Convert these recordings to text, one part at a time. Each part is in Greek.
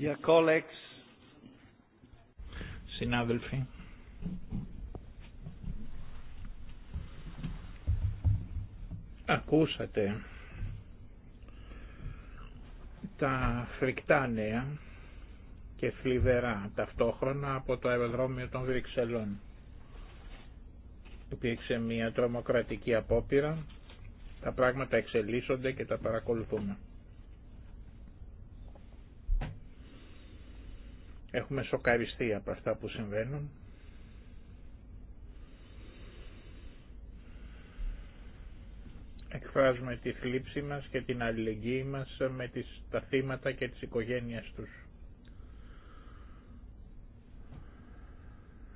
Dear colleagues. Συνάδελφοι. Ακούσατε τα φρικτά νέα και φλιβερά ταυτόχρονα από το αεροδρόμιο των Βρυξελών. Υπήρξε μια τρομοκρατική απόπειρα, τα πράγματα εξελίσσονται και τα παρακολουθούμε. Έχουμε σοκαριστεί από αυτά που συμβαίνουν. Εκφράζουμε τη θλίψη μας και την αλληλεγγύη μας με τις, τα θύματα και τις οικογένειες τους.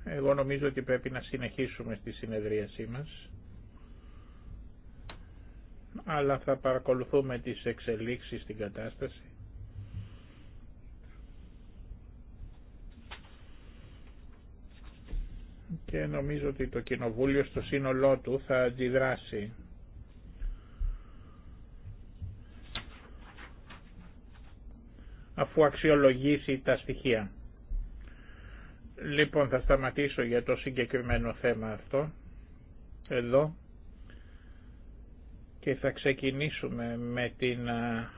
Εγώ νομίζω ότι πρέπει να συνεχίσουμε στη συνεδρίασή μας αλλά θα παρακολουθούμε τις εξελίξεις στην κατάσταση και νομίζω ότι το Κοινοβούλιο στο σύνολό του θα αντιδράσει. αφού αξιολογήσει τα στοιχεία. Λοιπόν, θα σταματήσω για το συγκεκριμένο θέμα αυτό, εδώ, και θα ξεκινήσουμε με την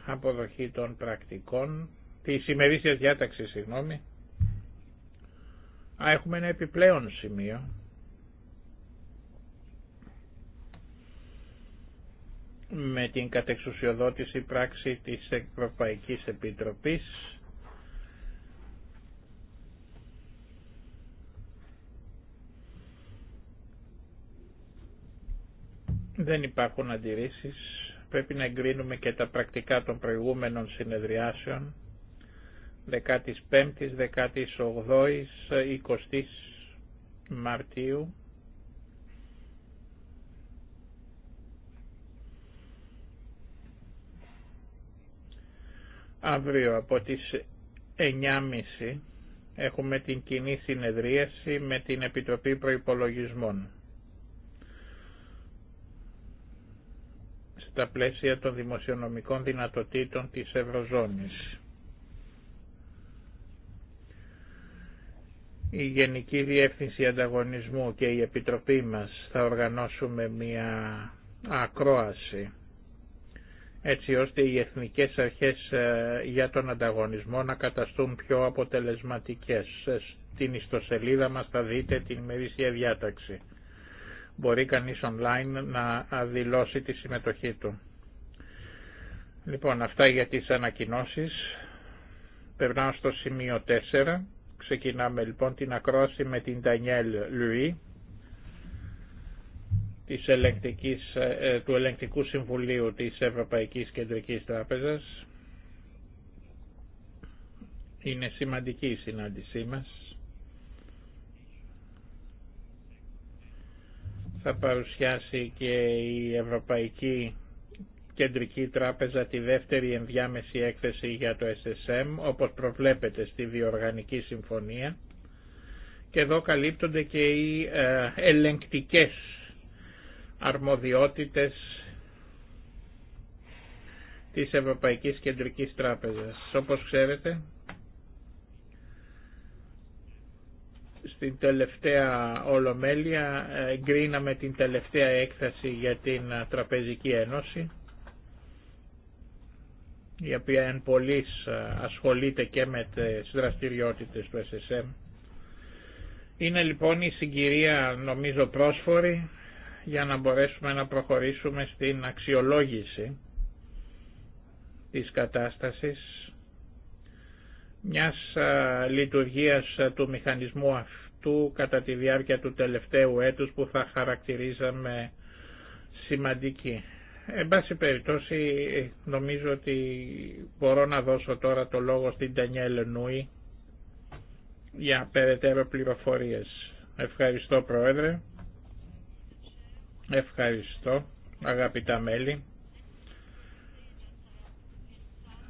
αποδοχή των πρακτικών, τη ημερήσιας διάταξης, συγγνώμη, Α, έχουμε ένα επιπλέον σημείο. με την κατεξουσιοδότηση πράξη της Ευρωπαϊκής Επιτροπής Δεν υπάρχουν αντιρρήσεις. Πρέπει να εγκρίνουμε και τα πρακτικά των προηγούμενων συνεδριάσεων. 15ης, 18ης, 20ης Μαρτίου. Αύριο από τις 9.30 έχουμε την κοινή συνεδρίαση με την Επιτροπή Προϋπολογισμών. Στα πλαίσια των δημοσιονομικών δυνατοτήτων της Ευρωζώνης. Η Γενική Διεύθυνση Ανταγωνισμού και η Επιτροπή μας θα οργανώσουμε μια ακρόαση έτσι ώστε οι εθνικές αρχές ε, για τον ανταγωνισμό να καταστούν πιο αποτελεσματικές. Στην ιστοσελίδα μας θα δείτε την ημερήσια διάταξη. Μπορεί κανείς online να δηλώσει τη συμμετοχή του. Λοιπόν, αυτά για τις ανακοινώσεις. Περνάω στο σημείο 4. Ξεκινάμε λοιπόν την ακρόση με την Ντανιέλ Λουί της ελεγκτικής, ε, ε, του Ελεγκτικού Συμβουλίου της Ευρωπαϊκής Κεντρικής Τράπεζας. Είναι σημαντική η συνάντησή μας. Θα παρουσιάσει και η Ευρωπαϊκή Κεντρική Τράπεζα τη δεύτερη ενδιάμεση έκθεση για το SSM, όπως προβλέπεται στη Διοργανική Συμφωνία. Και εδώ καλύπτονται και οι ε, ελεγκτικές αρμοδιότητες της Ευρωπαϊκής Κεντρικής Τράπεζας. Όπως ξέρετε, στην τελευταία Ολομέλεια ε, γκρίναμε την τελευταία έκθεση για την ε, Τραπεζική Ένωση η οποία εν πολλής ε, ασχολείται και με τις δραστηριότητες του SSM. Είναι λοιπόν η συγκυρία νομίζω πρόσφορη για να μπορέσουμε να προχωρήσουμε στην αξιολόγηση της κατάστασης μιας ε, λειτουργίας του μηχανισμού αυτού κατά τη διάρκεια του τελευταίου έτους που θα χαρακτηρίζαμε σημαντική. Εν πάση περιπτώσει νομίζω ότι μπορώ να δώσω τώρα το λόγο στην Τανιέλ Νούι για περαιτέρω πληροφορίες. Ευχαριστώ Πρόεδρε. Ευχαριστώ αγαπητά μέλη.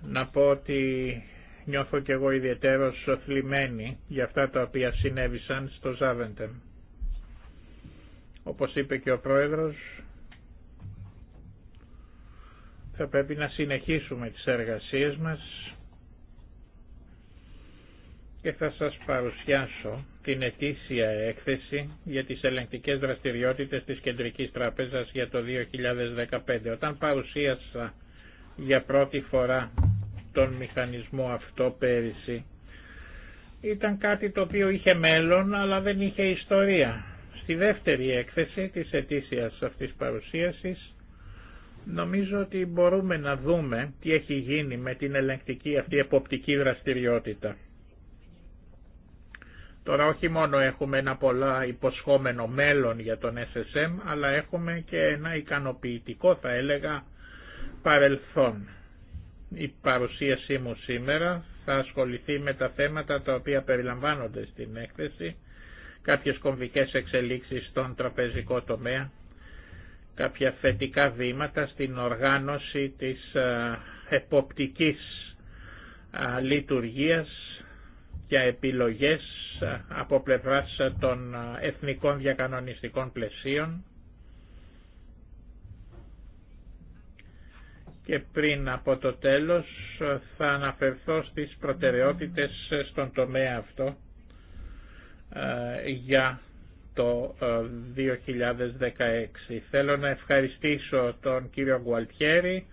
Να πω ότι νιώθω κι εγώ ιδιαίτερος θλιμμένη για αυτά τα οποία συνέβησαν στο Ζάβεντεμ. Όπως είπε και ο Πρόεδρος, θα πρέπει να συνεχίσουμε τις εργασίες μας και θα σας παρουσιάσω την ετήσια έκθεση για τις ελεγκτικές δραστηριότητες της Κεντρικής Τράπεζας για το 2015. Όταν παρουσίασα για πρώτη φορά τον μηχανισμό αυτό πέρυσι, ήταν κάτι το οποίο είχε μέλλον αλλά δεν είχε ιστορία. Στη δεύτερη έκθεση της ετήσιας αυτής παρουσίασης Νομίζω ότι μπορούμε να δούμε τι έχει γίνει με την ελεγκτική αυτή εποπτική δραστηριότητα. Τώρα όχι μόνο έχουμε ένα πολλά υποσχόμενο μέλλον για τον SSM, αλλά έχουμε και ένα ικανοποιητικό θα έλεγα παρελθόν. Η παρουσίασή μου σήμερα θα ασχοληθεί με τα θέματα τα οποία περιλαμβάνονται στην έκθεση, κάποιες κομβικές εξελίξεις στον τραπεζικό τομέα, κάποια θετικά βήματα στην οργάνωση της ε, εποπτικής ε, λειτουργίας για επιλογές ε, από πλευράς των εθνικών διακανονιστικών πλαισίων και πριν από το τέλος θα αναφερθώ στις προτεραιότητες στον τομέα αυτό για το 2016. Ε, Θέλω να ευχαριστήσω τον κύριο Γκουαλτιέρη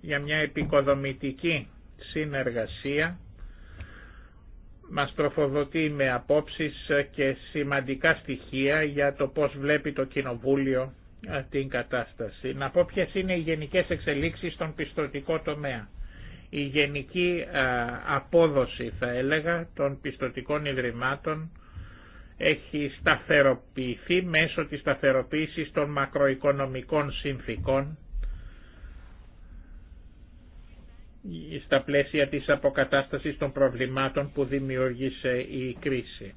για μια επικοδομητική συνεργασία. Μας τροφοδοτεί με απόψεις και σημαντικά στοιχεία για το πώς βλέπει το Κοινοβούλιο ε, την κατάσταση. Να πω ποιες είναι οι γενικές εξελίξεις στον πιστοτικό τομέα. Η γενική ε, απόδοση θα έλεγα των πιστοτικών ιδρυμάτων έχει σταθεροποιηθεί μέσω της σταθεροποίησης των μακροοικονομικών συνθήκων στα πλαίσια της αποκατάστασης των προβλημάτων που δημιούργησε η κρίση.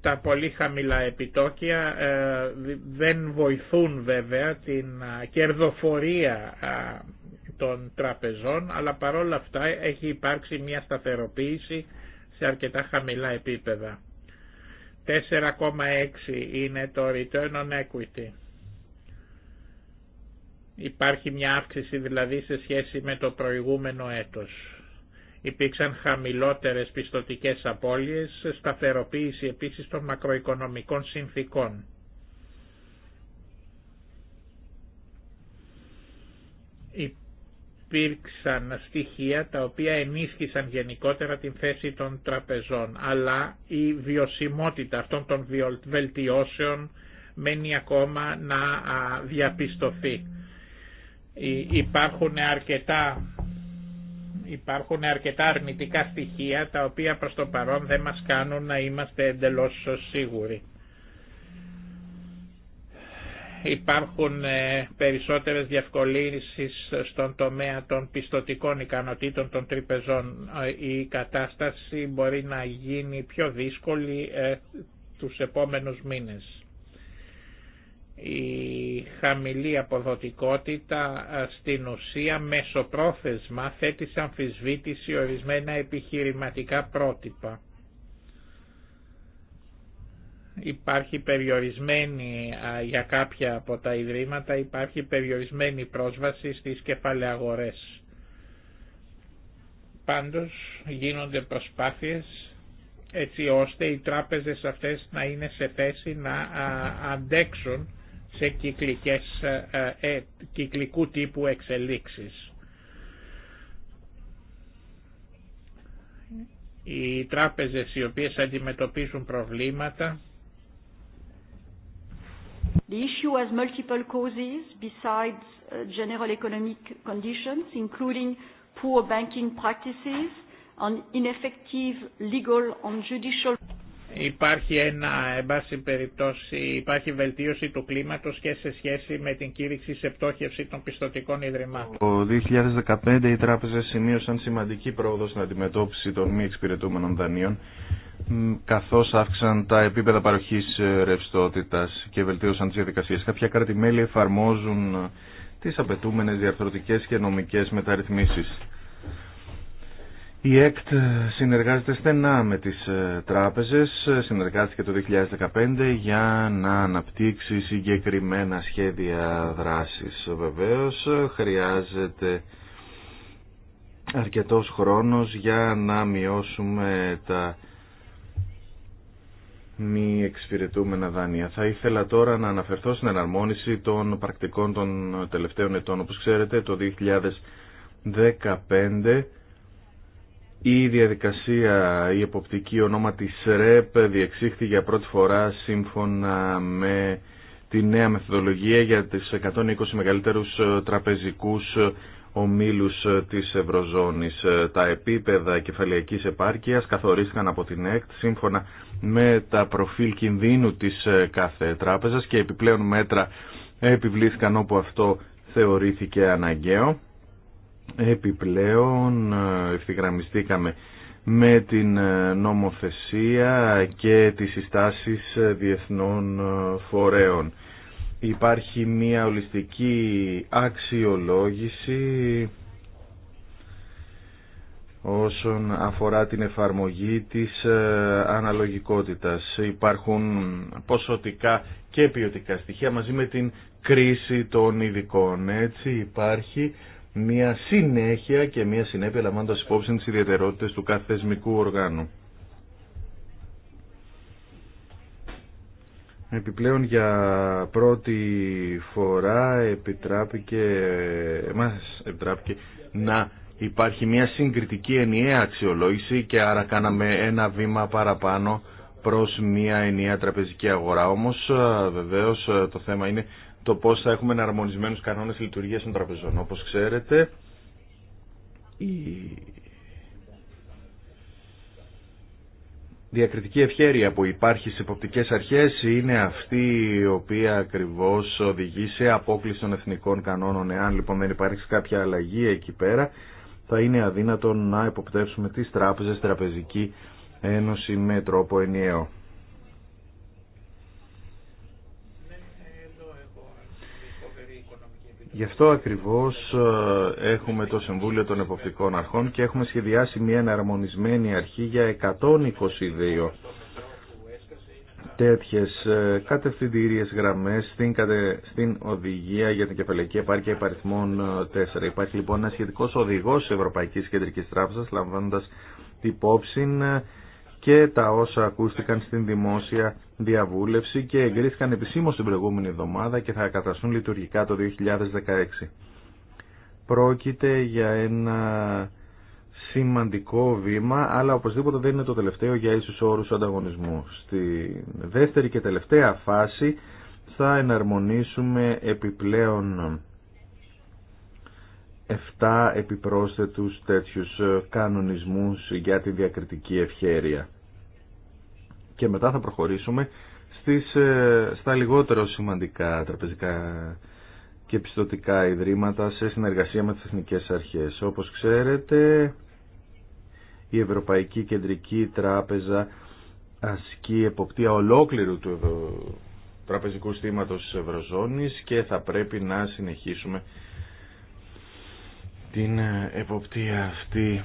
Τα πολύ χαμηλά επιτόκια δεν βοηθούν βέβαια την κερδοφορία των τραπεζών, αλλά παρόλα αυτά έχει υπάρξει μια σταθεροποίηση σε αρκετά χαμηλά επίπεδα. 4,6 είναι το return on equity. Υπάρχει μια αύξηση δηλαδή σε σχέση με το προηγούμενο έτος. Υπήρξαν χαμηλότερες πιστοτικές απώλειες, σταθεροποίηση επίσης των μακροοικονομικών συνθήκων. υπήρξαν στοιχεία τα οποία ενίσχυσαν γενικότερα την θέση των τραπεζών, αλλά η βιωσιμότητα αυτών των βελτιώσεων μένει ακόμα να διαπιστωθεί. Υπάρχουν αρκετά, υπάρχουν αρκετά αρνητικά στοιχεία τα οποία προς το παρόν δεν μας κάνουν να είμαστε εντελώς σίγουροι υπάρχουν ε, περισσότερες διευκολύνσεις στον τομέα των πιστοτικών ικανοτήτων των τρυπεζών. Ε, η κατάσταση μπορεί να γίνει πιο δύσκολη ε, τους επόμενους μήνες. Η χαμηλή αποδοτικότητα στην ουσία πρόθεσμα θέτει σαν αμφισβήτηση ορισμένα επιχειρηματικά πρότυπα υπάρχει περιορισμένη για κάποια από τα ιδρύματα υπάρχει περιορισμένη πρόσβαση στις κεφαλαιαγορές. Πάντως γίνονται προσπάθειες έτσι ώστε οι τράπεζες αυτές να είναι σε θέση να αντέξουν σε κυκλικές, ε, κυκλικού τύπου εξελίξεις. Οι τράπεζες οι οποίες αντιμετωπίζουν προβλήματα The issue has multiple causes besides general economic conditions, including poor banking practices and ineffective legal and judicial Υπάρχει ένα, εν πάση περιπτώσει, υπάρχει βελτίωση του κλίματος και σε σχέση με την κήρυξη σε πτώχευση των πιστοτικών ιδρυμάτων. Το 2015 οι τράπεζες σημείωσαν σημαντική πρόοδο στην αντιμετώπιση των μη εξυπηρετούμενων δανείων, καθώς αύξαν τα επίπεδα παροχής ε, ρευστότητας και βελτίωσαν τις διαδικασίες. Κάποια κράτη-μέλη εφαρμόζουν ε, τις απαιτούμενες διαρθρωτικές και νομικές μεταρρυθμίσεις. Η ΕΚΤ συνεργάζεται στενά με τις ε, τράπεζες, συνεργάστηκε το 2015 για να αναπτύξει συγκεκριμένα σχέδια δράσης. Βεβαίως χρειάζεται αρκετός χρόνος για να μειώσουμε τα μη εξυπηρετούμενα δάνεια. Θα ήθελα τώρα να αναφερθώ στην εναρμόνιση των πρακτικών των τελευταίων ετών. Όπως ξέρετε το 2015 η διαδικασία, η εποπτική ονόματι ΣΡΕΠ, ΡΕΠ διεξήχθη για πρώτη φορά σύμφωνα με τη νέα μεθοδολογία για τις 120 μεγαλύτερους ε, τραπεζικούς ε, ομίλους ε, της Ευρωζώνης. Τα επίπεδα κεφαλαιακής επάρκειας καθορίστηκαν από την ΕΚΤ σύμφωνα με τα προφίλ κινδύνου της κάθε τράπεζας και επιπλέον μέτρα επιβλήθηκαν όπου αυτό θεωρήθηκε αναγκαίο Επιπλέον ε, ευθυγραμμιστήκαμε με την ε, νομοθεσία και τις συστάσεις ε, διεθνών φορέων. Υπάρχει μια ολιστική αξιολόγηση όσον αφορά την εφαρμογή της αναλογικότητας. Υπάρχουν ποσοτικά και ποιοτικά στοιχεία μαζί με την κρίση των ειδικών. Έτσι υπάρχει μια συνέχεια και μια συνέπεια λαμβάνοντα υπόψη τι ιδιαιτερότητε του κάθε θεσμικού οργάνου. Επιπλέον για πρώτη φορά επιτράπηκε, μας επιτράπηκε να υπάρχει μια συγκριτική ενιαία αξιολόγηση και άρα κάναμε ένα βήμα παραπάνω προς μια ενιαία τραπεζική αγορά. Όμως βεβαίως το θέμα είναι το πώς θα έχουμε εναρμονισμένους κανόνες λειτουργίας των τραπεζών. Όπως ξέρετε, η διακριτική ευχέρεια που υπάρχει στις υποπτικές αρχές είναι αυτή η οποία ακριβώς οδηγεί σε απόκληση των εθνικών κανόνων. Εάν λοιπόν δεν υπάρξει κάποια αλλαγή εκεί πέρα, θα είναι αδύνατο να υποπτεύσουμε τις τράπεζες τραπεζική ένωση με τρόπο ενιαίο. Γι' αυτό ακριβώς ε, έχουμε το Συμβούλιο των Εποπτικών Αρχών και έχουμε σχεδιάσει μια εναρμονισμένη αρχή για 122 τέτοιες ε, κατευθυντήριες γραμμές στην, στην οδηγία για την κεφαλαϊκή επάρκεια υπαριθμών 4. Ε, Υπάρχει λοιπόν ένα σχετικός οδηγός Ευρωπαϊκής Κεντρικής Τράπεζας λαμβάνοντας υπόψη και τα όσα ακούστηκαν στην δημόσια διαβούλευση και εγκρίθηκαν επισήμως την προηγούμενη εβδομάδα και θα καταστούν λειτουργικά το 2016. Πρόκειται για ένα σημαντικό βήμα, αλλά οπωσδήποτε δεν είναι το τελευταίο για ίσους όρους ανταγωνισμού. Στη δεύτερη και τελευταία φάση θα εναρμονίσουμε επιπλέον 7 επιπρόσθετους τέτοιους ε, κανονισμούς για τη διακριτική ευχέρεια. Και μετά θα προχωρήσουμε στις, ε, στα λιγότερο σημαντικά τραπεζικά και πιστοτικά ιδρύματα σε συνεργασία με τις εθνικές αρχές. Όπως ξέρετε, η Ευρωπαϊκή Κεντρική Τράπεζα ασκεί εποπτεία ολόκληρου του τραπεζικού στήματος της Ευρωζώνης και θα πρέπει να συνεχίσουμε την ε, εποπτεία αυτή.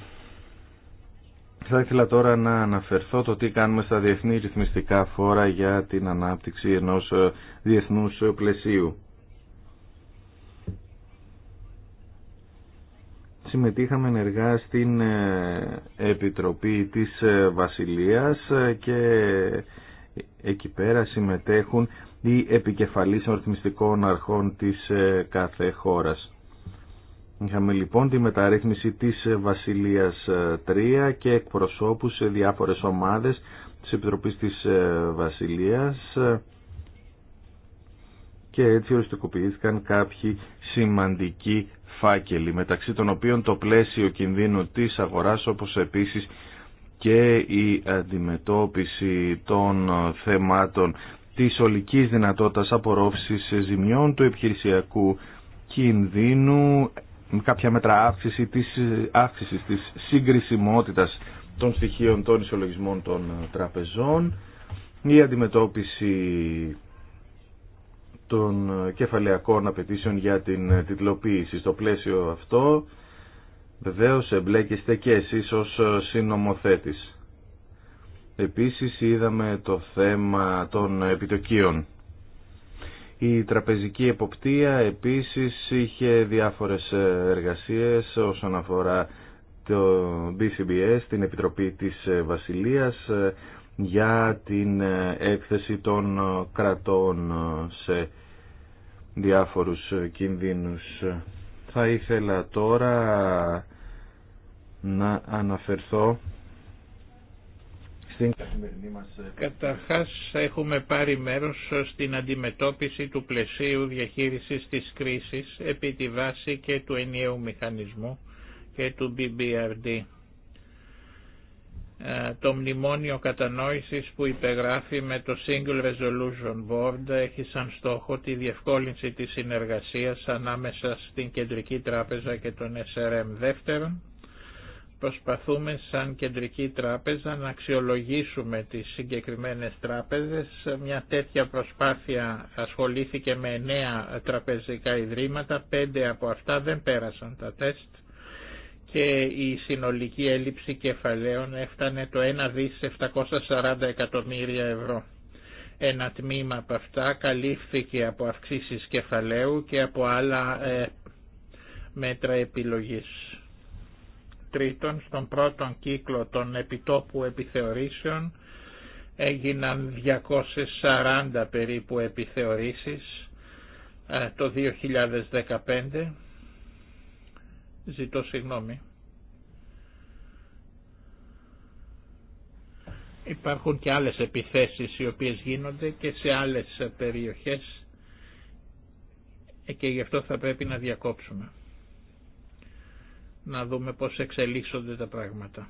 Θα ήθελα τώρα να αναφερθώ το τι κάνουμε στα διεθνή ρυθμιστικά φόρα για την ανάπτυξη ενός ε, διεθνούς ε, πλαισίου. συμμετείχαμε ενεργά στην Επιτροπή της Βασιλείας και εκεί πέρα συμμετέχουν οι επικεφαλής ρυθμιστικών αρχών της κάθε χώρας. Είχαμε λοιπόν τη μεταρρύθμιση της ε, Βασιλείας 3 ε, και εκπροσώπους σε διάφορες ομάδες της Επιτροπής της ε, Βασιλείας και έτσι οριστικοποιήθηκαν κάποιοι σημαντικοί φάκελοι μεταξύ των οποίων το πλαίσιο κινδύνου της αγοράς όπως επίσης και η αντιμετώπιση των θεμάτων της ολικής δυνατότητας απορρόφησης ζημιών του επιχειρησιακού κινδύνου κάποια μέτρα αύξηση της, ε, αύξησης της συγκρισιμότητας των στοιχείων των ισολογισμών των ε, τραπεζών, η αντιμετώπιση των ε, κεφαλαιακών απαιτήσεων για την τιτλοποίηση. Στο πλαίσιο αυτό βεβαίως εμπλέκεστε και εσείς ως συνομοθέτης. Επίσης είδαμε το θέμα των επιτοκίων η τραπεζική εποπτεία επίσης είχε διάφορες εργασίες όσον αφορά το BCBS, την Επιτροπή της Βασιλείας, για την έκθεση των κρατών σε διάφορους κινδύνους. Θα ήθελα τώρα να αναφερθώ στην ε, Καταρχάς έχουμε πάρει μέρος στην αντιμετώπιση του πλαισίου διαχείρισης της κρίσης επί τη βάση και του ενιαίου μηχανισμού και του BBRD. Ε, το μνημόνιο κατανόησης που υπεγράφει με το Single Resolution Board έχει σαν στόχο τη διευκόλυνση της συνεργασίας ανάμεσα στην Κεντρική Τράπεζα και τον SRM δεύτερον Προσπαθούμε σαν κεντρική τράπεζα να αξιολογήσουμε τις συγκεκριμένες τράπεζες. Μια τέτοια προσπάθεια ασχολήθηκε με εννέα τραπεζικά ιδρύματα, πέντε από αυτά δεν πέρασαν τα τεστ και η συνολική έλλειψη κεφαλαίων έφτανε το 1 δις 740 εκατομμύρια ευρώ. Ένα τμήμα από αυτά καλύφθηκε από αυξήσεις κεφαλαίου και από άλλα ε, μέτρα επιλογής στον πρώτον κύκλο των επιτόπου επιθεωρήσεων έγιναν 240 περίπου επιθεωρήσεις ε, το 2015. Ζητώ συγγνώμη. Υπάρχουν και άλλες επιθέσεις οι οποίες γίνονται και σε άλλες περιοχές ε, και γι' αυτό θα πρέπει να διακόψουμε να δούμε πώς εξελίσσονται τα πράγματα.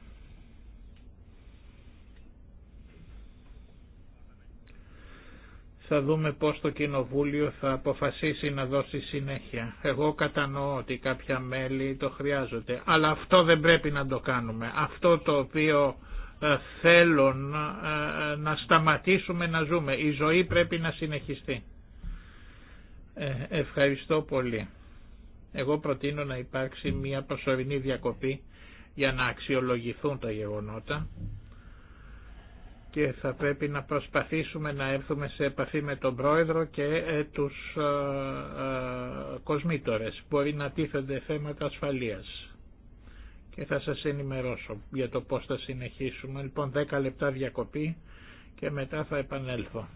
θα δούμε πώς το Κοινοβούλιο θα αποφασίσει να δώσει συνέχεια. Εγώ κατανοώ ότι κάποια μέλη το χρειάζονται, αλλά αυτό δεν πρέπει να το κάνουμε. Αυτό το οποίο ε, θέλω ε, ε, να σταματήσουμε να ζούμε. Η ζωή πρέπει να συνεχιστεί. Ευχαριστώ πολύ. Εγώ προτείνω να υπάρξει μια προσωρινή διακοπή για να αξιολογηθούν τα γεγονότα και θα πρέπει να προσπαθήσουμε να έρθουμε σε επαφή με τον πρόεδρο και ε, τους ε, ε, κοσμήτορες. Μπορεί να τίθενται θέματα ασφαλείας και θα σας ενημερώσω για το πώς θα συνεχίσουμε. Λοιπόν 10 λεπτά διακοπή και μετά θα επανέλθω.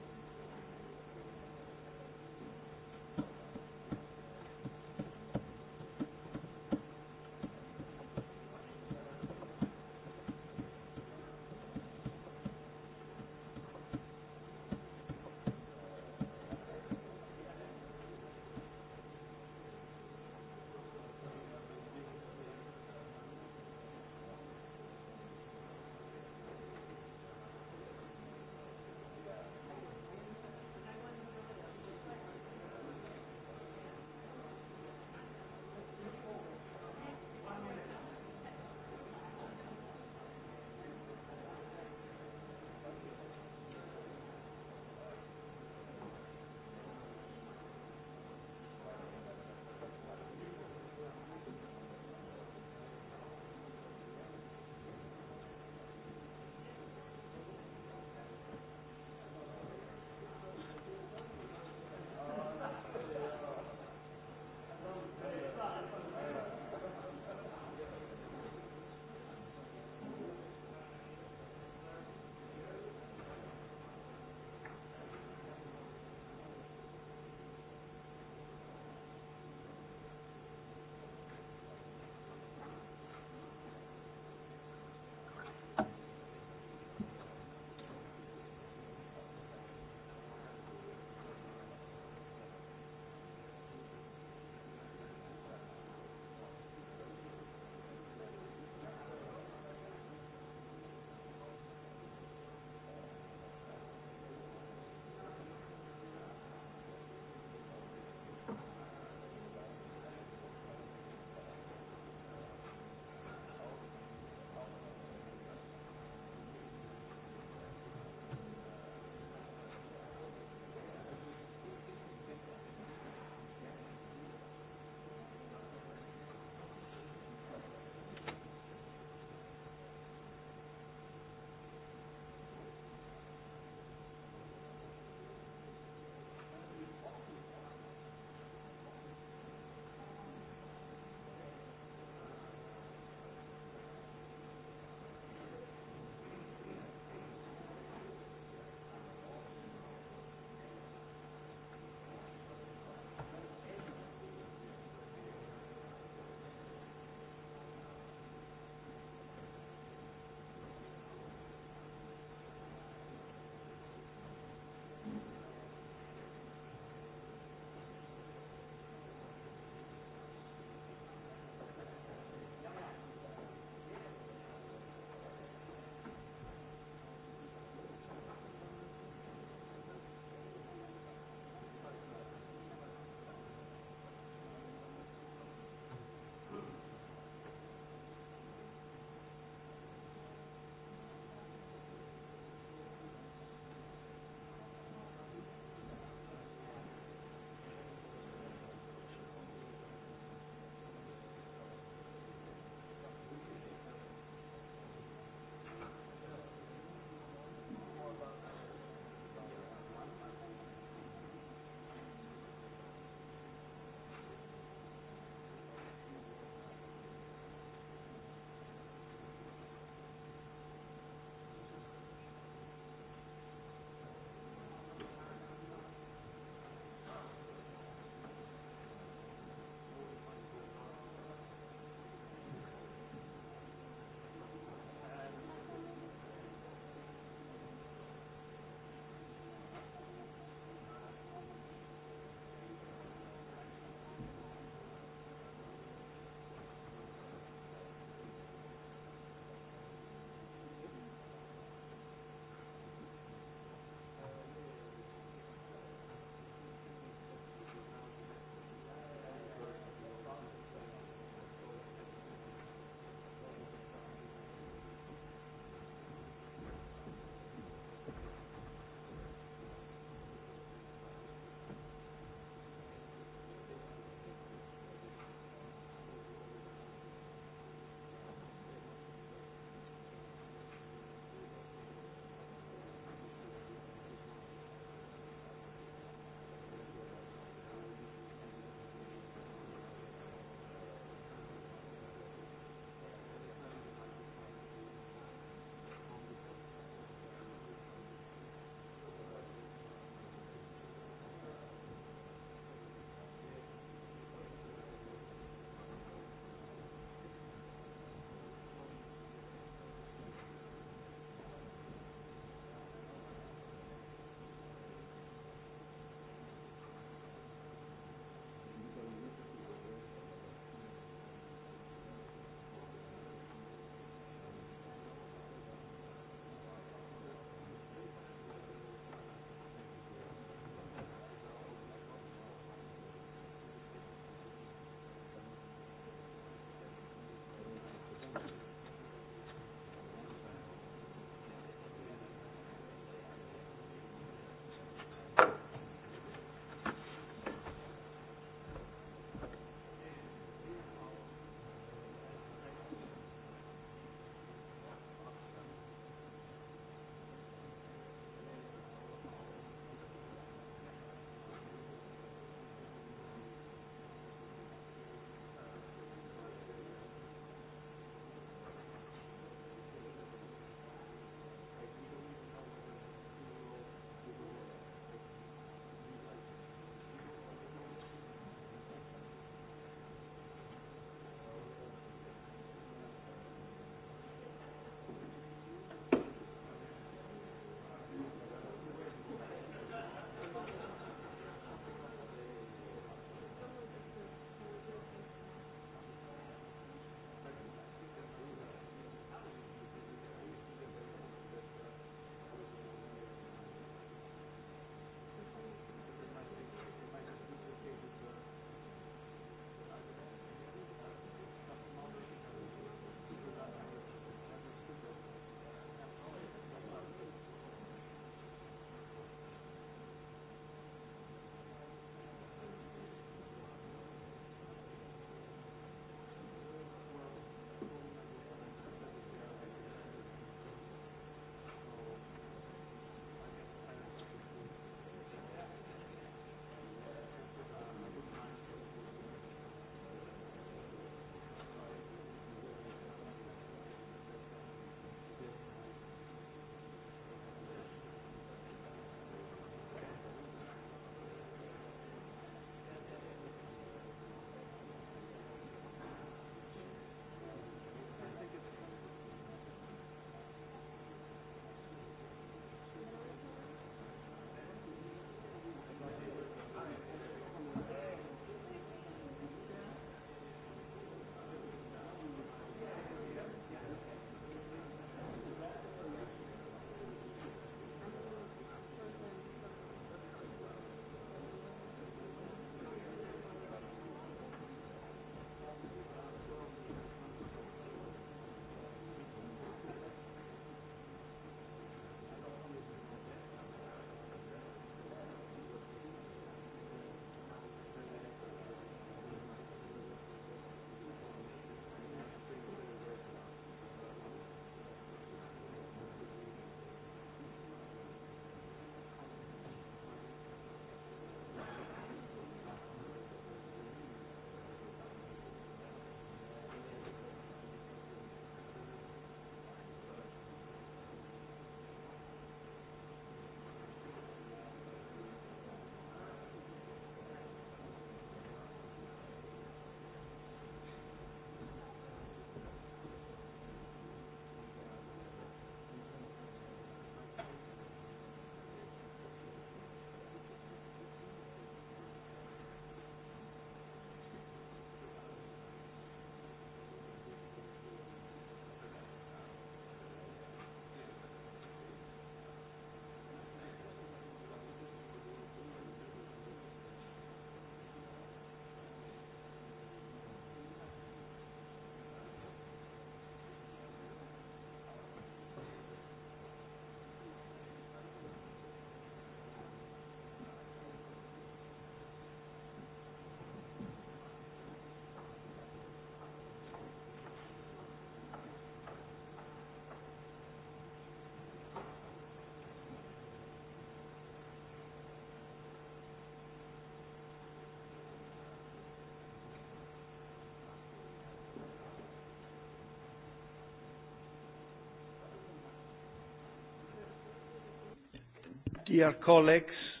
Dear colleagues.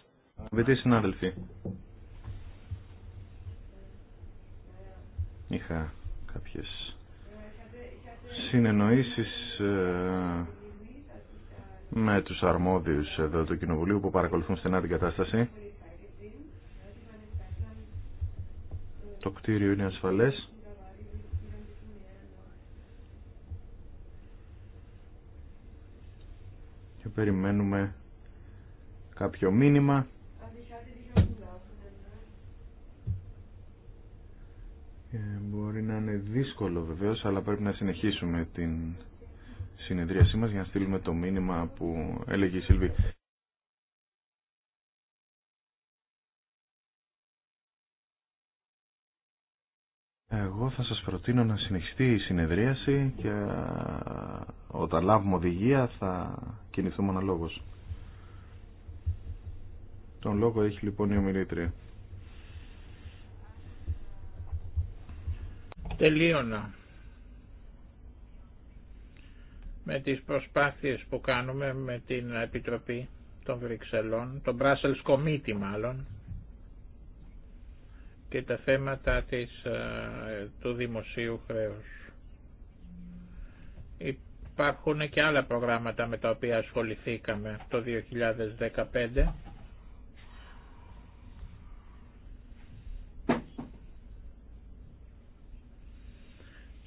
Αγαπητοί συνάδελφοι, είχα κάποιες συνεννοήσεις ε, με τους αρμόδιους εδώ του Κοινοβουλίου που παρακολουθούν στενά την κατάσταση. Το κτίριο είναι ασφαλές. Και περιμένουμε κάποιο μήνυμα. Ε, μπορεί να είναι δύσκολο βεβαίως, αλλά πρέπει να συνεχίσουμε την συνεδρίασή μας για να στείλουμε το μήνυμα που έλεγε η Σιλβή. Εγώ θα σας προτείνω να συνεχιστεί η συνεδρίαση και όταν λάβουμε οδηγία θα κινηθούμε αναλόγως. Τον λόγο έχει λοιπόν η ομιλήτρια. Τελείωνα. Με τις προσπάθειες που κάνουμε με την Επιτροπή των Βρυξελών, τον Brussels Committee μάλλον, και τα θέματα της, ε, του δημοσίου χρέους. Υπάρχουν και άλλα προγράμματα με τα οποία ασχοληθήκαμε το 2015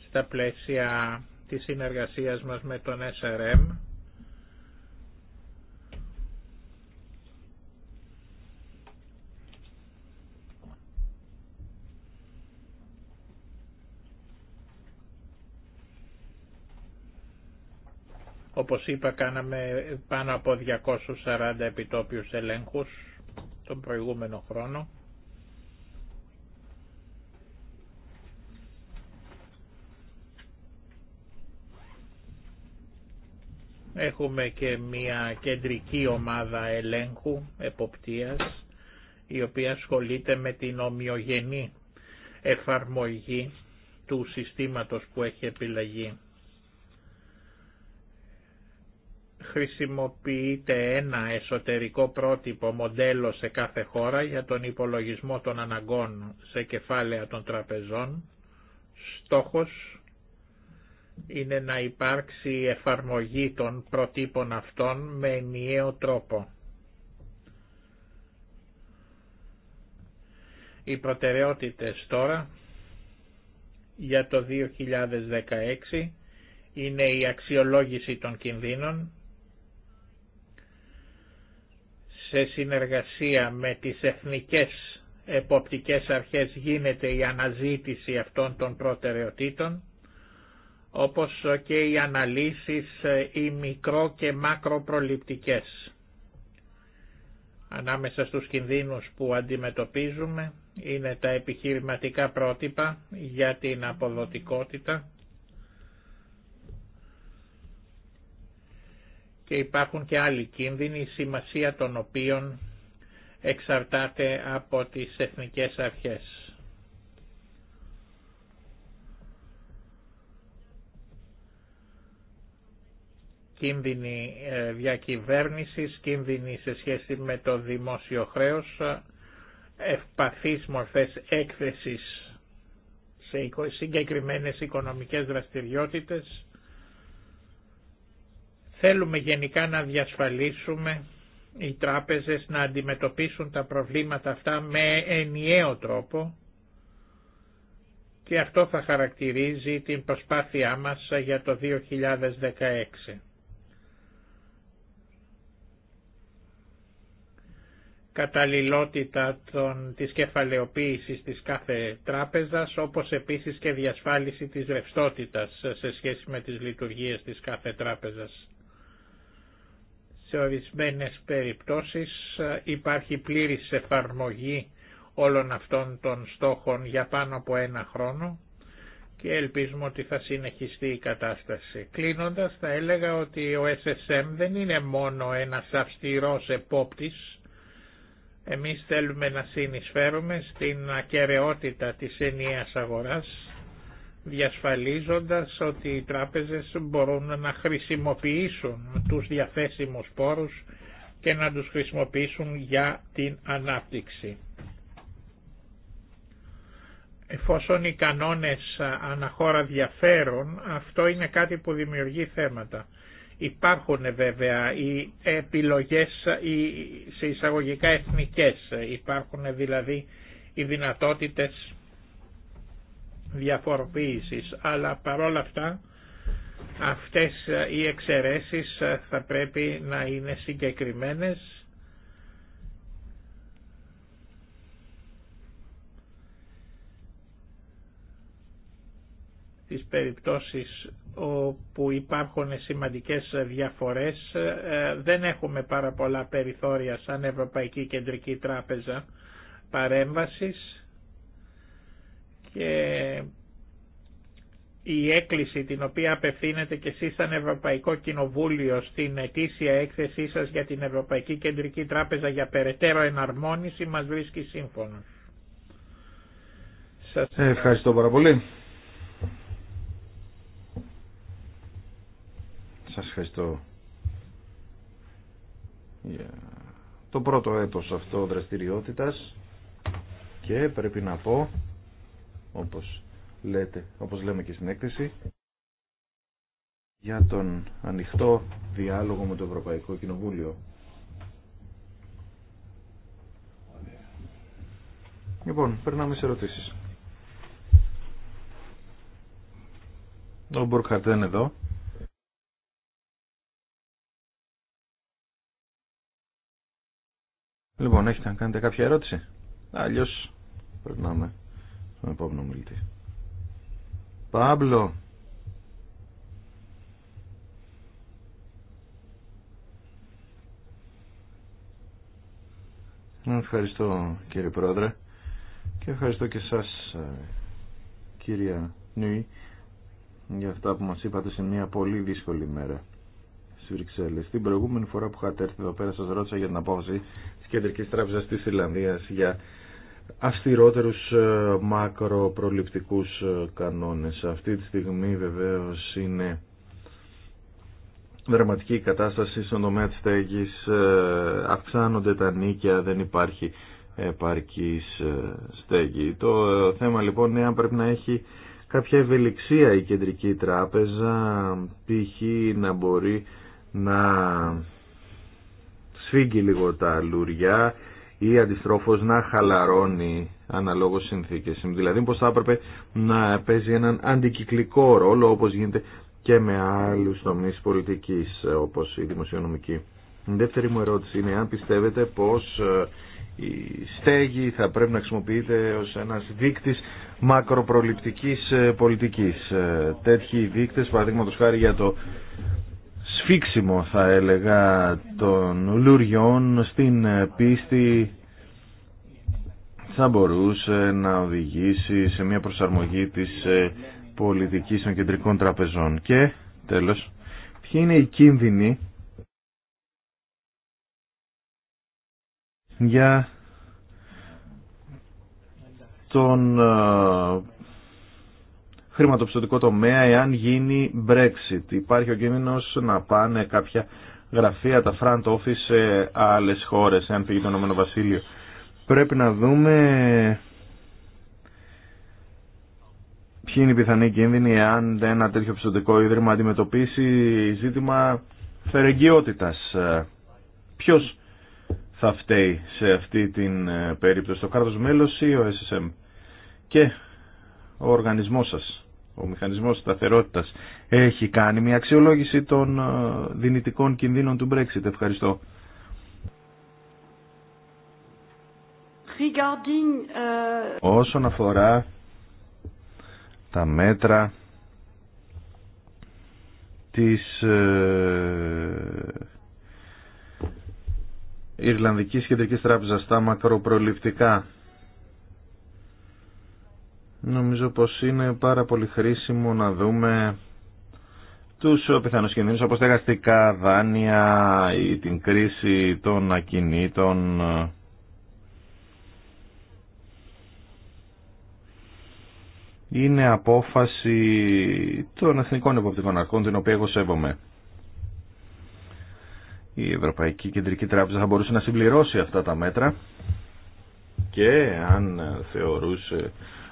στα πλαίσια της συνεργασίας μας με τον SRM Όπως είπα κάναμε πάνω από 240 επιτόπιους ελέγχους τον προηγούμενο χρόνο. Έχουμε και μια κεντρική ομάδα ελέγχου, εποπτείας, η οποία ασχολείται με την ομοιογενή εφαρμογή του συστήματος που έχει επιλεγεί. Χρησιμοποιείται ένα εσωτερικό πρότυπο μοντέλο σε κάθε χώρα για τον υπολογισμό των αναγκών σε κεφάλαια των τραπεζών. Στόχος είναι να υπάρξει εφαρμογή των προτύπων αυτών με ενιαίο τρόπο. Οι προτεραιότητες τώρα για το 2016 είναι η αξιολόγηση των κινδύνων σε συνεργασία με τις εθνικές εποπτικές αρχές γίνεται η αναζήτηση αυτών των προτεραιοτήτων όπως και οι αναλύσεις ε, οι μικρό και μακροπροληπτικές. Ανάμεσα στους κινδύνους που αντιμετωπίζουμε είναι τα επιχειρηματικά πρότυπα για την αποδοτικότητα και υπάρχουν και άλλοι κίνδυνοι, η σημασία των οποίων εξαρτάται από τις εθνικές αρχές. κίνδυνοι ε, διακυβέρνησης, κίνδυνοι σε σχέση με το δημόσιο χρέος, ε, ευπαθείς μορφές έκθεσης σε συγκεκριμένες οικονομικές δραστηριότητες. Θέλουμε γενικά να διασφαλίσουμε οι τράπεζες να αντιμετωπίσουν τα προβλήματα αυτά με ενιαίο τρόπο και αυτό θα χαρακτηρίζει την προσπάθειά μας για το 2016. καταλληλότητα των, της κεφαλαιοποίησης της κάθε τράπεζας, όπως επίσης και διασφάλιση της ρευστότητας σε σχέση με τις λειτουργίες της κάθε τράπεζας. Σε ορισμένες περιπτώσεις ε, υπάρχει πλήρης εφαρμογή όλων αυτών των στόχων για πάνω από ένα χρόνο και ελπίζουμε ότι θα συνεχιστεί η κατάσταση. Κλείνοντας θα έλεγα ότι ο SSM δεν είναι μόνο ένας αυστηρός επόπτης εμείς θέλουμε να συνεισφέρουμε στην ακαιρεότητα της ενιαίας αγοράς, διασφαλίζοντας ότι οι τράπεζες μπορούν να χρησιμοποιήσουν τους διαθέσιμους πόρους και να τους χρησιμοποιήσουν για την ανάπτυξη. Εφόσον οι κανόνες αναχώρα διαφέρουν, αυτό είναι κάτι που δημιουργεί θέματα. Υπάρχουν βέβαια οι επιλογές οι, σε εισαγωγικά εθνικές, υπάρχουν δηλαδή οι δυνατότητες διαφοροποίησης, αλλά παρόλα αυτά αυτές οι εξαιρέσεις θα πρέπει να είναι συγκεκριμένες τις περιπτώσεις όπου υπάρχουν σημαντικές διαφορές. Ε, δεν έχουμε πάρα πολλά περιθώρια σαν Ευρωπαϊκή Κεντρική Τράπεζα παρέμβασης και η έκκληση την οποία απευθύνεται και εσείς σαν Ευρωπαϊκό Κοινοβούλιο στην ετήσια έκθεσή σας για την Ευρωπαϊκή Κεντρική Τράπεζα για περαιτέρω εναρμόνιση μας βρίσκει σύμφωνο. Σας ευχαριστώ πάρα πολύ. Σας ευχαριστώ για το πρώτο έτος αυτό δραστηριότητας και πρέπει να πω, όπως, λέτε, όπως λέμε και στην έκθεση, για τον ανοιχτό διάλογο με το Ευρωπαϊκό Κοινοβούλιο. Λοιπόν, περνάμε σε ερωτήσεις. Ο Μπορκαρτ δεν εδώ. Λοιπόν, έχετε να κάνετε κάποια ερώτηση. Αλλιώ περνάμε στον επόμενο μιλητή. Παύλο. Ευχαριστώ κύριε Πρόεδρε και ευχαριστώ και σας ε, κύρια Νουή για αυτά που μας είπατε σε μια πολύ δύσκολη μέρα στις Βρυξέλλες. Την προηγούμενη φορά που είχατε έρθει εδώ πέρα σας ρώτησα για την απόφαση της Κεντρικής Τράπεζας της Ιρλανδίας για αυστηρότερους ε, μακροπροληπτικούς ε, κανόνες. Αυτή τη στιγμή βεβαίως είναι δραματική η κατάσταση στον τομέα της στέγης, ε, αυξάνονται τα νίκια, δεν υπάρχει επαρκής στέγη. Το θέμα λοιπόν είναι αν πρέπει να έχει κάποια ευελιξία η κεντρική τράπεζα, π.χ. να μπορεί να σφίγγει λίγο τα λουριά ή αντιστρόφως να χαλαρώνει αναλόγως συνθήκες. Δηλαδή πως θα έπρεπε να παίζει έναν αντικυκλικό ρόλο όπως γίνεται και με άλλους τομείς πολιτικής όπως η δημοσιονομική. Η δεύτερη μου ερώτηση είναι αν πιστεύετε πως ε, η στέγη θα πρέπει να χρησιμοποιείται ως ένας δείκτης μακροπροληπτικής ε, πολιτικής. Ε, τέτοιοι δείκτες, παραδείγματος χάρη για το σφίξιμο θα έλεγα των λουριών στην πίστη θα μπορούσε να οδηγήσει σε μια προσαρμογή της ε, πολιτικής των κεντρικών τραπεζών. Και τέλος, ποιοι είναι οι κίνδυνοι για τον ε, χρηματοπιστωτικό τομέα εάν γίνει Brexit. Υπάρχει ο κίνδυνος να πάνε κάποια γραφεία, τα front office σε άλλες χώρες, εάν φύγει το Ηνωμένο Βασίλειο. Πρέπει να δούμε ποιοι είναι οι πιθανοί κίνδυνοι εάν ένα τέτοιο πιστωτικό ίδρυμα αντιμετωπίσει ζήτημα φερεγγιότητας. Ποιος θα φταίει σε αυτή την περίπτωση, το κράτος μέλος ή ο SSM και ο οργανισμός σας ο Μηχανισμός Σταθερότητας έχει κάνει μια αξιολόγηση των ε, δυνητικών κινδύνων του Brexit. Ευχαριστώ. Regarding, ε, Όσον αφορά τα μέτρα της Ιρλανδική ε, Ιρλανδικής Κεντρικής Τράπεζας τα μακροπροληπτικά Νομίζω πως είναι πάρα πολύ χρήσιμο να δούμε τους πιθανούς κινδύνους όπως τα εργαστικά δάνεια ή την κρίση των ακινήτων είναι απόφαση των εθνικών εποπτικών αρχών την οποία εγώ σέβομαι. Η Ευρωπαϊκή Κεντρική Τράπεζα θα μπορούσε να συμπληρώσει αυτά τα μέτρα και αν θεωρούσε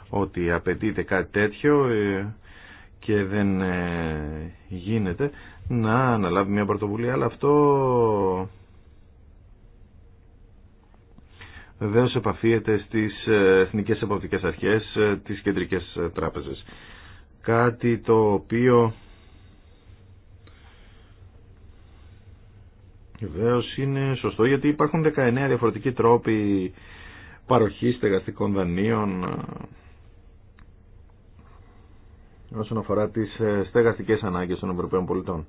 ότι απαιτείται κάτι τέτοιο ε, και δεν ε, γίνεται να αναλάβει μια πρωτοβουλία αλλά αυτό βεβαίως επαφίεται στις ε, εθνικές εποπτικές αρχές τις κεντρικές τράπεζες κάτι το οποίο Βεβαίω είναι σωστό γιατί υπάρχουν 19 διαφορετικοί τρόποι παροχής στεγαστικών δανείων όσον αφορά τις ε, στεγαστικές ανάγκες των Ευρωπαίων πολιτών.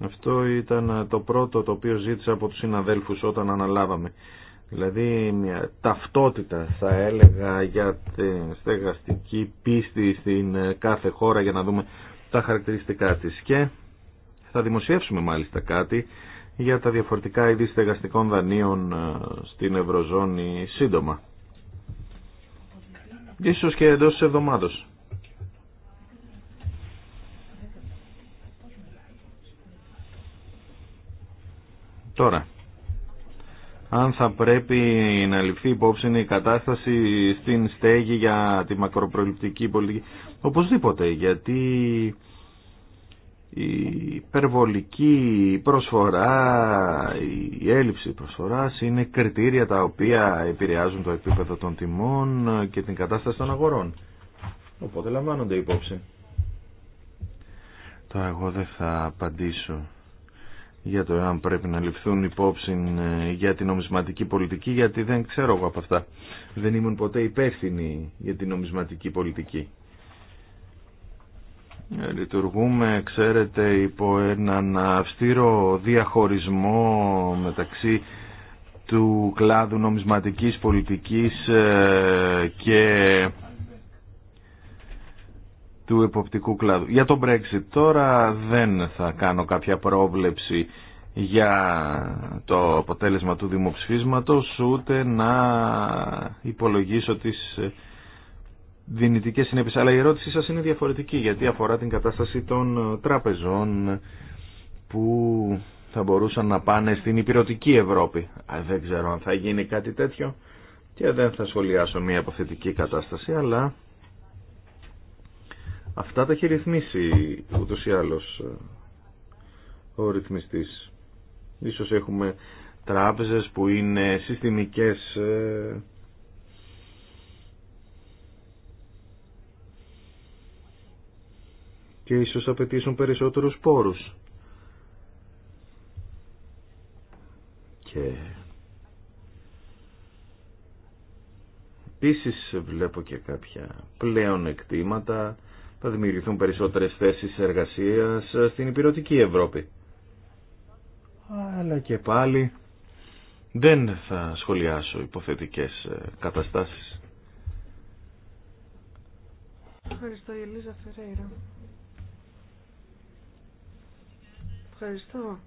Αυτό ήταν ε, το πρώτο το οποίο ζήτησα από τους συναδέλφους όταν αναλάβαμε. Δηλαδή μια ταυτότητα θα έλεγα για τη στεγαστική πίστη στην ε, κάθε χώρα για να δούμε τα χαρακτηριστικά της και θα δημοσιεύσουμε μάλιστα κάτι για τα διαφορετικά είδη στεγαστικών δανείων στην Ευρωζώνη σύντομα. Ίσως και εντός εβδομάδος. Τώρα, αν θα πρέπει να ληφθεί υπόψη η κατάσταση στην στέγη για τη μακροπροληπτική πολιτική. Οπωσδήποτε, γιατί η υπερβολική προσφορά, η έλλειψη προσφοράς είναι κριτήρια τα οποία επηρεάζουν το επίπεδο των τιμών και την κατάσταση των αγορών. Οπότε λαμβάνονται υπόψη. Τώρα εγώ δεν θα απαντήσω για το εάν πρέπει να ληφθούν υπόψη ε, για την νομισματική πολιτική γιατί δεν ξέρω εγώ από αυτά. Δεν ήμουν ποτέ υπεύθυνη για την νομισματική πολιτική. Ε, λειτουργούμε, ξέρετε, υπό έναν αυστήρο διαχωρισμό μεταξύ του κλάδου νομισματικής πολιτικής ε, και του εποπτικού κλάδου. Για τον Brexit τώρα δεν θα κάνω κάποια πρόβλεψη για το αποτέλεσμα του δημοψηφίσματος ούτε να υπολογίσω τις ε, δυνητικές συνέπειες. Αλλά η ερώτησή σας είναι διαφορετική γιατί αφορά την κατάσταση των ε, τραπεζών που θα μπορούσαν να πάνε στην υπηρετική Ευρώπη. Α, δεν ξέρω αν θα γίνει κάτι τέτοιο και δεν θα σχολιάσω μια αποθετική κατάσταση αλλά Αυτά τα έχει ρυθμίσει ούτω ή άλλω ε, ο ρυθμιστής. Ίσως έχουμε τράπεζες που είναι συστημικές ε, και ίσως απαιτήσουν περισσότερους πόρους. Και... Επίσης βλέπω και κάποια πλέον εκτήματα θα δημιουργηθούν περισσότερες θέσεις εργασίας στην υπηρετική Ευρώπη. Αλλά και πάλι δεν θα σχολιάσω υποθετικές ε, καταστάσεις. Ευχαριστώ Ελίζα Φερέιρα. Ευχαριστώ.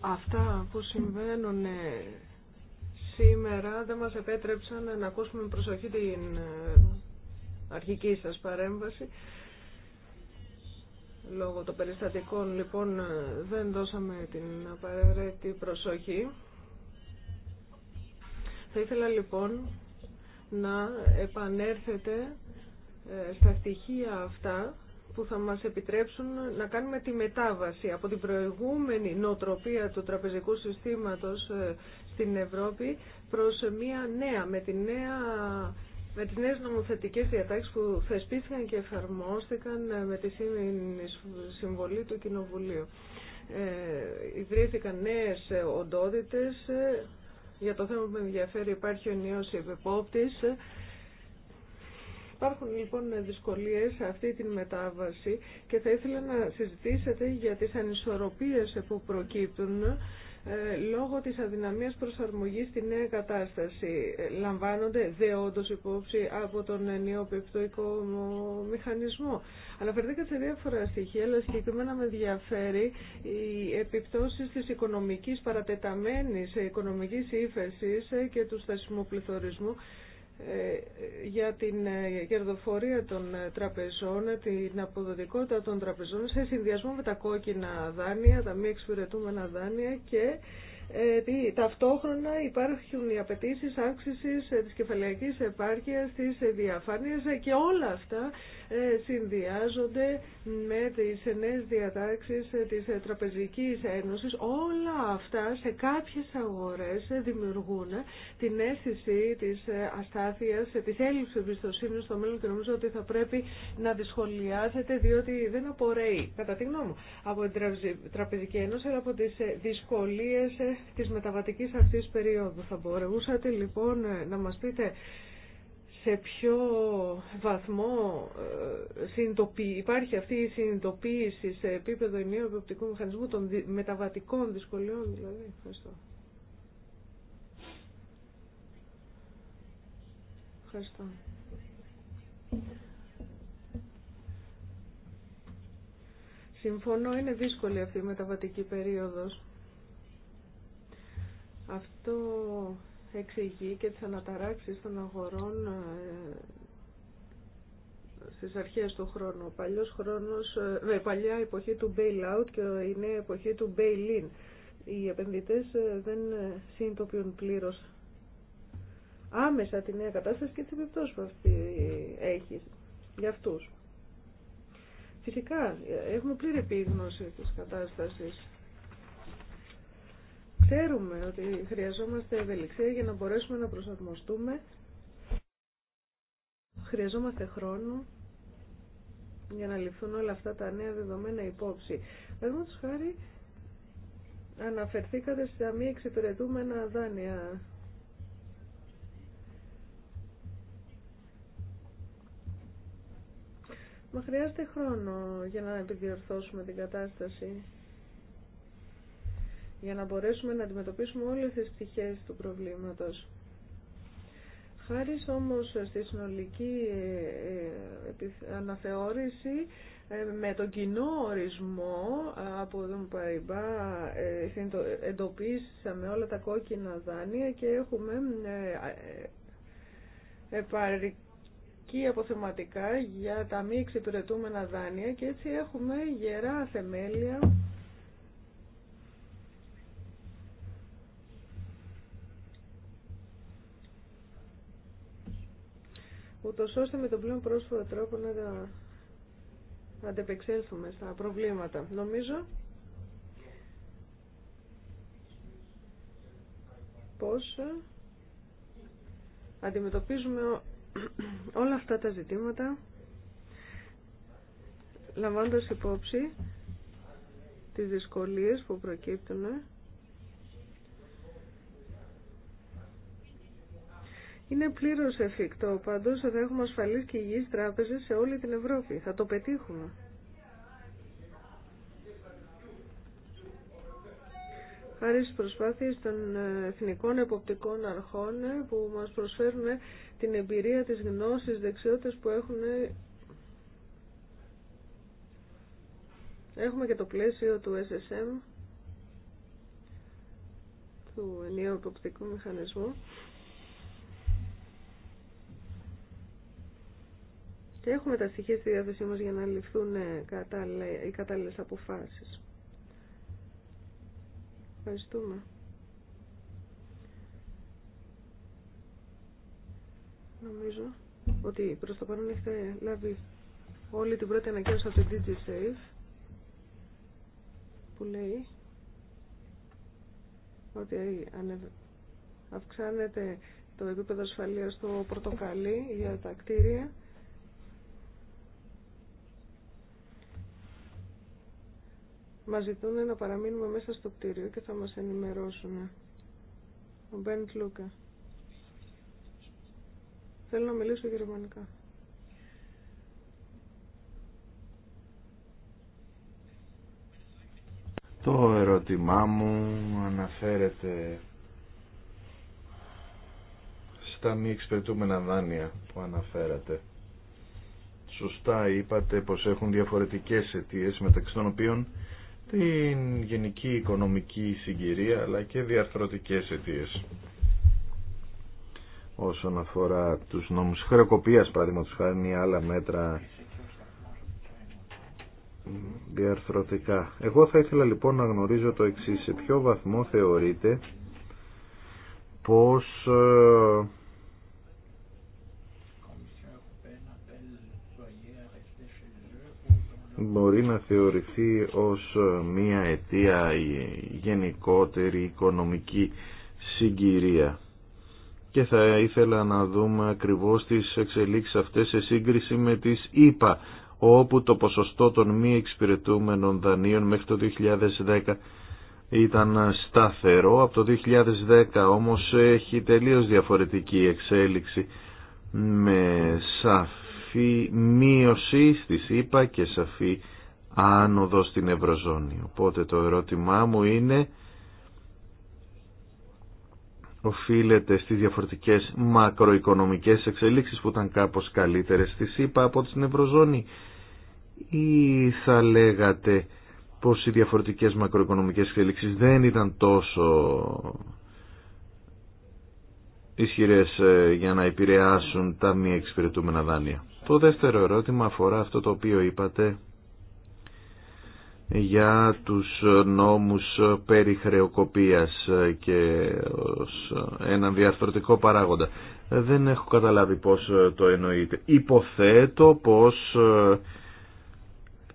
Αυτά που συμβαίνουν ε, σήμερα δεν μας επέτρεψαν να ακούσουμε με προσοχή την ε, αρχική σας παρέμβαση. Λόγω των περιστατικών λοιπόν ε, δεν δώσαμε την απαραίτητη προσοχή. Θα ήθελα λοιπόν να επανέρθετε ε, στα στοιχεία αυτά που θα μας επιτρέψουν να κάνουμε τη μετάβαση από την προηγούμενη νοοτροπία του τραπεζικού συστήματος στην Ευρώπη προς μια νέα, με τη νέα με τις νέες νομοθετικές διατάξεις που θεσπίστηκαν και εφαρμόστηκαν με τη συμβολή του Κοινοβουλίου. Ε, ιδρύθηκαν νέες οντότητες. Για το θέμα που με ενδιαφέρει υπάρχει ο νέος υπεπόπτης. Υπάρχουν λοιπόν δυσκολίες σε αυτή την μετάβαση και θα ήθελα να συζητήσετε για τις ανισορροπίες που προκύπτουν ε, λόγω της αδυναμίας προσαρμογής στη νέα κατάσταση ε, λαμβάνονται δεόντως υπόψη από τον νεοπεπτοϊκό μηχανισμό. Αναφερθήκα σε διάφορα στοιχεία, αλλά συγκεκριμένα με ενδιαφέρει οι επιπτώσεις της οικονομικής παρατεταμένης ε, οικονομικής ύφεσης και του στασιμού πληθωρισμού ε, για την ε, κερδοφορία των ε, τραπεζών, την αποδοτικότητα των τραπεζών σε συνδυασμό με τα κόκκινα δάνεια, τα μη εξυπηρετούμενα δάνεια και ταυτόχρονα υπάρχουν οι απαιτήσει αύξηση τη κεφαλαϊκή επάρκεια, τη διαφάνεια και όλα αυτά ε, συνδυάζονται με τι νέε διατάξει τη Τραπεζικής Ένωσης. Όλα αυτά σε κάποιε αγορέ δημιουργούν την αίσθηση τη αστάθειας, της έλλειψης εμπιστοσύνη στο μέλλον και νομίζω ότι θα πρέπει να δυσκολιάσετε διότι δεν απορρέει, κατά τη γνώμη μου, από την Τραπεζική Ένωση αλλά από τι δυσκολίε της μεταβατικής αυτής περίοδου. Θα μπορούσατε λοιπόν ε, να μας πείτε σε ποιο βαθμό ε, υπάρχει αυτή η συνειδητοποίηση σε επίπεδο ημίου οπτικού μηχανισμού των μεταβατικών δυσκολιών δηλαδή. Ευχαριστώ. Ευχαριστώ. Συμφωνώ, είναι δύσκολη αυτή η μεταβατική περίοδος. Αυτό εξηγεί και τις αναταράξεις των αγορών ε, στις αρχές του χρόνου. Ο παλιός χρόνος, ε, με παλιά εποχή του bailout και η νέα εποχή του bail-in. Οι επενδυτές ε, δεν συνειδητοποιούν πλήρως άμεσα τη νέα κατάσταση και τις επιπτώσεις που αυτή έχει για αυτούς. Φυσικά, έχουμε πλήρη επίγνωση της κατάστασης Ξέρουμε ότι χρειαζόμαστε ευελιξία για να μπορέσουμε να προσαρμοστούμε. Χρειαζόμαστε χρόνο για να ληφθούν όλα αυτά τα νέα δεδομένα υπόψη. Παραδείγματο χάρη, αναφερθήκατε στα μη εξυπηρετούμενα δάνεια. Μα χρειάζεται χρόνο για να επιδιορθώσουμε την κατάσταση για να μπορέσουμε να αντιμετωπίσουμε όλες τις πτυχές του προβλήματος. Χάρη όμως στη συνολική ε, ε, αναθεώρηση ε, με τον κοινό ορισμό από τον Παϊμπά εντοπίσαμε όλα τα κόκκινα δάνεια και έχουμε επαρκή αποθεματικά για τα μη εξυπηρετούμενα δάνεια και έτσι έχουμε γερά θεμέλια ούτω ώστε με τον πλέον πρόσφορο τρόπο να αντεπεξέλθουμε στα προβλήματα. Νομίζω πως ε, αντιμετωπίζουμε όλα αυτά τα ζητήματα λαμβάνοντας υπόψη τις δυσκολίες που προκύπτουν Είναι πλήρω εφικτό πάντω ότι έχουμε ασφαλεί και υγιεί τράπεζε σε όλη την Ευρώπη. Θα το πετύχουμε. Χάρη στι προσπάθειε των ε, εθνικών εποπτικών αρχών ε, που μα προσφέρουν ε, την εμπειρία, τι γνώσει, δεξιότητε που έχουν. Έχουμε και το πλαίσιο του SSM, του ενιαίου εποπτικού μηχανισμού. Και έχουμε τα στοιχεία στη διάθεσή μας για να ληφθούν ε, οι κατάλληλες αποφάσεις. Ευχαριστούμε. Νομίζω ότι προς το παρόν έχετε λάβει όλη την πρώτη ανακοίνωση από το DigiSafe που λέει ότι αυξάνεται το επίπεδο ασφαλείας στο πορτοκαλί για τα κτίρια Μα ζητούν να παραμείνουμε μέσα στο κτίριο και θα μας ενημερώσουν. Ο Μπέντ Λούκα. Θέλω να μιλήσω γερμανικά. Το ερώτημά μου αναφέρεται στα μη εξυπηρετούμενα δάνεια που αναφέρατε. Σωστά είπατε πως έχουν διαφορετικές αιτίες μεταξύ των οποίων την γενική οικονομική συγκυρία αλλά και διαρθρωτικές αιτίες όσον αφορά τους νόμους χρεοκοπίας παραδείγματος χάρη ή άλλα μέτρα διαρθρωτικά. Εγώ θα ήθελα λοιπόν να γνωρίζω το εξής. Σε ποιο βαθμό θεωρείτε πως ε, μπορεί να θεωρηθεί ως ε, μία αιτία ή γενικότερη οικονομική συγκυρία. Και θα ήθελα να δούμε ακριβώς τις εξελίξεις αυτές σε σύγκριση με τις ίπα όπου το ποσοστό των μη εξυπηρετούμενων δανείων μέχρι το 2010 ήταν σταθερό. Από το 2010 όμως έχει τελείως διαφορετική εξέλιξη με σαφ σαφή μείωση στη ΣΥΠΑ και σαφή άνοδο στην Ευρωζώνη. Οπότε το ερώτημά μου είναι οφείλεται στις διαφορετικές μακροοικονομικές εξελίξεις που ήταν κάπως καλύτερες στη ΣΥΠΑ από την Ευρωζώνη ή θα λέγατε πως οι διαφορετικές μακροοικονομικές εξελίξεις δεν ήταν τόσο ισχυρές ε, για να επηρεάσουν τα μη εξυπηρετούμενα δάνεια. Το δεύτερο ερώτημα αφορά αυτό το οποίο είπατε για τους νόμους περί χρεοκοπίας και ως έναν διαρθρωτικό παράγοντα. Δεν έχω καταλάβει πώς το εννοείτε. Υποθέτω πως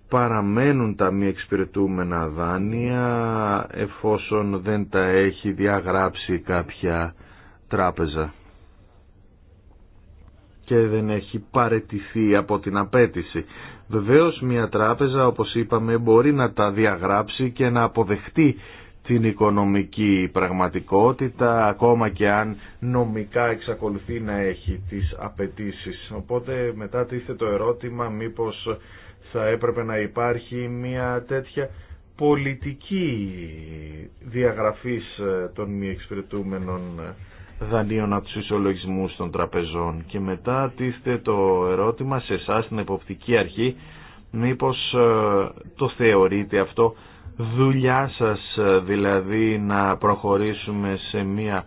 παραμένουν τα μη εξυπηρετούμενα δάνεια εφόσον δεν τα έχει διαγράψει κάποια τράπεζα και δεν έχει παρετηθεί από την απέτηση. Βεβαίως μια τράπεζα όπως είπαμε μπορεί να τα διαγράψει και να αποδεχτεί την οικονομική πραγματικότητα ακόμα και αν νομικά εξακολουθεί να έχει τις απαιτήσει. Οπότε μετά τίθε το ερώτημα μήπως θα έπρεπε να υπάρχει μια τέτοια πολιτική διαγραφής των μη εξυπηρετούμενων δανείων από του ισολογισμού των τραπεζών. Και μετά τίθεται το ερώτημα σε εσά στην εποπτική αρχή, μήπως ε, το θεωρείτε αυτό δουλειά σας ε, δηλαδή να προχωρήσουμε σε μια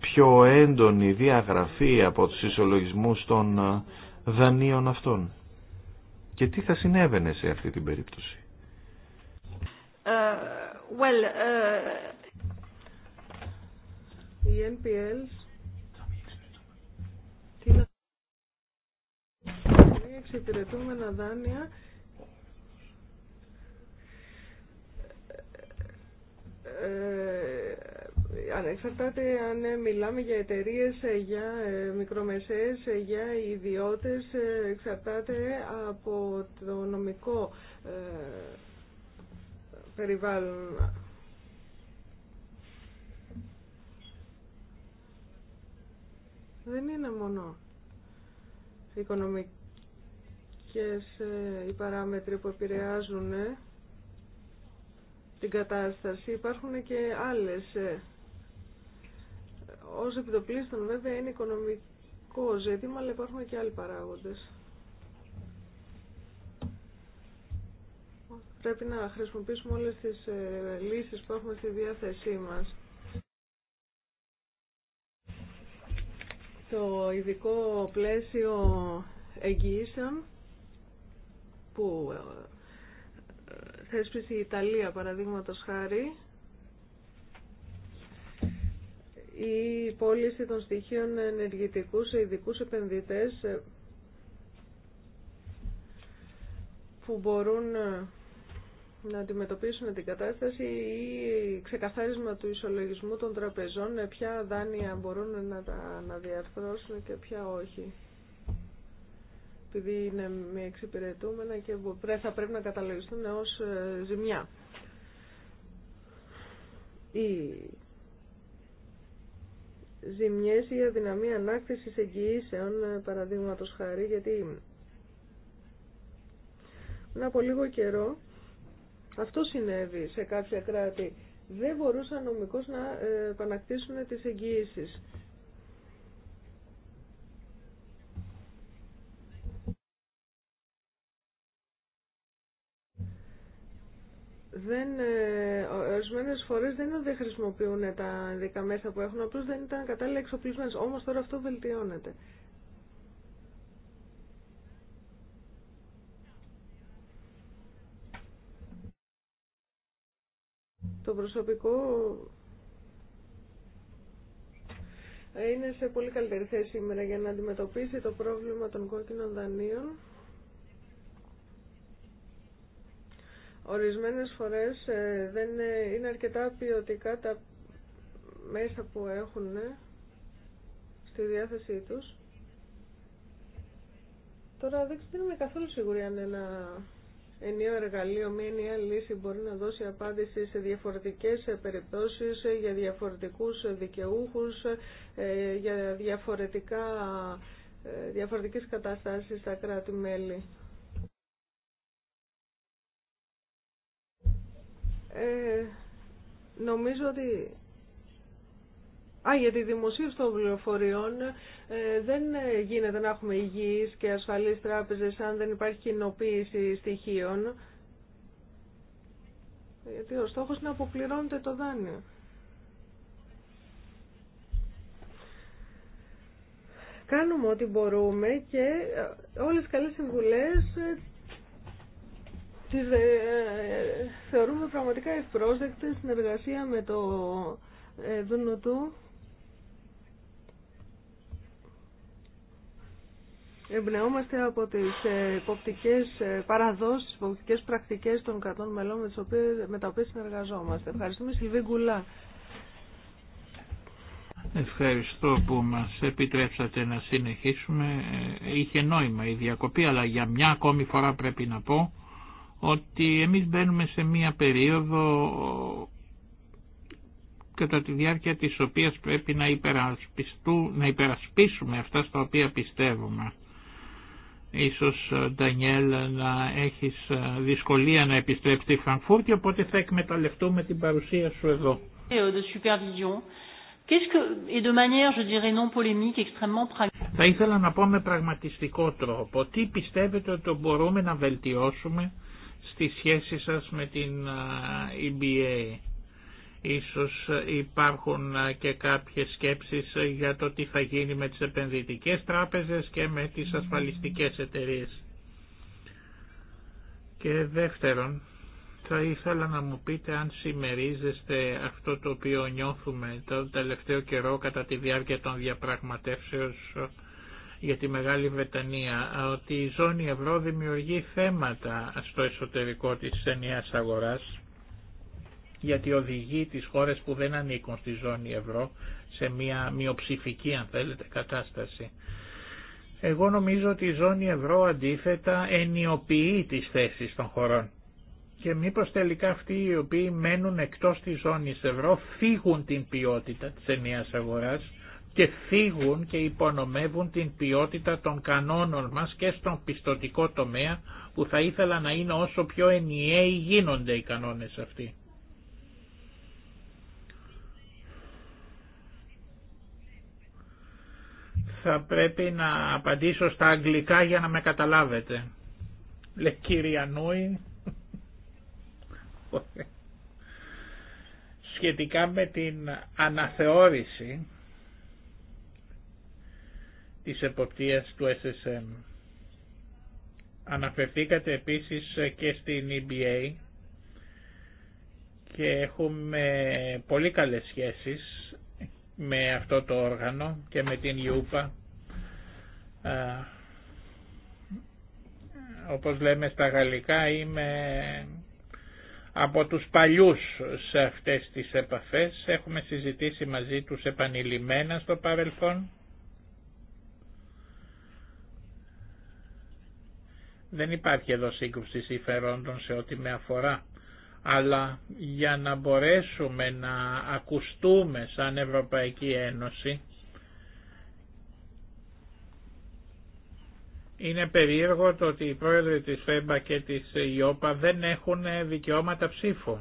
πιο έντονη διαγραφή από του ισολογισμού των ε, δανείων αυτών. Και τι θα συνέβαινε σε αυτή την περίπτωση. well, οι NPL είναι εξυπηρετούμενα δάνεια ε, ε, ανεξαρτάται αν ε, μιλάμε για εταιρείε, ε, για μικρομεσαίες, για ιδιώτες, εξαρτάται από το νομικό περιβάλλον δεν είναι μόνο οι οικονομικές ε, οι παράμετροι που επηρεάζουν ε, την κατάσταση. Υπάρχουν και άλλες. Ε. Ως επιτοπλίστων βέβαια είναι οικονομικό ζήτημα, αλλά υπάρχουν και άλλοι παράγοντες. Πρέπει να χρησιμοποιήσουμε όλες τις λύσεις που έχουμε στη διάθεσή μας. το ειδικό πλαίσιο εγγυήσεων που ε, ε, θέσπισε η Ιταλία παραδείγματο χάρη η πώληση των στοιχείων ενεργητικού σε ειδικού επενδυτές ε, που μπορούν να αντιμετωπίσουν την κατάσταση ή ξεκαθάρισμα του ισολογισμού των τραπεζών, ε, ποια δάνεια μπορούν να τα αναδιαρθρώσουν και ποια όχι. Επειδή είναι μη εξυπηρετούμενα και θα πρέπει να καταλογιστούν ως ε, ζημιά. Οι ζημιές ή αδυναμία ανάκτησης εγγυήσεων, ε, παραδείγματος χάρη, γιατί πριν από λίγο καιρό αυτό συνέβη σε κάποια κράτη. Δεν μπορούσαν νομικώς να ε, επανακτήσουν τις εγγύησεις. δεν, ε, ορισμένες φορέ δεν είναι ότι δεν χρησιμοποιούν τα ειδικά μέσα που έχουν, Απλώς δεν ήταν κατάλληλα εξοπλισμένες. Όμως τώρα αυτό βελτιώνεται. Το προσωπικό είναι σε πολύ καλύτερη θέση σήμερα για να αντιμετωπίσει το πρόβλημα των κόκκινων δανείων. Ορισμένες φορές ε, δεν ε, είναι αρκετά ποιοτικά τα μέσα που έχουν ε, στη διάθεσή τους. Τώρα δεν ξέρουμε καθόλου σίγουρη αν ένα ενίο εργαλείο, μια ενιαία λύση μπορεί να δώσει απάντηση σε διαφορετικές ε, περιπτώσεις, ε, για διαφορετικούς ε, δικαιούχους, για διαφορετικά, διαφορετικές καταστάσεις στα κράτη-μέλη. νομίζω ότι Α, γιατί η δημοσίευση των πληροφοριών ε, δεν γίνεται να έχουμε υγιείς και ασφαλείς τράπεζες αν δεν υπάρχει κοινοποίηση στοιχείων. Γιατί ο στόχος είναι να αποπληρώνεται το δάνειο. Κάνουμε ό,τι μπορούμε και ε, όλες τις καλές συμβουλές ε, τις θεωρούμε πραγματικά ευπρόσδεκτες στην εργασία με το δούνο του. εμπνεόμαστε από τις ε, υποπτικές ε, παραδόσεις, υποπτικές πρακτικές των κρατών μελών με, τα οποία συνεργαζόμαστε. Ευχαριστούμε Σιλβί Γκουλά. Ευχαριστώ που μας επιτρέψατε να συνεχίσουμε. Ε, είχε νόημα η διακοπή, αλλά για μια ακόμη φορά πρέπει να πω ότι εμείς μπαίνουμε σε μια περίοδο κατά τη διάρκεια της οποίας πρέπει να, να υπερασπίσουμε αυτά στα οποία πιστεύουμε. Ίσως, ε, Ντανιέλ, να έχεις ε, δυσκολία να επιστρέψει στη Φραγκφούρτη, οπότε θα εκμεταλλευτούμε την παρουσία σου εδώ. Ε, θα ήθελα να πω με πραγματιστικό τρόπο, τι πιστεύετε ότι μπορούμε να βελτιώσουμε στη σχέση σας με την EBA. Ίσως υπάρχουν και κάποιες σκέψεις για το τι θα γίνει με τις επενδυτικές τράπεζες και με τις ασφαλιστικές εταιρείες. Και δεύτερον, θα ήθελα να μου πείτε αν συμμερίζεστε αυτό το οποίο νιώθουμε το τελευταίο καιρό κατά τη διάρκεια των διαπραγματεύσεων για τη Μεγάλη Βρετανία, ότι η ζώνη ευρώ δημιουργεί θέματα στο εσωτερικό της ενιαίας αγοράς γιατί οδηγεί τις χώρες που δεν ανήκουν στη ζώνη ευρώ σε μια μειοψηφική αν θέλετε κατάσταση. Εγώ νομίζω ότι η ζώνη ευρώ αντίθετα ενιοποιεί τις θέσεις των χωρών και μήπως τελικά αυτοί οι οποίοι μένουν εκτός της ζώνης ευρώ φύγουν την ποιότητα της ενιαίας αγοράς και φύγουν και υπονομεύουν την ποιότητα των κανόνων μας και στον πιστοτικό τομέα που θα ήθελα να είναι όσο πιο ενιαίοι γίνονται οι κανόνες αυτοί. θα πρέπει να απαντήσω στα αγγλικά για να με καταλάβετε. Λε κυρία Νουί; Σχετικά με την αναθεώρηση της εποπτείας του SSM. Αναφερθήκατε επίσης και στην EBA και έχουμε πολύ καλές σχέσεις με αυτό το όργανο και με την Ιούπα όπως λέμε στα γαλλικά είμαι από τους παλιούς σε αυτές τις επαφές έχουμε συζητήσει μαζί τους επανειλημμένα στο παρελθόν δεν υπάρχει εδώ σύγκρουση συμφερόντων σε ό,τι με αφορά αλλά για να μπορέσουμε να ακουστούμε σαν Ευρωπαϊκή Ένωση Είναι περίεργο το ότι οι πρόεδροι της ΦΕΜΠΑ και της ΙΟΠΑ δεν έχουν δικαιώματα ψήφου.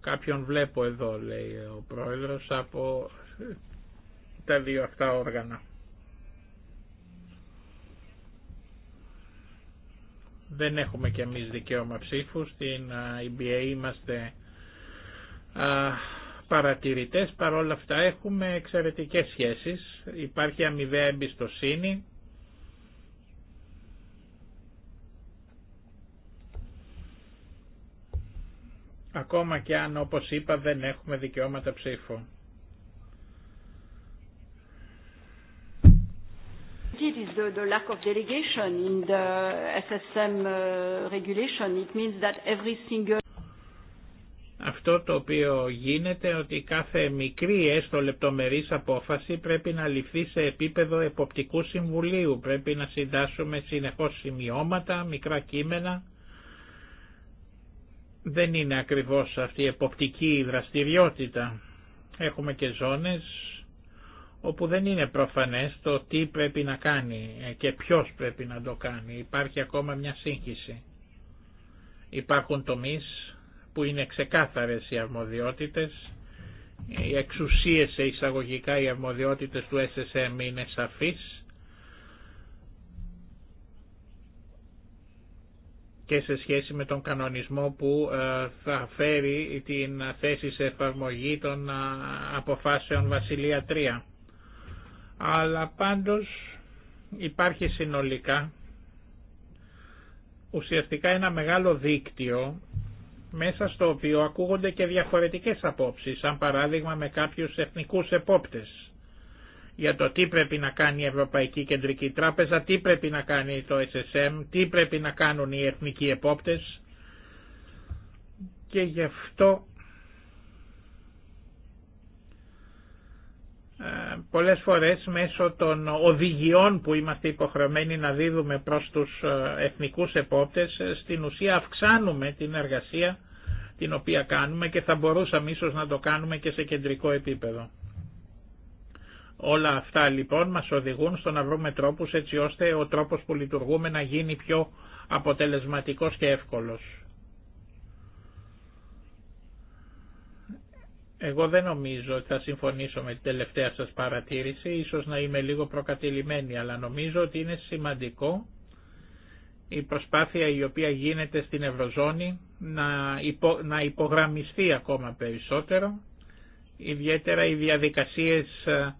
Κάποιον βλέπω εδώ, λέει ο πρόεδρος, από τα δύο αυτά όργανα. δεν έχουμε κι εμείς δικαίωμα ψήφου. Στην EBA είμαστε παρατηρητές, όλα αυτά έχουμε εξαιρετικές σχέσεις. Υπάρχει αμοιβαία εμπιστοσύνη. Ακόμα και αν όπως είπα δεν έχουμε δικαιώματα ψήφου. αυτό το οποίο γίνεται ότι κάθε μικρή έστω λεπτομερής απόφαση πρέπει να ληφθεί σε επίπεδο εποπτικού συμβουλίου. Πρέπει να συντάσσουμε συνεχώς σημειώματα, μικρά κείμενα. Δεν είναι ακριβώς αυτή η εποπτική δραστηριότητα. Έχουμε και ζώνες όπου δεν είναι προφανές το τι πρέπει να κάνει και ποιος πρέπει να το κάνει. Υπάρχει ακόμα μια σύγχυση. Υπάρχουν τομείς που είναι ξεκάθαρες οι αρμοδιότητες, οι εξουσίες σε εισαγωγικά οι αρμοδιότητες του SSM είναι σαφείς και σε σχέση με τον κανονισμό που ε, θα φέρει την θέση σε εφαρμογή των ε, αποφάσεων Βασιλεία 3 αλλά πάντως υπάρχει συνολικά ουσιαστικά ένα μεγάλο δίκτυο μέσα στο οποίο ακούγονται και διαφορετικές απόψεις, σαν παράδειγμα με κάποιους εθνικούς επόπτες για το τι πρέπει να κάνει η Ευρωπαϊκή Κεντρική Τράπεζα, τι πρέπει να κάνει το SSM, τι πρέπει να κάνουν οι εθνικοί επόπτες και γι' αυτό Ε, πολλές φορές μέσω των οδηγιών που είμαστε υποχρεωμένοι να δίδουμε προς τους ε, εθνικούς επόπτες ε, στην ουσία αυξάνουμε την εργασία την οποία κάνουμε και θα μπορούσαμε ίσως να το κάνουμε και σε κεντρικό επίπεδο. Όλα αυτά λοιπόν μας οδηγούν στο να βρούμε τρόπους έτσι ώστε ο τρόπος που λειτουργούμε να γίνει πιο αποτελεσματικός και εύκολος. Εγώ δεν νομίζω ότι θα συμφωνήσω με την τελευταία σας παρατήρηση, ίσως να είμαι λίγο προκατηλημένη, αλλά νομίζω ότι είναι σημαντικό η προσπάθεια η οποία γίνεται στην Ευρωζώνη να, να υπογραμμιστεί ακόμα περισσότερο, ιδιαίτερα οι διαδικασίες ε,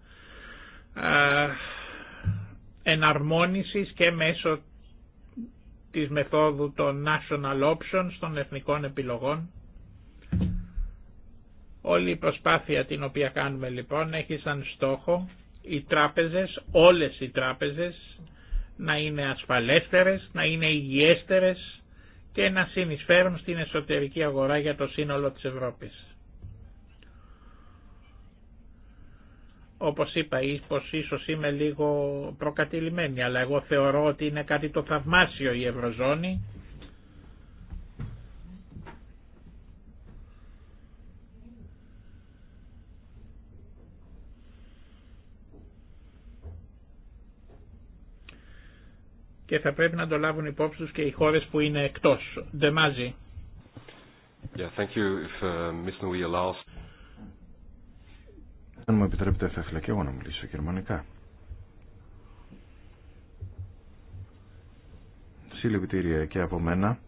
ε, εναρμόνισης και μέσω της μεθόδου των national options των εθνικών επιλογών Όλη η προσπάθεια την οποία κάνουμε λοιπόν έχει σαν στόχο οι τράπεζες, όλες οι τράπεζες να είναι ασφαλέστερες, να είναι υγιέστερες και να συνεισφέρουν στην εσωτερική αγορά για το σύνολο της Ευρώπης. όπως είπα, ίσως, ίσως είμαι λίγο προκατηλημένη, αλλά εγώ θεωρώ ότι είναι κάτι το θαυμάσιο η Ευρωζώνη και θα πρέπει να το λάβουν υπόψη τους και οι χώρες που είναι εκτός. Δεμάζει. Yeah, uh, allows... Αν μου επιτρέπετε θα ήθελα και εγώ να μιλήσω γερμανικά. Συλληπιτήρια και από μένα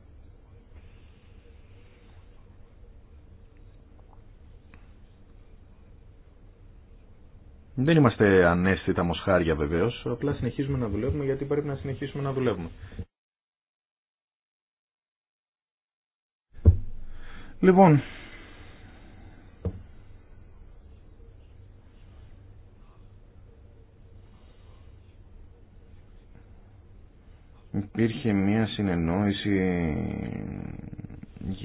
Δεν είμαστε ανέστητα μοσχάρια βεβαίω. απλά συνεχίζουμε να δουλεύουμε γιατί πρέπει να συνεχίσουμε να δουλεύουμε. Λοιπόν, υπήρχε μία συνεννόηση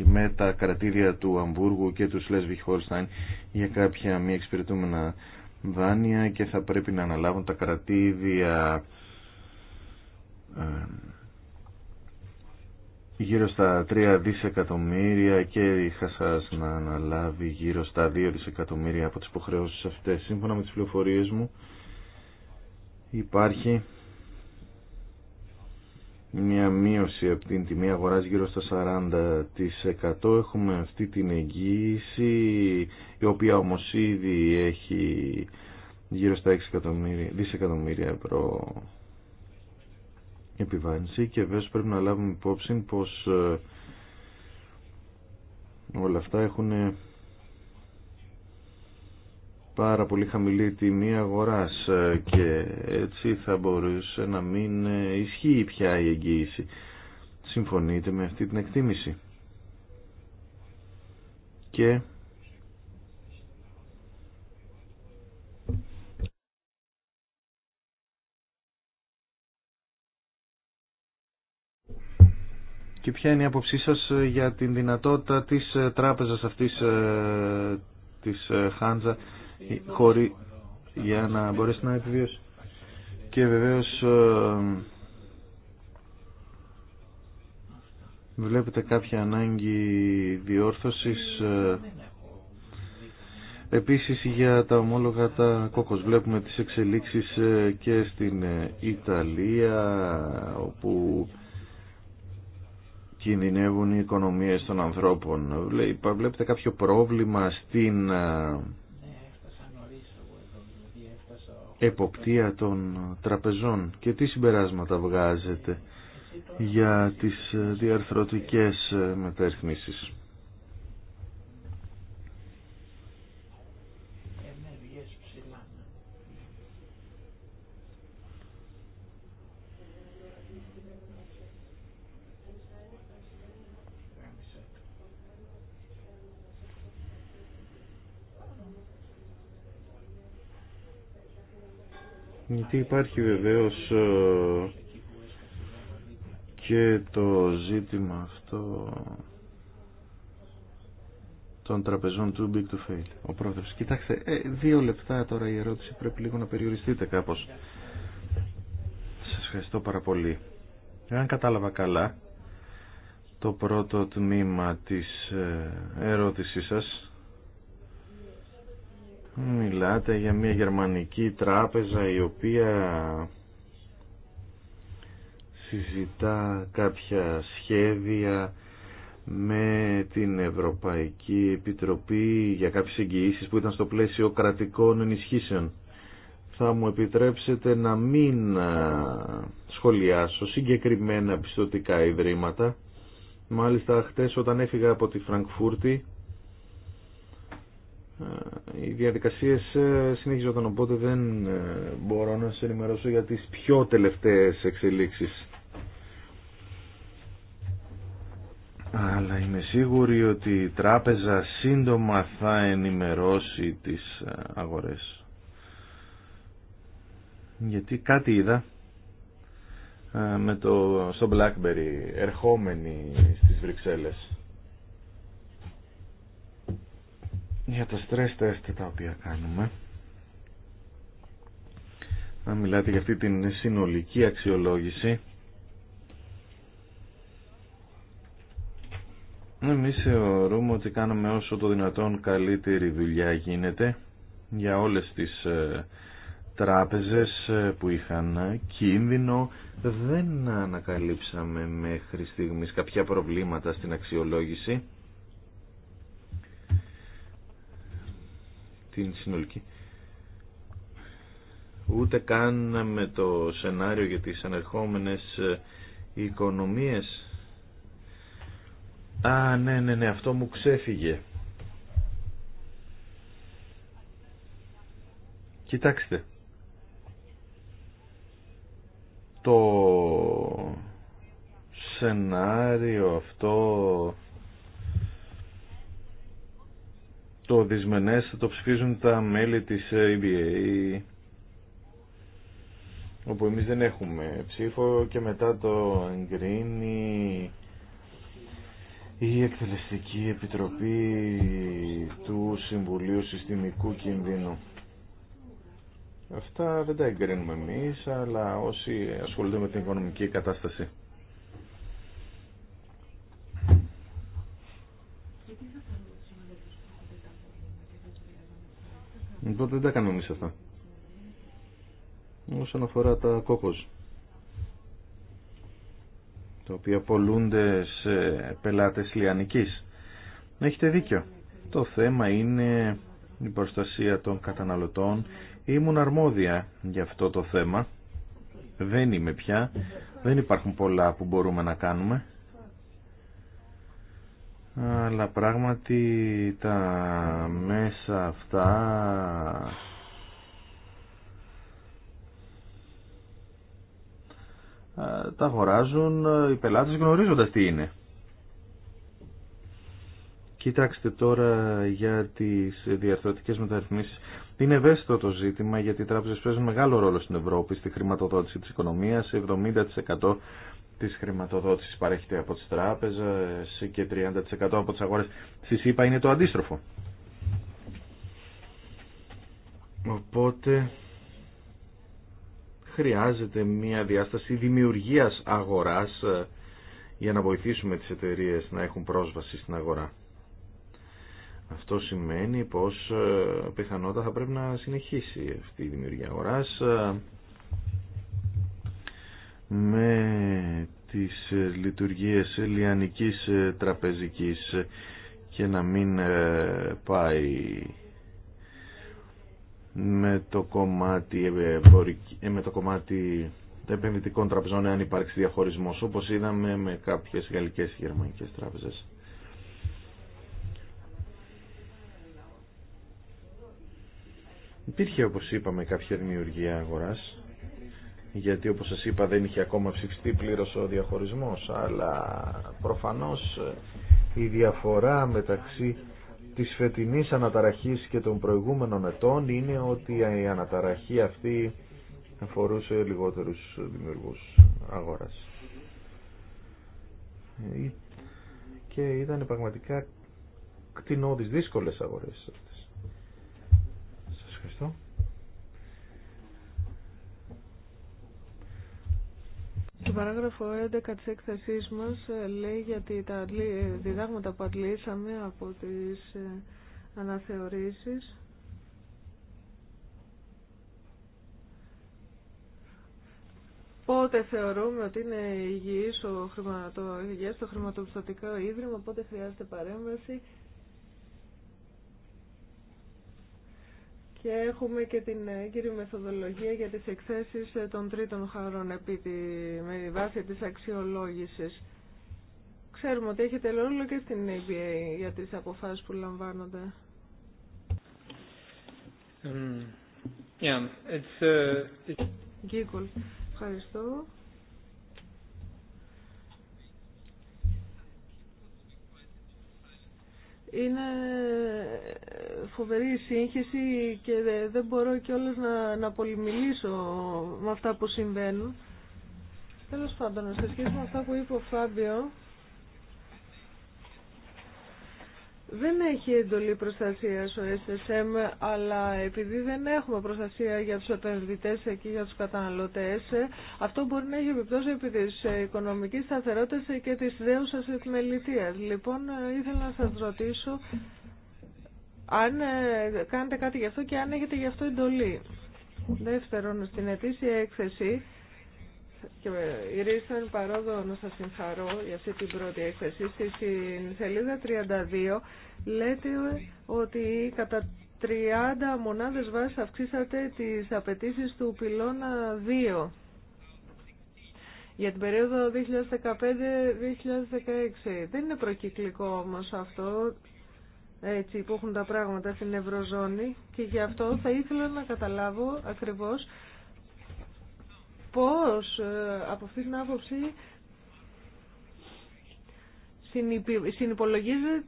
με τα κρατήρια του Αμβούργου και του Σλεσβιχ Χόλσταϊν για κάποια μη εξυπηρετούμενα δάνεια και θα πρέπει να αναλάβουν τα κρατήδια ε, γύρω στα 3 δισεκατομμύρια και είχα Χασάς να αναλάβει γύρω στα 2 δισεκατομμύρια από τις υποχρεώσεις αυτές. Σύμφωνα με τις πληροφορίες μου υπάρχει μια μείωση από την τιμή αγοράς γύρω στα 40% έχουμε αυτή την εγγύηση η οποία όμως ήδη έχει γύρω στα 6 δισεκατομμύρια ευρώ επιβάρυνση και βέβαια πρέπει να λάβουμε υπόψη πως ε, όλα αυτά έχουν πάρα πολύ χαμηλή τιμή αγοράς ε, και έτσι θα μπορούσε να μην ε, ισχύει πια η εγγύηση. Συμφωνείτε με αυτή την εκτίμηση. Και... Και ποια είναι η άποψή σας ε, για την δυνατότητα της τράπεζας αυτής της Χάντζα χωρί για να μπορέσει να επιβιώσει. Και βεβαίως ε, βλέπετε κάποια ανάγκη διόρθωσης ε, Επίσης για τα ομόλογα τα κόκος βλέπουμε τις εξελίξεις ε, και στην Ιταλία όπου κινδυνεύουν οι οικονομίες των ανθρώπων. Βλέπετε κάποιο πρόβλημα στην εποπτεία των τραπεζών και τι συμπεράσματα βγάζετε για τις διαρθρωτικές μεταρρυθμίσεις. γιατί υπάρχει βεβαίως ε, και το ζήτημα αυτό των τραπεζών του Big to Fail. Ο πρόεδρος. Κοιτάξτε, ε, δύο λεπτά τώρα η ερώτηση πρέπει λίγο να περιοριστείτε κάπως. Σας ευχαριστώ πάρα πολύ. Εάν κατάλαβα καλά, το πρώτο τμήμα της ε, ερώτησής σας Μιλάτε για μια γερμανική τράπεζα η οποία συζητά κάποια σχέδια με την Ευρωπαϊκή Επιτροπή για κάποιες εγγυήσεις που ήταν στο πλαίσιο κρατικών ενισχύσεων. Θα μου επιτρέψετε να μην σχολιάσω συγκεκριμένα πιστοτικά ιδρύματα. Μάλιστα χτες όταν έφυγα από τη Φραγκφούρτη ε, οι διαδικασίες ε, συνεχίζονταν οπότε δεν ε, μπορώ να σε ενημερώσω για τις πιο τελευταίες εξελίξεις. Αλλά είμαι σίγουρη ότι η τράπεζα σύντομα θα ενημερώσει τις αγορές. Γιατί κάτι είδα με το, στο Blackberry ερχόμενοι στις Βρυξέλλες. για τα stress test τα οποία κάνουμε να μιλάτε για αυτή την συνολική αξιολόγηση εμείς θεωρούμε ότι κάνουμε όσο το δυνατόν καλύτερη δουλειά γίνεται για όλες τις ε, τράπεζες ε, που είχαν κίνδυνο δεν ανακαλύψαμε μέχρι στιγμής κάποια προβλήματα στην αξιολόγηση την συνολική. Ούτε κάναμε το σενάριο για τις ανερχόμενες ε, οικονομίες. Α, ναι, ναι, ναι, αυτό μου ξέφυγε. Κοιτάξτε. Το σενάριο αυτό το δυσμενές το ψηφίζουν τα μέλη της EBA ε, όπου εμείς δεν έχουμε ψήφο και μετά το εγκρίνει η Εκτελεστική Επιτροπή του Συμβουλίου Συστημικού Κινδύνου. Αυτά δεν τα εγκρίνουμε εμείς, αλλά όσοι ασχολούνται με την οικονομική κατάσταση. Οπότε δεν τα κάνουμε εμείς αυτά. Όσον αφορά τα κόκκος, τα οποία πολλούνται σε πελάτες λιανικής. Έχετε δίκιο. Το θέμα είναι η προστασία των καταναλωτών. Ήμουν αρμόδια για αυτό το θέμα. Δεν είμαι πια. Δεν υπάρχουν πολλά που μπορούμε να κάνουμε αλλά πράγματι τα μέσα αυτά τα αγοράζουν οι πελάτες γνωρίζοντας τι είναι. Κοιτάξτε τώρα για τις διαρθρωτικές μεταρρυθμίσεις. Είναι ευαίσθητο το ζήτημα γιατί οι τράπεζες παίζουν μεγάλο ρόλο στην Ευρώπη, στη χρηματοδότηση της οικονομίας. 70% της χρηματοδότησης παρέχεται από τις τράπεζες και 30% από τις αγορές στις ΕΠΑ ΕΕ είναι το αντίστροφο. Οπότε χρειάζεται μια διάσταση δημιουργίας αγοράς ε, για να βοηθήσουμε τις εταιρείες να έχουν πρόσβαση στην αγορά. Αυτό σημαίνει πως ε, πιθανότατα θα πρέπει να συνεχίσει αυτή η δημιουργία αγοράς ε, με τις ε, λειτουργίες λιανικής ε, τραπεζικής και να μην ε, πάει με το κομμάτι, με το κομμάτι επενδυτικών τραπεζών αν υπάρξει διαχωρισμός όπως είδαμε με κάποιες γαλλικές και γερμανικές τράπεζες. Υπήρχε όπως είπαμε κάποια δημιουργία αγοράς γιατί όπως σας είπα δεν είχε ακόμα ψηφιστεί πλήρως ο διαχωρισμός αλλά προφανώς ε, η διαφορά μεταξύ της φετινής αναταραχής και των προηγούμενων ετών είναι ότι η αναταραχή αυτή αφορούσε λιγότερους δημιουργούς αγοράς. Ε, και ήταν πραγματικά κτηνώδεις δύσκολες αγορές Στην παράγραφο 11 της έκθεσής μας ε, λέει γιατί τα ε, διδάγματα που αντλήσαμε από τις ε, αναθεωρήσεις Πότε θεωρούμε ότι είναι υγιής το χρηματοπιστωτικό ίδρυμα, πότε χρειάζεται παρέμβαση Και έχουμε και την ε, κύρια μεθοδολογία για τις εκθέσεις ε, των τρίτων χαρών επί τη, με βάση της αξιολόγησης. Ξέρουμε ότι έχετε ρόλο και στην ABA για τις αποφάσεις που λαμβάνονται. Yeah, it's, uh... Ευχαριστώ. είναι φοβερή σύγχυση και δεν μπορώ κιόλας να, να πολυμιλήσω με αυτά που συμβαίνουν. Τέλος πάντων, σε σχέση με αυτά που είπε ο Φάμπιο, δεν έχει εντολή προστασίας ο SSM, αλλά επειδή δεν έχουμε προστασία για τους επενδυτές και για τους καταναλωτές, αυτό μπορεί να έχει επιπτώσει επί της οικονομικής σταθερότητας και της δέουσας επιμελητίας. Λοιπόν, ήθελα να σας ρωτήσω αν ε, κάνετε κάτι γι' αυτό και αν έχετε γι' αυτό εντολή. Δεύτερον, στην ετήσια έκθεση και η παρόδο να σας συγχαρώ για αυτή την πρώτη έκθεση. Στην σελίδα 32 λέτε ότι κατά 30 μονάδες βάση αυξήσατε τις απαιτήσει του πυλώνα 2 για την περίοδο 2015-2016. Δεν είναι προκυκλικό όμως αυτό, έτσι που έχουν τα πράγματα στην Ευρωζώνη και γι' αυτό θα ήθελα να καταλάβω ακριβώς πώς ε, από αυτή την άποψη συνυπολογίζεται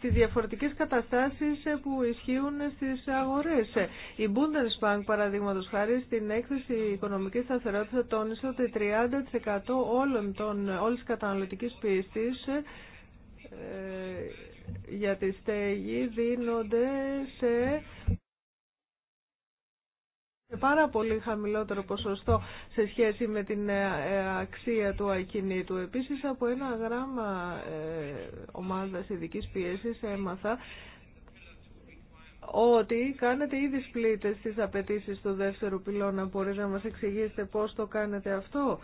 τις διαφορετικές καταστάσεις ε, που ισχύουν στις αγορές. Ε, η Bundesbank, παραδείγματος χάρη, στην έκθεση οικονομικής σταθερότητας τόνισε ότι 30% όλων των, όλης της καταναλωτικής πίστης για τη στέγη δίνονται σε πάρα πολύ χαμηλότερο ποσοστό σε σχέση με την ε, αξία του ακινήτου. Επίσης από ένα γράμμα ε, ομάδας ειδικής πίεσης έμαθα ότι κάνετε ήδη σπλήτες στις απαιτήσει του δεύτερου πυλώνα. Μπορείτε να μας εξηγήσετε πώς το κάνετε αυτό.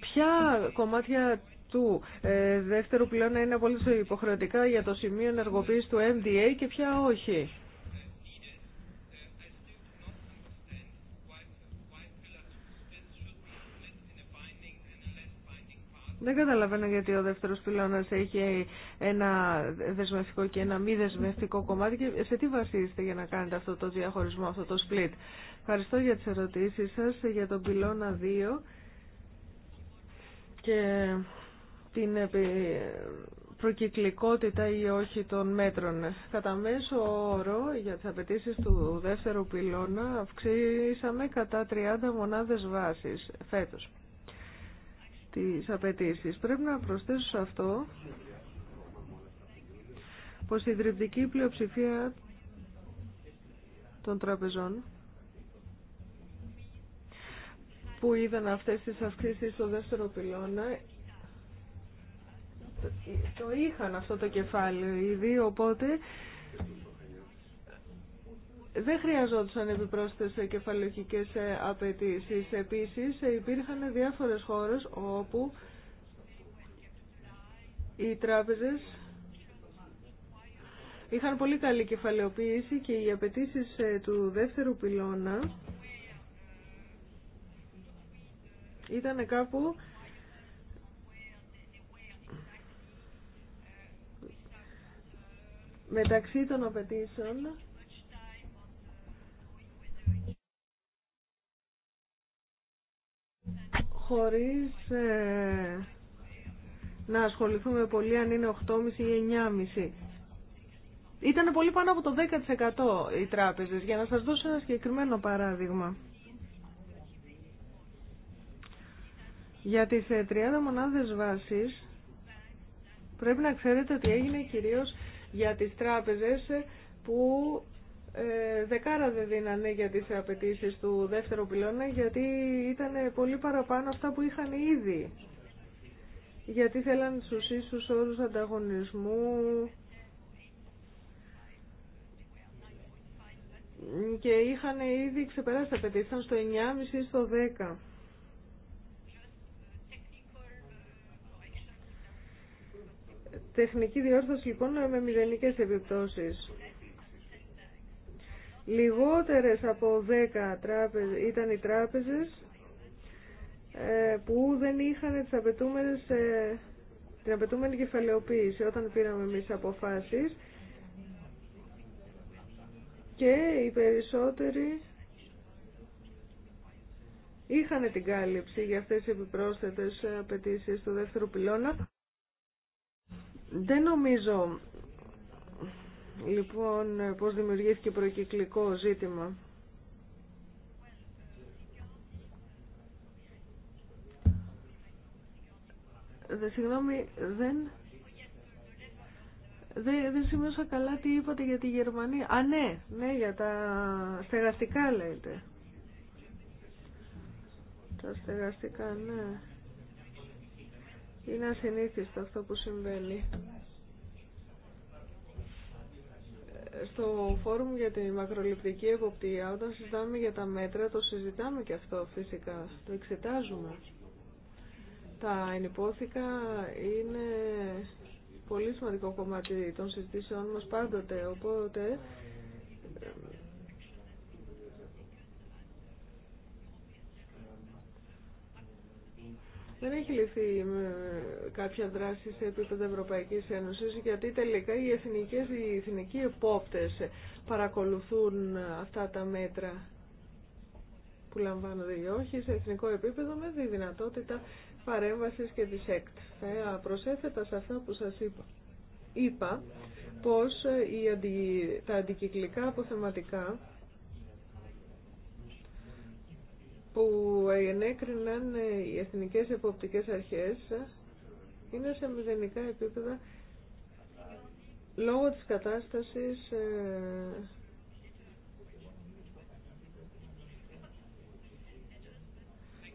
Ποια κομμάτια του ε, δεύτερου πυλώνα είναι πολύ υποχρεωτικά για το σημείο ενεργοποίηση του MDA και ποια όχι. Δεν καταλαβαίνω γιατί ο δεύτερος πυλώνας έχει ένα δεσμευτικό και ένα μη δεσμευτικό κομμάτι και σε τι βασίζεστε για να κάνετε αυτό το διαχωρισμό, αυτό το split. Ευχαριστώ για τι ερωτήσει σα, για τον πυλώνα 2 και την προκυκλικότητα ή όχι των μέτρων. Κατά μέσο όρο για τις απαιτήσει του δεύτερου πυλώνα αυξήσαμε κατά 30 μονάδες βάσης φέτος τις απαιτήσει. Πρέπει να προσθέσω σε αυτό πως η δρυπτική πλειοψηφία των τραπεζών που είδαν αυτές τις αυξήσεις στο δεύτερο πυλώνα το είχαν αυτό το κεφάλαιο ήδη, οπότε δεν χρειαζόντουσαν επιπρόσθετες κεφαλαιοκικές ε, απαιτήσει. Επίσης υπήρχαν διάφορες χώρες όπου οι τράπεζες είχαν πολύ καλή κεφαλαιοποίηση και οι απαιτήσει ε, του δεύτερου πυλώνα ήταν κάπου μεταξύ των απαιτήσεων χωρίς ε, να ασχοληθούμε πολύ αν είναι 8,5 ή 9,5. Ήταν πολύ πάνω από το 10% οι τράπεζες. Για να σας δώσω ένα συγκεκριμένο παράδειγμα. Για τις 30 ε, μονάδες βάσης πρέπει να ξέρετε ότι έγινε κυρίως για τις τράπεζες ε, που ε, δεκάρα δεν δίνανε για τις απαιτήσει του δεύτερου πυλώνα γιατί ήταν πολύ παραπάνω αυτά που είχαν ήδη. Γιατί θέλαν στους ίσους όρους ανταγωνισμού και είχαν ήδη ξεπεράσει τα απαιτήσει, ήταν στο 9,5 ή στο 10. Τεχνική διόρθωση λοιπόν με μηδενικές επιπτώσεις. Λιγότερες από 10 ήταν οι τράπεζες ε, που δεν είχαν τις απαιτούμενες, ε, την απαιτούμενη κεφαλαιοποίηση όταν πήραμε εμείς αποφάσεις και οι περισσότεροι είχαν την κάλυψη για αυτές τις επιπρόσθετες απαιτήσει του δεύτερου πυλώνα. Δεν νομίζω λοιπόν πώς δημιουργήθηκε προκυκλικό ζήτημα. Δε, συγγνώμη, δεν... δε σημείωσα καλά τι είπατε για τη Γερμανία. Α, ναι, ναι, για τα στεγαστικά λέτε. Τα στεγαστικά, ναι. Είναι ασυνήθιστο αυτό που συμβαίνει. στο φόρουμ για τη μακροληπτική εποπτεία, όταν συζητάμε για τα μέτρα, το συζητάμε και αυτό φυσικά, το εξετάζουμε. Τα ενυπόθηκα είναι πολύ σημαντικό κομμάτι των συζητήσεών μας πάντοτε, οπότε δεν έχει ληφθεί κάποια δράση σε επίπεδο Ευρωπαϊκή Ένωση, γιατί τελικά οι εθνικές, οι εθνικοί επόπτες παρακολουθούν αυτά τα μέτρα που λαμβάνονται ή όχι σε εθνικό επίπεδο με τη δυνατότητα παρέμβαση και της ΕΚΤ. Θα ε, προσέθετα σε αυτά που σας είπα, είπα πως τα αντικυκλικά αποθεματικά που ενέκριναν οι εθνικές εποπτικές αρχές είναι σε μηδενικά επίπεδα λόγω της κατάστασης ε,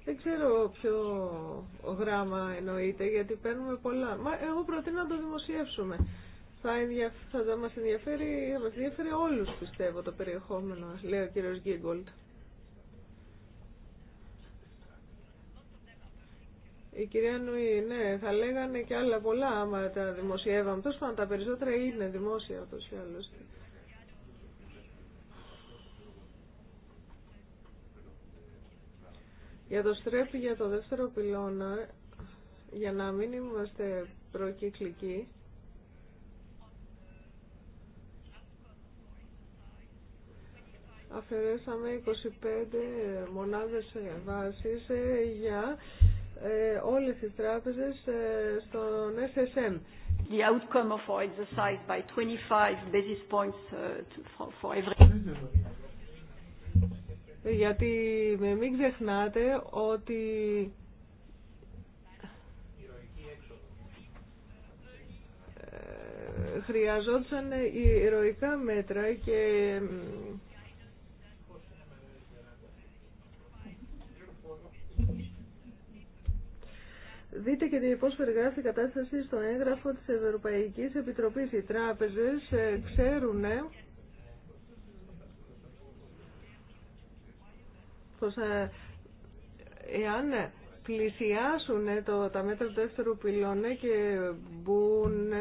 Δεν ξέρω ποιο γράμμα εννοείται, γιατί παίρνουμε πολλά. Μα εγώ προτείνω να το δημοσιεύσουμε. Θα, θα μας ενδιαφέρει, θα μας ενδιαφέρει όλους, πιστεύω, το περιεχόμενο, λέει ο κύριος Γκίγκολτ. Η κυρία Νουή, ναι, θα λέγανε και άλλα πολλά άμα τα δημοσιεύαμε. Τόσο πάνω τα περισσότερα είναι δημόσια όπως ή άλλωστε. Για το στρέφει για το δεύτερο πυλώνα, για να μην είμαστε προκυκλικοί, αφαιρέσαμε 25 μονάδες βάσης ε, για ε, όλες τις τράπεζες ε, στον SSM. The outcome of our exercise by 25 basis points uh, for every... Γιατί με μην ξεχνάτε ότι ε, χρειαζόντουσαν ηρωικά μέτρα και Δείτε και πω περιγραφει κατασταση στο εγγραφο της Ευρωπαϊκή επιτροπης οι τραπεζες ε, ξερουν πω εαν πλησιάσουν το, τα μέτρα του δεύτερου πυλώνα και μπουν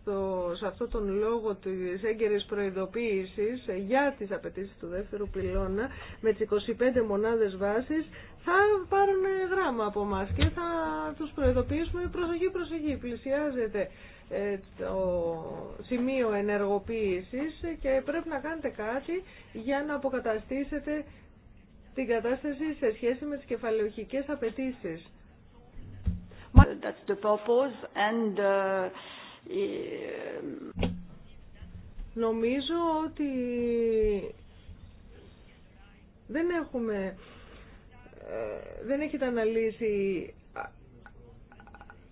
στο, σε αυτό τον λόγο της έγκαιρης προειδοποίησης για τις απαιτήσει του δεύτερου πυλώνα με τις 25 μονάδες βάσης θα πάρουν γράμμα από εμά και θα τους προειδοποιήσουμε προσοχή προσοχή πλησιάζεται ε, το σημείο ενεργοποίησης και πρέπει να κάνετε κάτι για να αποκαταστήσετε την κατάσταση σε σχέση με τις κεφαλαιοχικές απαιτήσεις. Uh, Νομίζω ότι δεν έχουμε, ε, δεν έχετε αναλύσει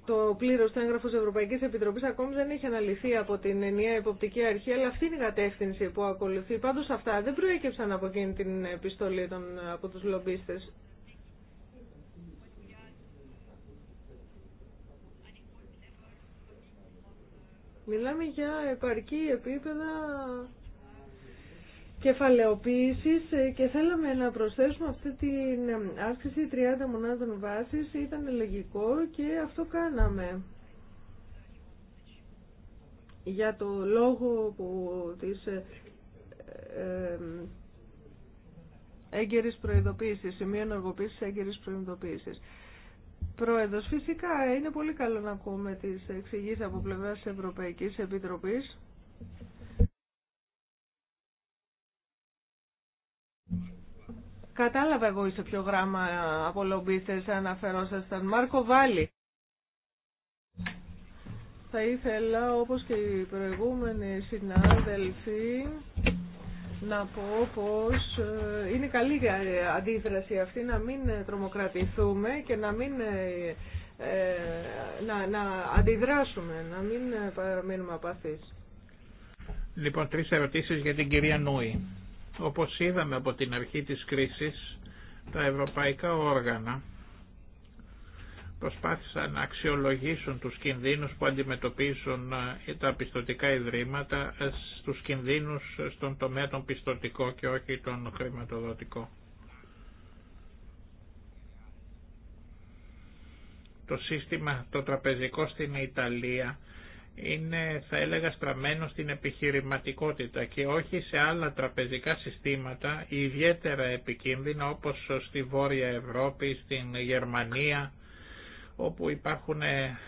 το πλήρω το έγγραφο τη Ευρωπαϊκή Επιτροπή ακόμη δεν έχει αναλυθεί από την ενιαία υποπτική αρχή, αλλά αυτή είναι η κατεύθυνση που ακολουθεί. Πάντω αυτά δεν προέκυψαν από εκείνη την επιστολή των, από του λομπίστε. Μιλάμε για επαρκή επίπεδα κεφαλαιοποίησης ε, και θέλαμε να προσθέσουμε αυτή την άσκηση ε, 30 μονάδων βάσης. Ήταν λογικό και αυτό κάναμε. Για το λόγο που της ε, ε έγκαιρης προειδοποίησης, σημείο ενεργοποίησης έγκαιρης προειδοποίησης. Πρόεδρος, φυσικά είναι πολύ καλό να ακούμε τις εξηγήσεις από πλευράς τη Ευρωπαϊκής Επιτροπής. Κατάλαβα εγώ σε ποιο γράμμα από λομπίστες αναφερόσασταν. Μάρκο Βάλι. Θα ήθελα, όπως και οι προηγούμενοι συνάδελφοι, να πω πως ε, είναι καλή αντίδραση αυτή να μην τρομοκρατηθούμε και να μην ε, ε, να, να αντιδράσουμε, να μην παραμείνουμε απαθείς. Λοιπόν, τρεις ερωτήσεις για την κυρία Νούη. Όπως είδαμε από την αρχή της κρίσης, τα ευρωπαϊκά όργανα προσπάθησαν να αξιολογήσουν τους κινδύνους που αντιμετωπίζουν ε, τα πιστοτικά ιδρύματα ε, στους κινδύνους στον τομέα των πιστοτικό και όχι των χρηματοδοτικό. Το σύστημα το τραπεζικό στην Ιταλία είναι θα έλεγα στραμμένο στην επιχειρηματικότητα και όχι σε άλλα τραπεζικά συστήματα ιδιαίτερα επικίνδυνα όπως στη Βόρεια Ευρώπη, στην Γερμανία όπου υπάρχουν ε,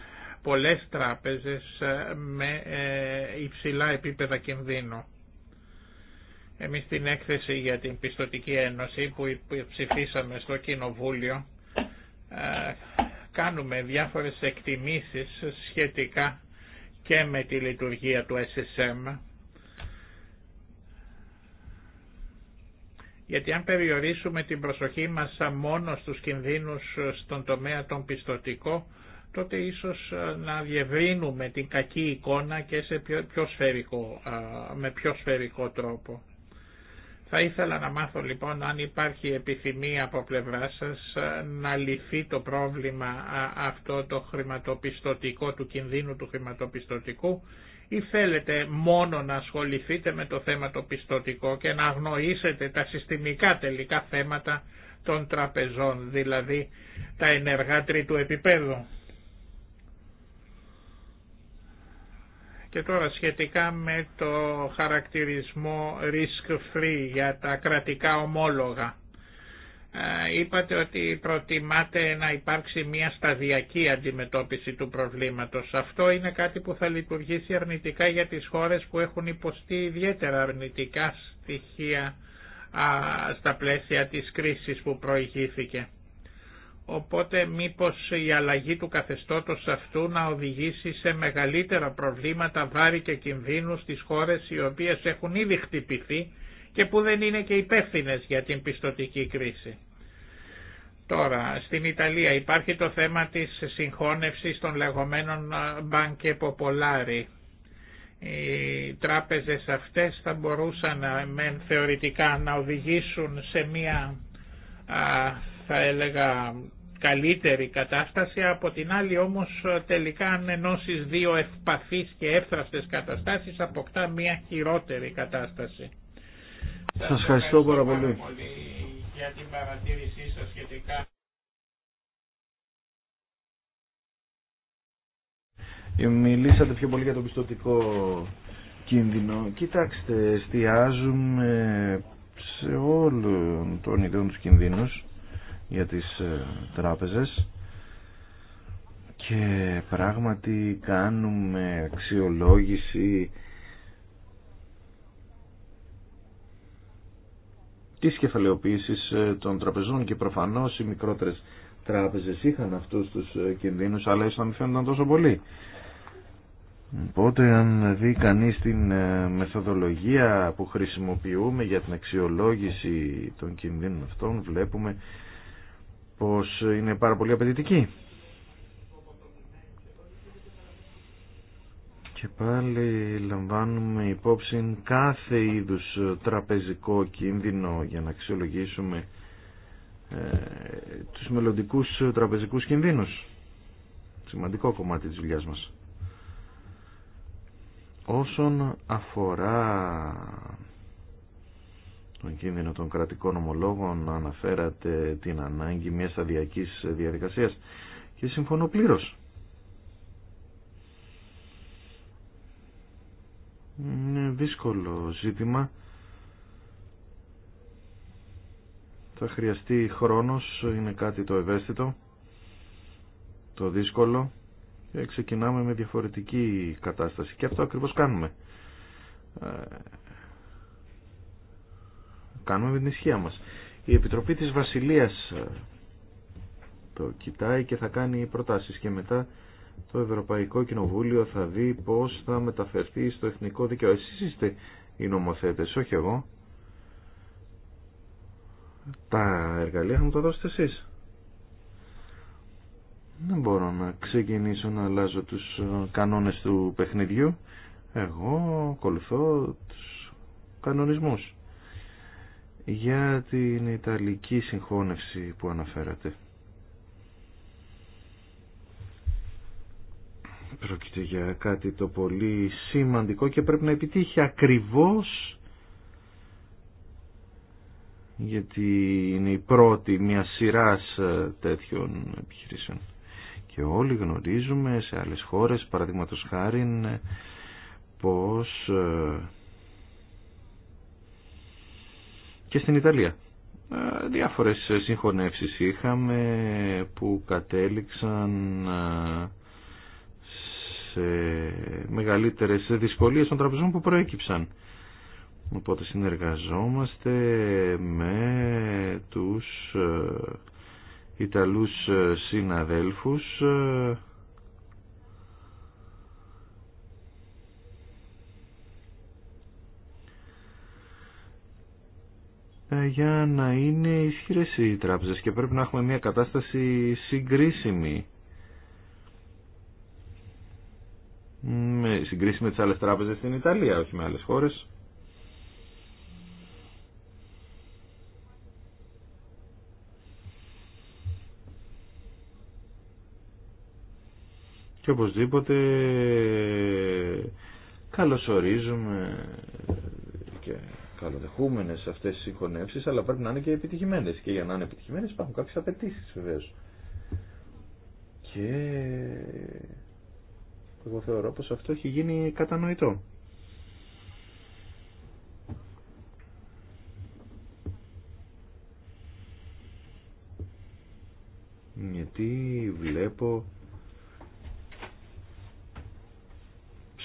πολλές τράπεζες ε, με ε, υψηλά επίπεδα κινδύνου. Εμείς στην έκθεση για την Πιστοτική Ένωση που ψηφίσαμε στο Κοινοβούλιο κάνουμε διάφορες εκτιμήσεις σχετικά και με τη λειτουργία του SSM γιατί αν περιορίσουμε την προσοχή μας μόνο στους κινδύνους στον τομέα τον πιστοτικό τότε ίσως να διευρύνουμε την κακή εικόνα και σε πιο, με πιο σφαιρικό τρόπο. Θα ήθελα να μάθω λοιπόν αν υπάρχει επιθυμία από πλευρά σας ε, να λυθεί το πρόβλημα αυτό το χρηματοπιστωτικό, του κινδύνου του χρηματοπιστωτικού ή θέλετε μόνο να ασχοληθείτε με το θέμα το πιστωτικό και να αγνοήσετε τα συστημικά τελικά θέματα των τραπεζών, δηλαδή τα ενεργά τρίτου επίπεδου. Και τώρα σχετικά με το χαρακτηρισμό risk-free για τα κρατικά ομόλογα. Ε, είπατε ότι προτιμάτε να υπάρξει μια σταδιακή αντιμετώπιση του προβλήματος. Αυτό είναι κάτι που θα λειτουργήσει αρνητικά για τις χώρες που έχουν υποστεί ιδιαίτερα αρνητικά στοιχεία στα πλαίσια της κρίσης που προηγήθηκε. Οπότε μήπως η αλλαγή του καθεστώτος αυτού να οδηγήσει σε μεγαλύτερα προβλήματα βάρη και κινδύνου στις χώρες οι οποίες έχουν ήδη χτυπηθεί και που δεν είναι και υπεύθυνε για την πιστοτική κρίση. Τώρα, στην Ιταλία υπάρχει το θέμα της συγχώνευσης των λεγόμενων και Popolari. Οι τράπεζες αυτές θα μπορούσαν με, θεωρητικά να οδηγήσουν σε μία, θα έλεγα, καλύτερη κατάσταση, από την άλλη όμως ε, τελικά αν ενώσεις δύο ευπαθείς και εύθραστες καταστάσεις αποκτά μια χειρότερη κατάσταση. Σας ευχαριστώ πάρα πολύ για την παρατήρησή σχετικά. Ε, μιλήσατε πιο πολύ για το πιστοτικό κίνδυνο. Κοιτάξτε, εστιάζουμε σε όλων των ιδίων τους κινδύνους για τις ε, τράπεζες και πράγματι κάνουμε αξιολόγηση της κεφαλαιοποίησης ε, των τραπεζών και προφανώς οι μικρότερες τράπεζες είχαν αυτούς τους ε, κινδύνους αλλά ίσως να μην φαίνονταν τόσο πολύ. Οπότε αν δει κανείς την μεθοδολογία που χρησιμοποιούμε για την αξιολόγηση των κινδύνων αυτών βλέπουμε πως είναι πάρα πολύ απαιτητική. Και πάλι λαμβάνουμε υπόψη κάθε είδους τραπεζικό κίνδυνο για να αξιολογήσουμε ε, τους μελλοντικού τραπεζικούς κινδύνους. Σημαντικό κομμάτι της δουλειά μας. Όσον αφορά τον κίνδυνο των κρατικών ομολόγων αναφέρατε την ανάγκη μιας αδιακής διαδικασίας και συμφωνώ πλήρω. Είναι δύσκολο ζήτημα. Θα χρειαστεί χρόνος, είναι κάτι το ευαίσθητο, το δύσκολο και ξεκινάμε με διαφορετική κατάσταση και αυτό ακριβώς κάνουμε ε, κάνουμε με την ισχύα μας. Η Επιτροπή της Βασιλείας ε, το κοιτάει και θα κάνει προτάσεις και μετά το Ευρωπαϊκό Κοινοβούλιο θα δει πώς θα μεταφερθεί στο εθνικό δικαίωμα. Εσείς είστε οι νομοθέτες, όχι εγώ. Τα εργαλεία θα μου τα δώσετε εσείς. Δεν μπορώ να ξεκινήσω να αλλάζω τους ε, κανόνες του παιχνιδιού. Εγώ ακολουθώ τους κανονισμούς για την Ιταλική συγχώνευση που αναφέρατε. Πρόκειται για κάτι το πολύ σημαντικό και πρέπει να επιτύχει ακριβώς γιατί είναι η πρώτη μια σειρά ε, τέτοιων επιχειρήσεων. Και όλοι γνωρίζουμε σε άλλες χώρες, παραδείγματος χάρη, ε, πως ε, και στην Ιταλία. Ε, διάφορες συγχωνεύσεις είχαμε που κατέληξαν ε, σε μεγαλύτερες δυσκολίες των τραπεζών που προέκυψαν. Οπότε συνεργαζόμαστε με τους ε, Ιταλούς συναδέλφους Ε, για να είναι ισχυρές οι τράπεζες και πρέπει να έχουμε μια κατάσταση συγκρίσιμη με, συγκρίσιμη με τις άλλες τράπεζες στην Ιταλία, όχι με άλλες χώρες. Και οπωσδήποτε καλωσορίζουμε και καλοδεχούμενες αυτέ οι συγχωνεύσει, αλλά πρέπει να είναι και επιτυχημένε. Και για να είναι επιτυχημένες υπάρχουν κάποιες απαιτήσει βεβαίω. Και εγώ θεωρώ πως αυτό έχει γίνει κατανοητό. Γιατί βλέπω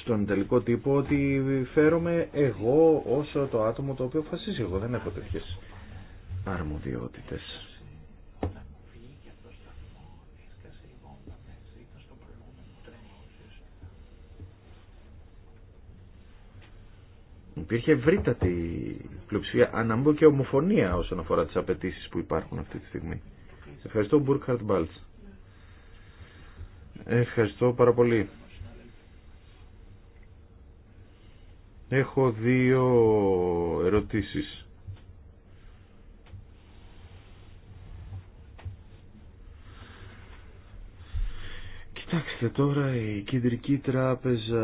στον τελικό τύπο ότι φέρομαι εγώ όσο το άτομο το οποίο φασίζει. Εγώ δεν έχω τέτοιε αρμοδιότητε. Υπήρχε ευρύτατη πλειοψηφία, πω και ομοφωνία όσον αφορά τις απαιτήσει που υπάρχουν αυτή τη στιγμή. Ευχαριστώ, Μπουρκχαρτ Μπάλτς. Ευχαριστώ πάρα πολύ. Έχω δύο ερωτήσεις. Κοιτάξτε τώρα η Κεντρική Τράπεζα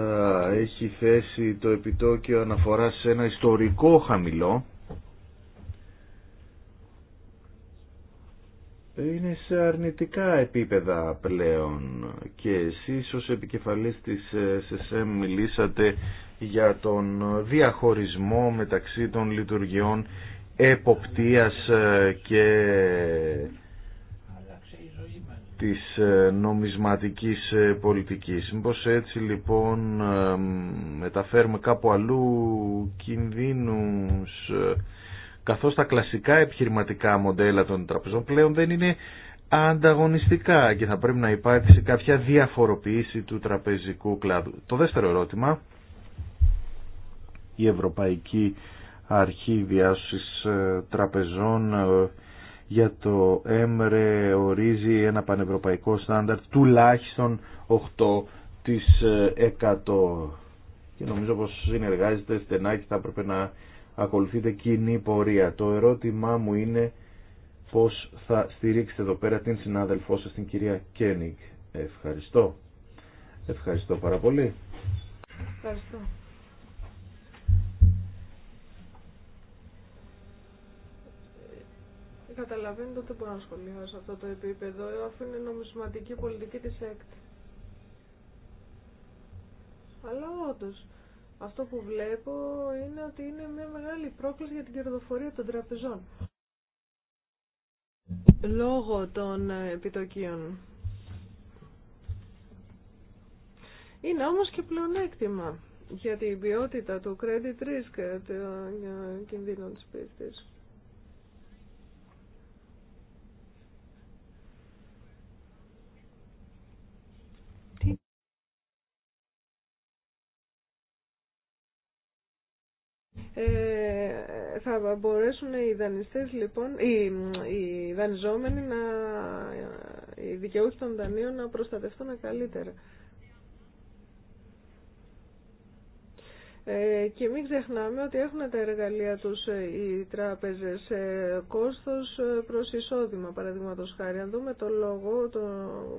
έχει θέσει το επιτόκιο αναφορά σε ένα ιστορικό χαμηλό. Είναι σε αρνητικά επίπεδα πλέον και εσείς ως επικεφαλής της ε, ΣΕΣΕΜ μιλήσατε για τον διαχωρισμό μεταξύ των λειτουργιών εποπτείας ε, και της ε, νομισματικής ε, πολιτικής. Μήπως έτσι λοιπόν μεταφέρουμε κάπου αλλού κινδύνους καθώς τα κλασικά επιχειρηματικά μοντέλα των τραπεζών πλέον δεν είναι ανταγωνιστικά και θα πρέπει να υπάρξει κάποια διαφοροποίηση του τραπεζικού κλάδου. Το δεύτερο ερώτημα η Ευρωπαϊκή Αρχή Διάσωσης ε, Τραπεζών ε, για το ΕΜΡΕ ορίζει ένα πανευρωπαϊκό στάνταρ τουλάχιστον 8% ε, και νομίζω πως συνεργάζεται στενά και θα έπρεπε να ακολουθείτε κοινή πορεία. Το ερώτημά μου είναι πώς θα στηρίξετε εδώ πέρα την συνάδελφό σας, την κυρία Κένιγκ. Ευχαριστώ. Ευχαριστώ πάρα πολύ. Ευχαριστώ. Καταλαβαίνετε ότι δεν μπορώ να σχολιάσω αυτό το επίπεδο, αφού είναι νομισματική πολιτική της έκτη. Αλλά όντω, αυτό που βλέπω είναι ότι είναι μια μεγάλη πρόκληση για την κερδοφορία των τραπεζών. Λόγω των ε, επιτοκίων. Είναι όμως και πλεονέκτημα για την ποιότητα του credit risk για ε, ε, κινδύνων της πίστης. Ε, θα μπορέσουν οι δανειστές λοιπόν, οι, δανειζόμενοι να, οι δικαιούχοι των δανείων να προστατευτούν καλύτερα. Ε, και μην ξεχνάμε ότι έχουν τα εργαλεία τους ε, οι τράπεζες κόστος προς εισόδημα παραδείγματο χάρη. Αν δούμε το λόγο το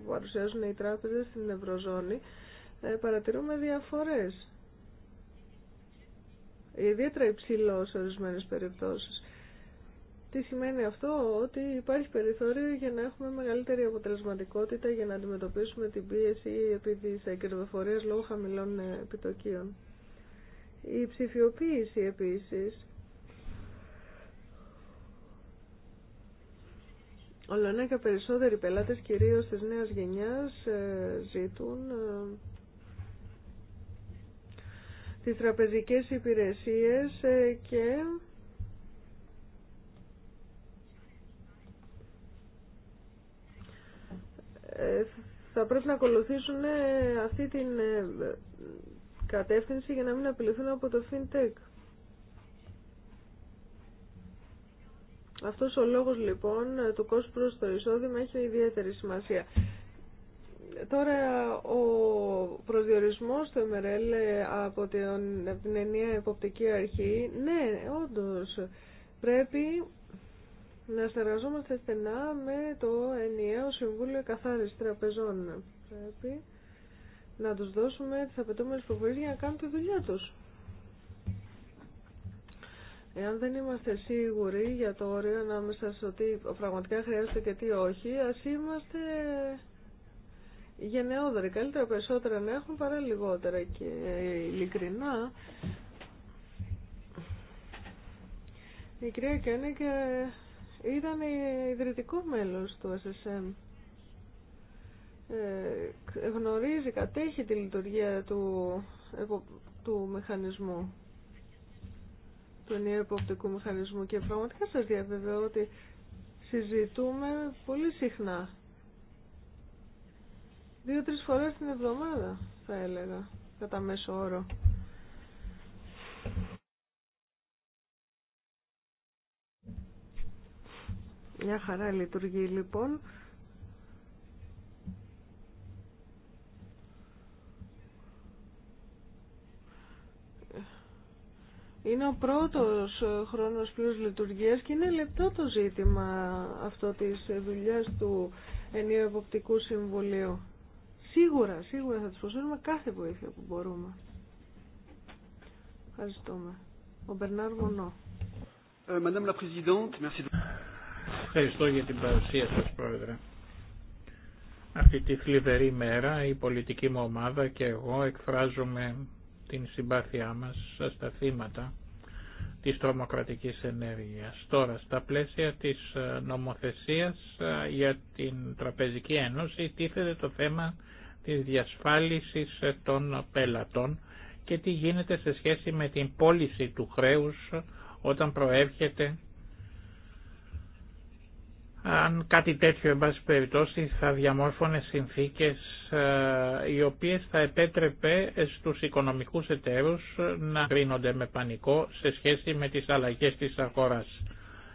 που παρουσιάζουν οι τράπεζες στην Ευρωζώνη παρατηρούμε διαφορές ιδιαίτερα υψηλό σε ορισμένε περιπτώσεις. Τι σημαίνει αυτό, ότι υπάρχει περιθώριο για να έχουμε μεγαλύτερη αποτελεσματικότητα για να αντιμετωπίσουμε την πίεση επί τη κερδοφορία λόγω χαμηλών ε, επιτοκίων. Η ψηφιοποίηση επίσης Όλο ένα και περισσότεροι πελάτες, κυρίως της νέας γενιάς, ε, ζητούν ε, τις τραπεζικές υπηρεσίες ε, και ε, θα πρέπει να ακολουθήσουν ε, αυτή την κατεύθυνση για να μην απειληθούν από το FinTech. Αυτός ο λόγος λοιπόν του κόσμου προς το εισόδημα έχει ιδιαίτερη σημασία. Τώρα ο προσδιορισμός του ΕΜΡΕΛ από την ενιαία εποπτική αρχή, ναι, όντως πρέπει να συνεργαζόμαστε στενά με το ενιαίο Συμβούλιο Καθάρισης Τραπεζών. Πρέπει να τους δώσουμε τις απαιτούμενες προβολές για να κάνουν τη δουλειά τους. Εάν δεν είμαστε σίγουροι για το όριο ανάμεσα σε ότι πραγματικά χρειάζεται και τι όχι, ας είμαστε γενναιόδοροι. Καλύτερα περισσότερα να έχουν παρά λιγότερα και ειλικρινά. Η κυρία Κένικ ε, ήταν ιδρυτικό μέλος του SSM. Ε, γνωρίζει, κατέχει τη λειτουργία του, του μηχανισμού του ενιαίου μηχανισμού και πραγματικά σας διαβεβαιώ ότι συζητούμε πολύ συχνά δυο τρει φορέ την εβδομάδα, θα έλεγα, κατά μέσο όρο. Μια χαρά λειτουργεί λοιπόν. Είναι ο πρώτος χρόνος πλούς λειτουργίας και είναι λεπτό το ζήτημα αυτό της δουλειάς του ενίου εποπτικού συμβουλίου. Σίγουρα, σίγουρα θα τους προσφέρουμε κάθε βοήθεια που μπορούμε. Ευχαριστούμε. Ο Μπερνάρ Μονό. Ε, Ευχαριστώ για την παρουσία σας, Πρόεδρε. Αυτή τη θλιβερή μέρα η πολιτική μου ομάδα και εγώ εκφράζουμε την συμπάθειά μας στα θύματα της τρομοκρατικής ενέργειας. Τώρα, στα πλαίσια της ε, νομοθεσίας ε, για την Τραπεζική Ένωση τίθεται το θέμα της διασφάλισης των πελατών και τι γίνεται σε σχέση με την πώληση του χρέους όταν προέρχεται αν κάτι τέτοιο εν πάση περιπτώσει θα διαμόρφωνε συνθήκες ε, οι οποίες θα επέτρεπε στους οικονομικούς εταίρους να κρίνονται με πανικό σε σχέση με τις αλλαγές της αγοράς.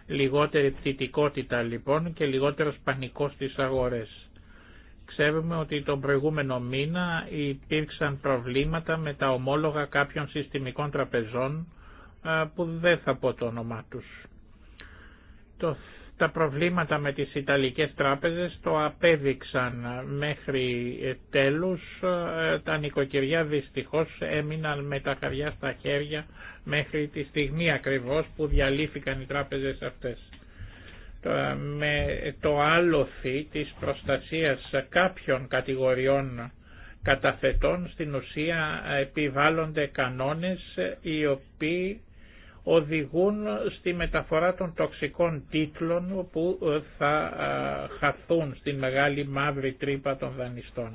Λιγότερη πτυτικότητα λοιπόν και λιγότερος πανικός στις αγορές. Ξέρουμε ότι τον προηγούμενο μήνα υπήρξαν προβλήματα με τα ομόλογα κάποιων συστημικών τραπεζών που δεν θα πω το όνομά τους. τα προβλήματα με τις Ιταλικές τράπεζες το απέδειξαν μέχρι τέλους. Τα νοικοκυριά δυστυχώς έμειναν με τα χαριά στα χέρια μέχρι τη στιγμή ακριβώς που διαλύθηκαν οι τράπεζες αυτές με το άλοθη της προστασίας κάποιων κατηγοριών καταθετών στην ουσία επιβάλλονται κανόνες οι οποίοι οδηγούν στη μεταφορά των τοξικών τίτλων που θα χαθούν στην μεγάλη μαύρη τρύπα των δανειστών.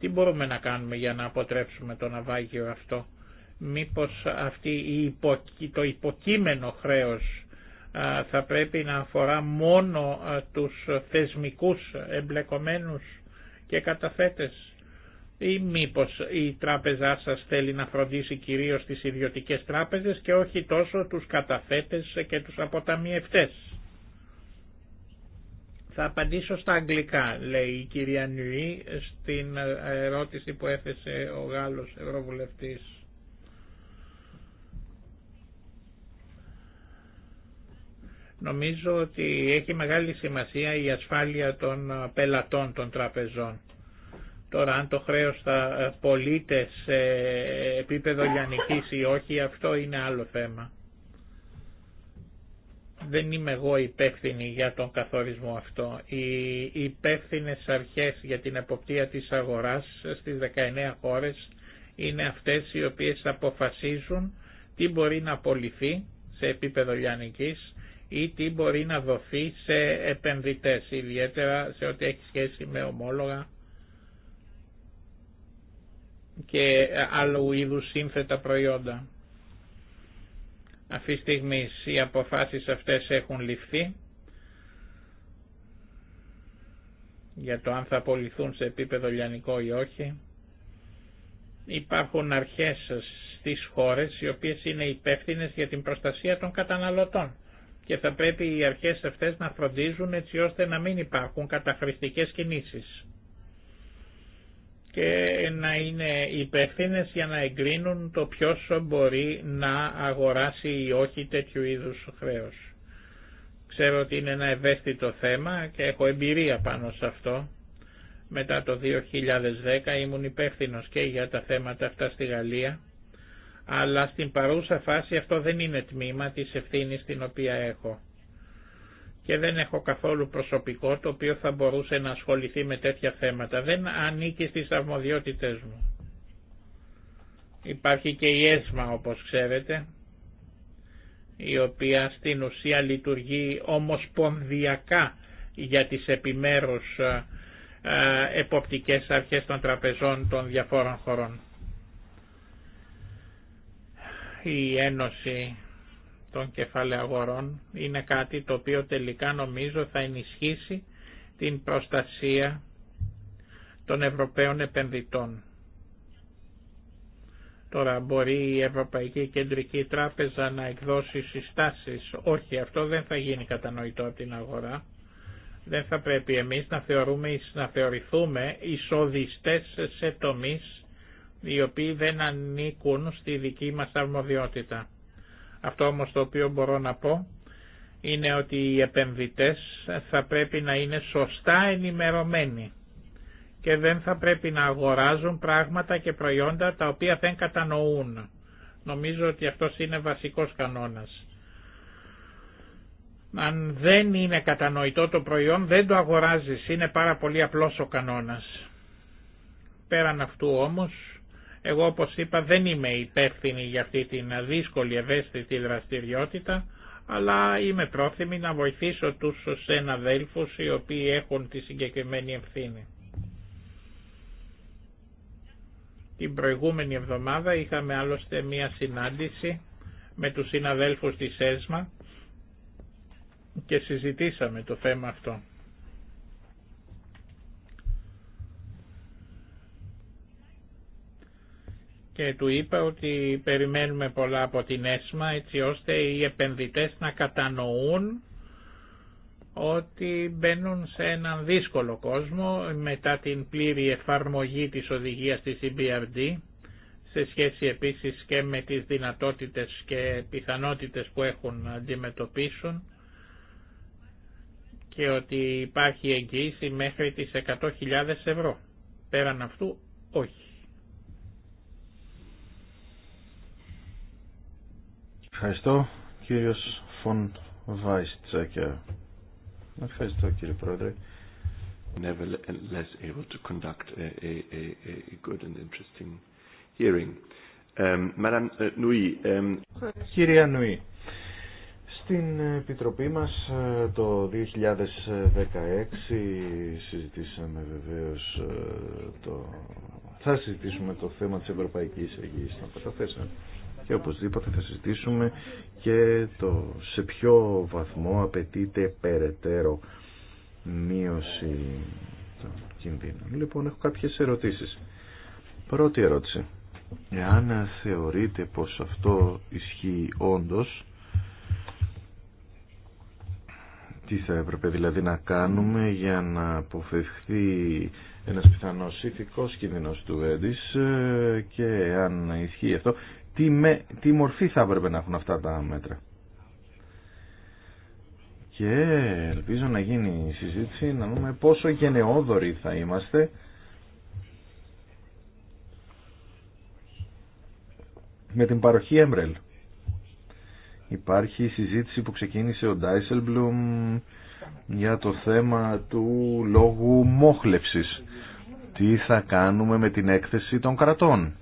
Τι μπορούμε να κάνουμε για να αποτρέψουμε το ναυάγιο αυτό. Μήπως αυτή το υποκείμενο χρέος θα πρέπει να αφορά μόνο τους θεσμικούς εμπλεκομένους και καταθέτες ή μήπως η τράπεζά σας θέλει να φροντίσει κυρίως τις ιδιωτικές τράπεζες και όχι τόσο τους καταθέτες και τους αποταμιευτές. Θα απαντήσω στα αγγλικά, λέει η κυρία στην ε, ερώτηση που έθεσε ο Γάλλος Ευρωβουλευτής. Νομίζω ότι έχει μεγάλη σημασία η ασφάλεια των ε, πελατών των τραπεζών. Τώρα αν το χρέος θα ε, πωλείται σε επίπεδο λιανικής ή όχι αυτό είναι άλλο θέμα. Δεν είμαι εγώ υπεύθυνη για τον καθορισμό αυτό. Οι υπεύθυνε αρχές για την εποπτεία της αγοράς στις 19 χώρες είναι αυτές οι οποίες αποφασίζουν τι μπορεί να απολυθεί σε επίπεδο λιανικής ή τι μπορεί να δοθεί σε επενδυτές, ιδιαίτερα σε ό,τι έχει σχέση με ομόλογα και άλλου είδους σύνθετα προϊόντα. Αυτή τη στιγμή οι αποφάσεις αυτές έχουν ληφθεί για το αν θα απολυθούν σε επίπεδο λιανικό ή όχι. Υπάρχουν αρχές στις χώρες οι οποίες είναι υπεύθυνε για την προστασία των καταναλωτών και θα πρέπει οι αρχές αυτές να φροντίζουν έτσι ώστε να μην υπάρχουν καταχρηστικές κινήσεις και να είναι υπεύθυνε για να εγκρίνουν το ποιος μπορεί να αγοράσει ή όχι τέτοιου είδους χρέος. Ξέρω ότι είναι ένα ευαίσθητο θέμα και έχω εμπειρία πάνω σε αυτό. Μετά το 2010 ήμουν υπεύθυνο και για τα θέματα αυτά στη Γαλλία αλλά στην παρούσα φάση αυτό δεν είναι τμήμα της ευθύνης την οποία έχω. Και δεν έχω καθόλου προσωπικό το οποίο θα μπορούσε να ασχοληθεί με τέτοια θέματα. Δεν ανήκει στις αρμοδιότητες μου. Υπάρχει και η ΕΣΜΑ όπως ξέρετε, η οποία στην ουσία λειτουργεί πονδιακά για τις επιμέρους ε, ε, εποπτικές αρχές των τραπεζών των διαφόρων χωρών η Ένωση των Κεφαλαίων είναι κάτι το οποίο τελικά νομίζω θα ενισχύσει την προστασία των Ευρωπαίων επενδυτών. Τώρα μπορεί η Ευρωπαϊκή Κεντρική Τράπεζα να εκδώσει συστάσεις. Όχι, αυτό δεν θα γίνει κατανοητό από την αγορά. Δεν θα πρέπει εμείς να, θεωρούμε, να θεωρηθούμε εισοδιστές σε τομείς οι οποίοι δεν ανήκουν στη δική μας αρμοδιότητα. Αυτό όμως το οποίο μπορώ να πω είναι ότι οι επενδυτές θα πρέπει να είναι σωστά ενημερωμένοι και δεν θα πρέπει να αγοράζουν πράγματα και προϊόντα τα οποία δεν κατανοούν. Νομίζω ότι αυτός είναι βασικός κανόνας. Αν δεν είναι κατανοητό το προϊόν δεν το αγοράζεις, είναι πάρα πολύ απλός ο κανόνας. Πέραν αυτού όμως εγώ όπως είπα δεν είμαι υπεύθυνη για αυτή την δύσκολη ευαίσθητη δραστηριότητα, αλλά είμαι πρόθυμη να βοηθήσω τους σεναδέλφους οι οποίοι έχουν τη συγκεκριμένη ευθύνη. Την προηγούμενη εβδομάδα είχαμε άλλωστε μία συνάντηση με τους συναδέλφους της ΕΣΜΑ και συζητήσαμε το θέμα αυτό. και του είπα ότι περιμένουμε πολλά από την ΕΣΜΑ έτσι ώστε οι επενδυτές να κατανοούν ότι μπαίνουν σε έναν δύσκολο κόσμο μετά την πλήρη εφαρμογή της οδηγίας της EBRD σε σχέση επίσης και με τις δυνατότητες και πιθανότητες που έχουν να αντιμετωπίσουν και ότι υπάρχει εγγύηση μέχρι τις 100.000 ευρώ. Πέραν αυτού όχι. Ευχαριστώ κύριος Φων Βάιστσακια. Ευχαριστώ κύριε Πρόεδρε. less able to conduct a, a, a, a good and interesting hearing. Um, Madame uh, Nui, um... Κυρία Νουή, στην Επιτροπή μας ε, το 2016 συζητήσαμε βεβαίως ε, το... θα συζητήσουμε το θέμα της Ευρωπαϊκής εγγύησης, των Καταθέσεων και οπωσδήποτε θα συζητήσουμε και το σε ποιο βαθμό απαιτείται περαιτέρω μείωση των κινδύνων. Λοιπόν, έχω κάποιες ερωτήσεις. Πρώτη ερώτηση. Εάν θεωρείτε πως αυτό ισχύει όντως, τι θα έπρεπε δηλαδή να κάνουμε για να αποφευχθεί ένας πιθανός ηθικός κίνδυνος του έντις ε, και αν ισχύει αυτό τι, με, τι μορφή θα έπρεπε να έχουν αυτά τα μέτρα. Και ελπίζω να γίνει η συζήτηση να δούμε πόσο γενναιόδοροι θα είμαστε με την παροχή Έμπρελ. Υπάρχει η συζήτηση που ξεκίνησε ο Ντάισελμπλουμ για το θέμα του λόγου μόχλευσης. Τι θα κάνουμε με την έκθεση των κρατών.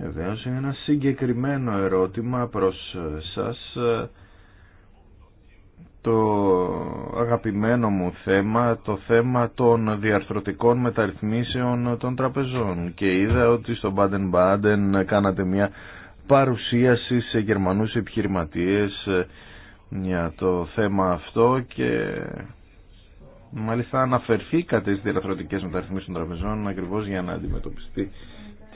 Βεβαίω είναι ένα συγκεκριμένο ερώτημα προς ε, σας το αγαπημένο μου θέμα, το θέμα των διαρθρωτικών μεταρρυθμίσεων των τραπεζών και είδα ότι στο Baden Baden κάνατε μια παρουσίαση σε Γερμανούς επιχειρηματίες ε, για το θέμα αυτό και μάλιστα αναφερθήκατε στις διαρθρωτικές μεταρρυθμίσεις των τραπεζών ακριβώς για να αντιμετωπιστεί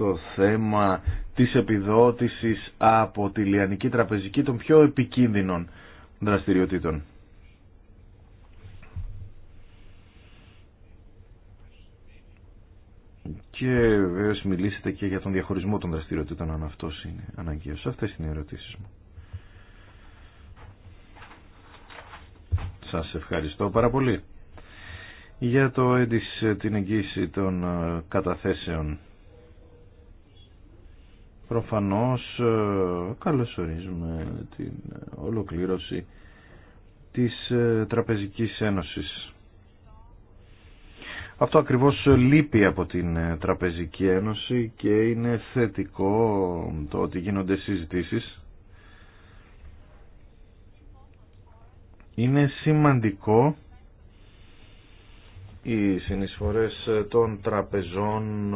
το θέμα της επιδότησης από τη Λιανική Τραπεζική των πιο επικίνδυνων δραστηριοτήτων. Και βέβαια μιλήσετε και για τον διαχωρισμό των δραστηριοτήτων αν αυτό είναι αναγκαίος. Αυτές είναι οι ερωτήσεις μου. Σας ευχαριστώ πάρα πολύ για το έντις την εγγύηση των ε, καταθέσεων Προφανώς ε, καλωσορίζουμε την ολοκλήρωση της ε, Τραπεζικής Ένωσης. Αυτό ακριβώς λείπει από την ε, Τραπεζική Ένωση και είναι θετικό το ότι γίνονται συζητήσεις. Είναι σημαντικό οι συνεισφορές των τραπεζών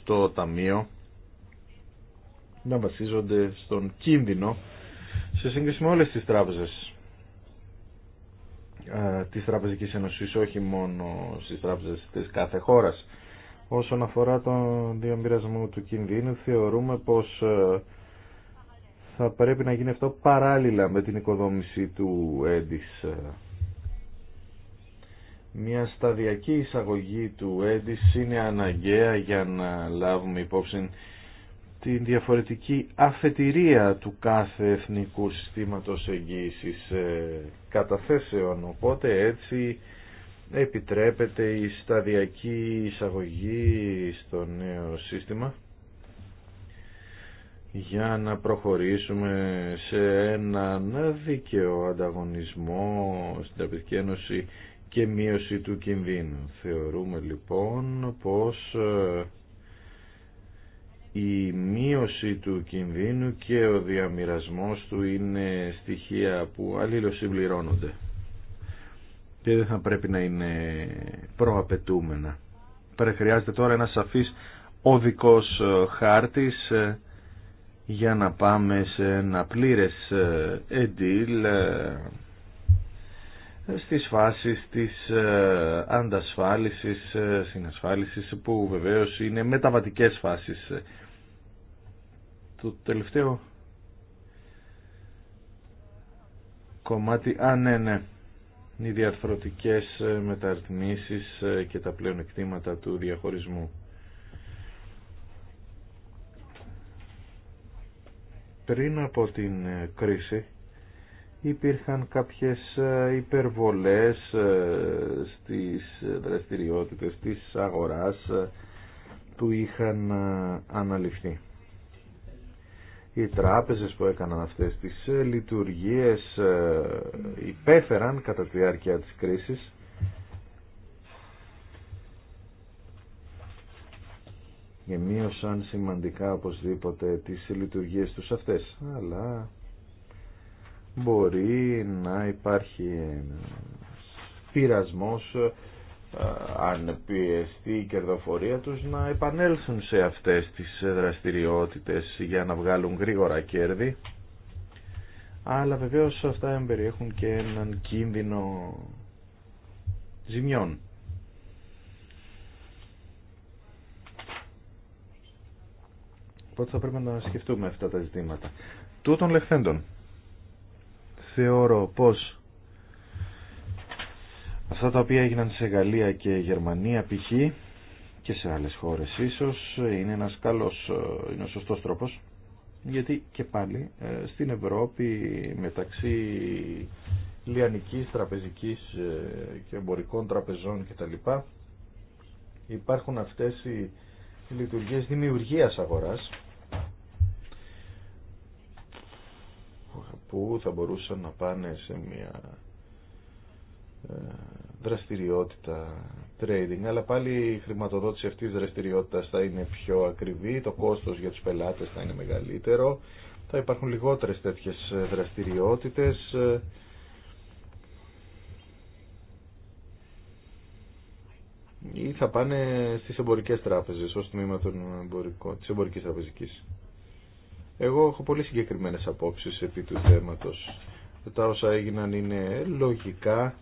στο Ταμείο να βασίζονται στον κίνδυνο σε σύγκριση με όλες τις τράπεζες της Τραπεζικής Ένωσης, όχι μόνο στις τράπεζες της κάθε χώρας. Όσον αφορά τον διαμοιρασμό του κινδύνου, θεωρούμε πως θα πρέπει να γίνει αυτό παράλληλα με την οικοδόμηση του ΕΔΙΣ. Μια σταδιακή εισαγωγή του ΕΝΤΙΣ είναι αναγκαία για να λάβουμε υπόψη την διαφορετική αφετηρία του κάθε εθνικού συστήματος εγγύησης ε, καταθέσεων. Οπότε έτσι επιτρέπεται η σταδιακή εισαγωγή στο νέο σύστημα για να προχωρήσουμε σε έναν δίκαιο ανταγωνισμό στην Τραπεζική Ένωση και μείωση του κινδύνου. Θεωρούμε λοιπόν πως ε, η μείωση του κινδύνου και ο διαμοιρασμός του είναι στοιχεία που συμπληρώνονται και δεν θα πρέπει να είναι προαπαιτούμενα. Χρειάζεται τώρα ένα σαφής οδικός ε, χάρτης ε, για να πάμε σε ένα πλήρες εντύλ ε, στις φάσεις της ε, αντασφάλισης, ε, συνασφάλισης που βεβαίως είναι μεταβατικές φάσεις. Το τελευταίο κομμάτι, α ναι ναι, οι διαρθρωτικές ε, μεταρρυθμίσεις και τα πλέον εκτήματα του διαχωρισμού. Πριν από την κρίση υπήρχαν κάποιες ε, υπερβολές ε, στις δραστηριότητες της αγοράς του ε, είχαν αναλυφθεί. Οι τράπεζες που έκαναν αυτές τις λειτουργίες υπέφεραν κατά τη διάρκεια της κρίσης και μείωσαν σημαντικά οπωσδήποτε τις λειτουργίες τους αυτές. Αλλά μπορεί να υπάρχει πειρασμός ε, αν πιεστεί η κερδοφορία τους να επανέλθουν σε αυτές τις δραστηριότητες για να βγάλουν γρήγορα κέρδη αλλά βεβαίως αυτά εμπεριέχουν και έναν κίνδυνο ζημιών. Οπότε θα πρέπει να σκεφτούμε αυτά τα ζητήματα. Τούτων λεχθέντων θεωρώ πως αυτά τα οποία έγιναν σε Γαλλία και Γερμανία π.χ. και σε άλλες χώρες ίσως είναι ένας καλός, ε, είναι ο σωστός τρόπος γιατί και πάλι ε, στην Ευρώπη μεταξύ λιανικής, τραπεζικής ε, και εμπορικών τραπεζών κτλ υπάρχουν αυτές οι λειτουργίες δημιουργίας αγοράς που θα μπορούσαν να πάνε σε μια ε, δραστηριότητα trading αλλά πάλι η χρηματοδότηση αυτής της δραστηριότητας θα είναι πιο ακριβή το κόστος για τους πελάτες θα είναι μεγαλύτερο θα υπάρχουν λιγότερες τέτοιες ε, δραστηριότητες ε. ή θα πάνε στις εμπορικές τράπεζες ως τμήμα των εμπορικών, της εμπορικής τραπεζικής εγώ έχω πολύ συγκεκριμένες απόψεις επί του θέματος. Τα όσα έγιναν είναι λογικά.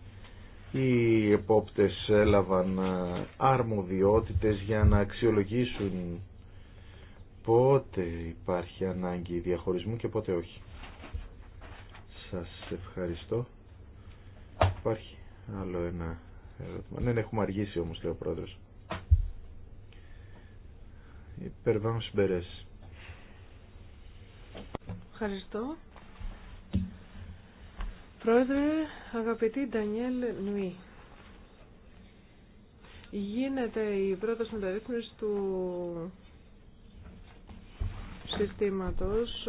Οι επόπτες έλαβαν ε, αρμοδιότητες για να αξιολογήσουν πότε υπάρχει ανάγκη διαχωρισμού και πότε όχι. Σας ευχαριστώ. Υπάρχει άλλο ένα ερώτημα. Δεν ναι, ναι, έχουμε αργήσει όμως, λέει ο πρόεδρος. Υπερβάμος Μπερές. Ευχαριστώ. Πρόεδρε, αγαπητή Ντανιέλ Νουή. Γίνεται η πρώτη μεταρρύθμιση του συστήματος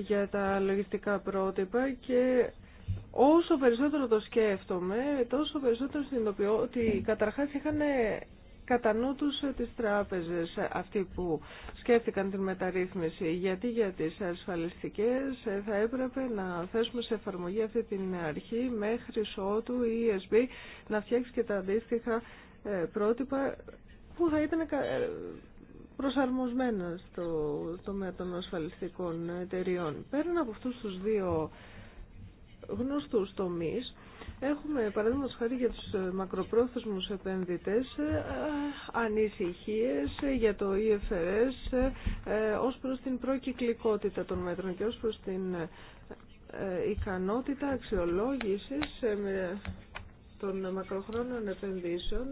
για τα λογιστικά πρότυπα και Όσο περισσότερο το σκέφτομαι, τόσο περισσότερο συνειδητοποιώ ότι καταρχάς είχαν κατά νου τους ε, τις τράπεζες ε, αυτοί που σκέφτηκαν την μεταρρύθμιση. Γιατί για τις ασφαλιστικές ε, θα έπρεπε να θέσουμε σε εφαρμογή αυτή την αρχή μέχρι ότου η ESB να φτιάξει και τα αντίστοιχα πρότυπα που θα ήταν προσαρμοσμένα στο τομέα των ασφαλιστικών εταιριών. Πέραν από αυτούς τους δύο γνωστούς τομείς. Έχουμε, παραδείγματος χάρη για τους ε, μακροπρόθεσμους επενδυτές, ε, ε, ανησυχίες για το EFRS ως προς την προκυκλικότητα των μέτρων και ως προς την ικανότητα αξιολόγησης των μακροχρόνων επενδύσεων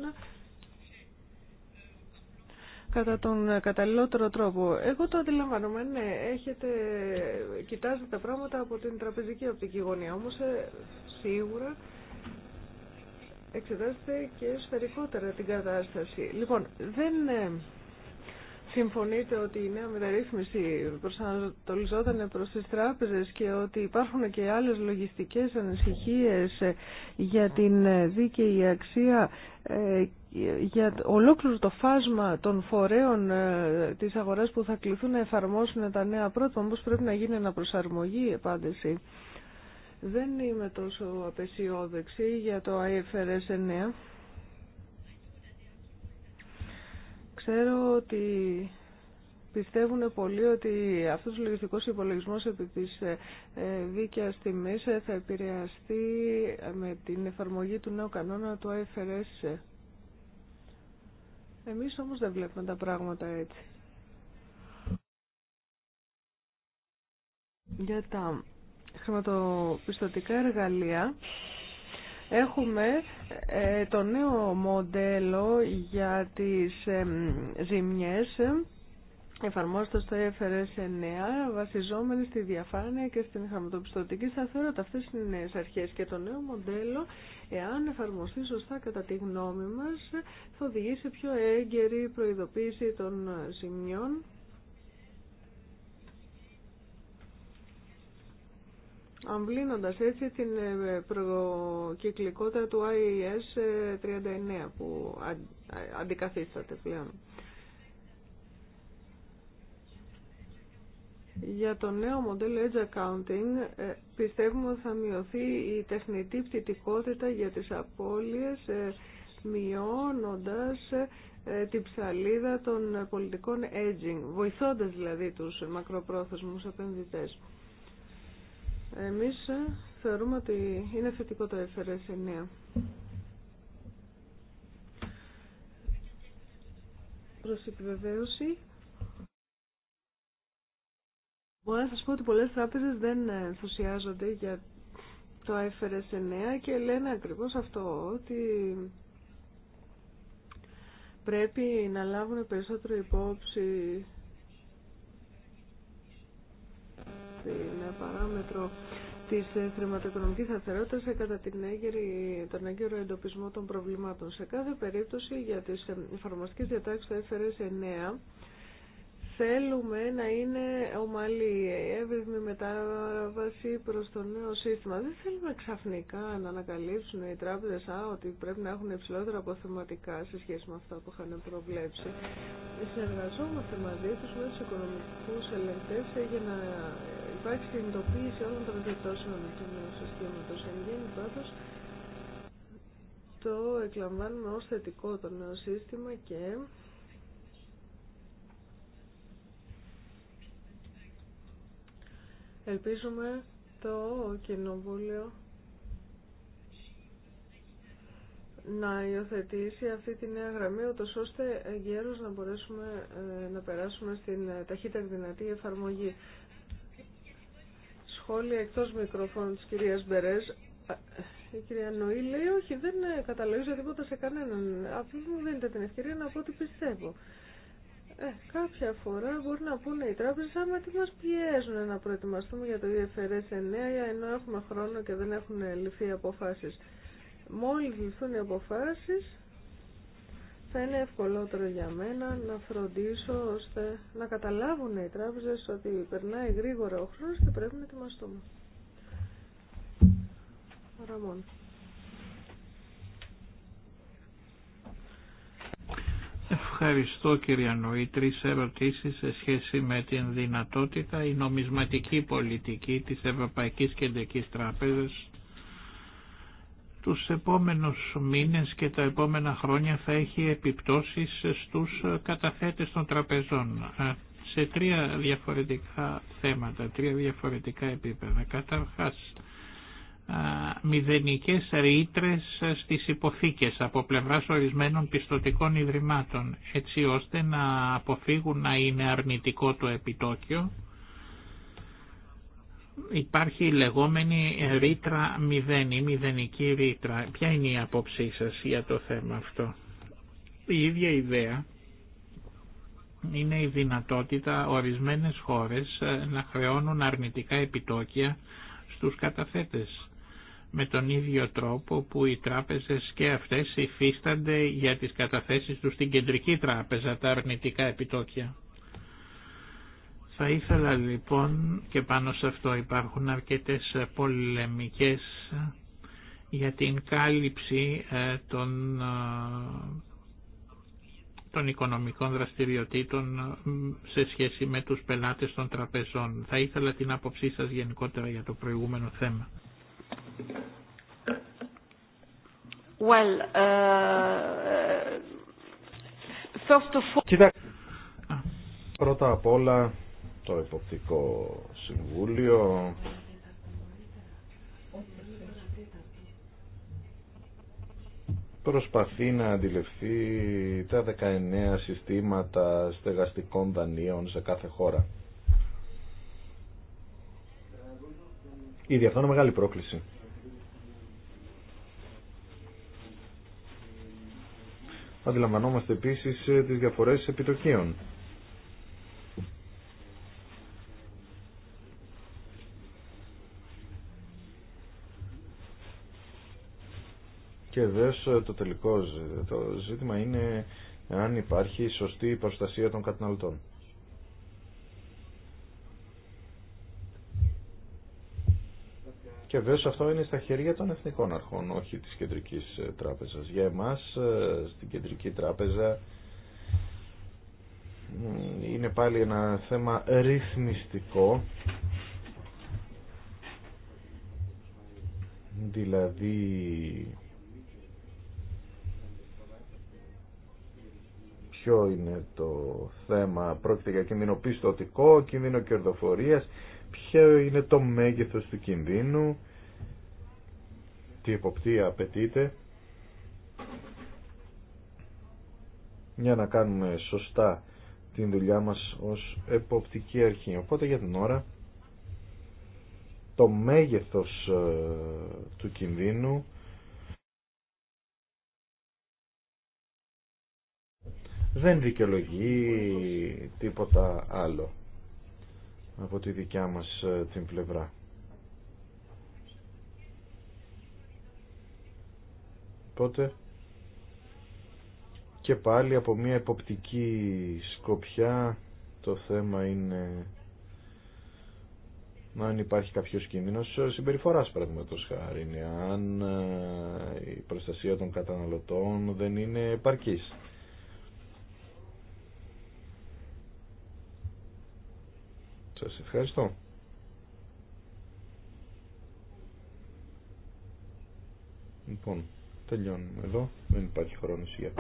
κατά τον καταλληλότερο τρόπο. Εγώ το αντιλαμβάνομαι, ναι, έχετε, κοιτάζετε τα πράγματα από την τραπεζική οπτική γωνία, όμως ε, σίγουρα εξετάζετε και σφαιρικότερα την κατάσταση. Λοιπόν, δεν ε, συμφωνείτε ότι η νέα μεταρρύθμιση προσανατολιζόταν προς τις τράπεζες και ότι υπάρχουν και άλλες λογιστικές ανησυχίες ε, για την δίκαιη αξία για ολόκληρο το φάσμα των φορέων ε, της αγοράς που θα κληθούν να εφαρμόσουν τα νέα πρότυπα, όμως πρέπει να γίνει ένα προσαρμογή επάντηση, Δεν είμαι τόσο απεσιόδεξη για το IFRS 9. Ξέρω ότι πιστεύουν πολύ ότι αυτός ο λογιστικός υπολογισμός επί της ε, ε, δίκαιας τιμής θα επηρεαστεί με την εφαρμογή του νέου κανόνα του IFRS εμείς όμως δεν βλέπουμε τα πράγματα έτσι. Για τα χρηματοπιστωτικά εργαλεία έχουμε ε, το νέο μοντέλο για τις ζημιές ε, εφαρμόζοντας στο FRS 9 βασιζόμενοι στη διαφάνεια και στην χρηματοπιστωτική σταθερότητα. Αυτές είναι οι νέες αρχές και το νέο μοντέλο εάν εφαρμοστεί σωστά κατά τη γνώμη μας, θα οδηγήσει πιο έγκαιρη προειδοποίηση των ζημιών αμβλύνοντας έτσι την ε, προκυκλικότητα του IES 39 ε, που ε, αντικαθίσταται πλέον. Για το νέο μοντέλο Edge Accounting ε, πιστεύουμε ότι θα μειωθεί η τεχνητή πτυτικότητα για τις απώλειες ε, μειώνοντας ε, την ψαλίδα των πολιτικών edging, βοηθώντας δηλαδή τους μακροπρόθεσμους επενδυτές. Εμείς θεωρούμε ότι είναι θετικό το FRS 9. Προς Μπορώ να σας πω ότι πολλές τράπεζες δεν ενθουσιάζονται για το IFRS 9 και λένε ακριβώς αυτό, ότι πρέπει να λάβουν περισσότερο υπόψη την παράμετρο της χρηματοοικονομικής σταθερότητας κατά την έγκαιρη τον έγκαιρο εντοπισμό των προβλημάτων. Σε κάθε περίπτωση για τις εφαρμοστικές διατάξεις του IFRS 9 Θέλουμε να είναι ομαλή, εύρυθμη μετάβαση προς το νέο σύστημα. Δεν θέλουμε ξαφνικά να ανακαλύψουν οι τράπεζες ότι πρέπει να έχουν υψηλότερα αποθεματικά σε σχέση με αυτά που είχαν προβλέψει. Συνεργαζόμαστε μαζί του με του οικονομικούς ελεγκτές για να υπάρξει συνειδητοποίηση όλων των επιπτώσεων του νέου συστηματο. Εν γέννη πάντω, το εκλαμβάνουμε ως θετικό το νέο σύστημα και Ελπίζουμε το Κοινοβούλιο να υιοθετήσει αυτή τη νέα γραμμή, ούτως ώστε γέρος να μπορέσουμε ε, να περάσουμε στην ε, ταχύτερη δυνατή εφαρμογή. Σχόλια εκτός μικροφώνου της κυρίας Μπερές. Η κυρία Νοή λέει, όχι, δεν ε, καταλογίζω τίποτα σε κανέναν. αφού μου δίνετε την ευκαιρία να πω ότι πιστεύω. Ε, κάποια φορά μπορεί να πούνε οι τράπεζε άμα τι μα πιέζουν να προετοιμαστούμε για το IFRS 9 ενώ έχουμε χρόνο και δεν έχουν ληφθεί αποφάσει. Μόλις ληφθούν οι αποφάσει θα είναι ευκολότερο για μένα να φροντίσω ώστε να καταλάβουν οι τράπεζε ότι περνάει γρήγορα ο χρόνο και πρέπει να ετοιμαστούμε. μόνο. Ευχαριστώ κύριε Νοήτρη, σε ερωτήσεις σε σχέση με την δυνατότητα η νομισματική πολιτική της Ευρωπαϊκής Κεντρικής Τράπεζας τους επόμενους μήνες και τα επόμενα χρόνια θα έχει επιπτώσεις στους καταθέτες των τραπεζών σε τρία διαφορετικά θέματα, τρία διαφορετικά επίπεδα. Καταρχάς, μηδενικές ρήτρε στις υποθήκες από πλευράς ορισμένων πιστοτικών ιδρυμάτων έτσι ώστε να αποφύγουν να είναι αρνητικό το επιτόκιο υπάρχει η λεγόμενη ρήτρα μηδέν ή μηδενική ρήτρα. Ποια είναι η άποψή σας για το θέμα αυτό. Η ίδια ιδέα είναι η δυνατότητα ορισμένες χώρες ε, να χρεώνουν αρνητικά επιτόκια στους καταθέτες με τον ίδιο τρόπο που οι τράπεζες και αυτές υφίστανται για τις καταθέσεις τους στην κεντρική τράπεζα τα αρνητικά επιτόκια. Θα ήθελα λοιπόν και πάνω σε αυτό υπάρχουν αρκετές πολεμικές για την κάλυψη ε, των, ε, των οικονομικών δραστηριοτήτων ε, σε σχέση με τους πελάτες των τραπεζών. Θα ήθελα την άποψή σας γενικότερα για το προηγούμενο θέμα. Uh, πρώτα απ' όλα το Εποπτικό Συμβούλιο προσπαθεί να αντιληφθεί τα 19 συστήματα στεγαστικών δανείων σε κάθε χώρα. Ήδη αυτό είναι μεγάλη πρόκληση. Αντιλαμβανόμαστε επίσης ε, τις διαφορές επιτοκίων. Και βέβαια ε, το τελικό το ζήτημα είναι αν υπάρχει σωστή προστασία των καταναλωτών. Και βέβαια αυτό είναι στα χέρια των εθνικών αρχών, όχι της κεντρικής ε, τράπεζας. Για εμάς, ε, στην κεντρική τράπεζα, είναι πάλι ένα θέμα ρυθμιστικό. Δηλαδή, ποιο είναι το θέμα, πρόκειται για κίνδυνο πιστοτικό, κερδοφορίας, ποιο είναι το μέγεθος του κινδύνου, τι εποπτεία απαιτείται, για να κάνουμε σωστά την δουλειά μας ως εποπτική αρχή. Οπότε για την ώρα το μέγεθος ε, του κινδύνου δεν δικαιολογεί τίποτα άλλο από τη δικιά μας ε, την πλευρά. Οπότε και πάλι από μια εποπτική σκοπιά το θέμα είναι αν υπάρχει κάποιος κίνδυνος συμπεριφοράς παραδείγματος χάρη αν ε, η προστασία των καταναλωτών δεν είναι επαρκής Σας ευχαριστώ. Λοιπόν, τελειώνουμε εδώ. Δεν υπάρχει χρόνος για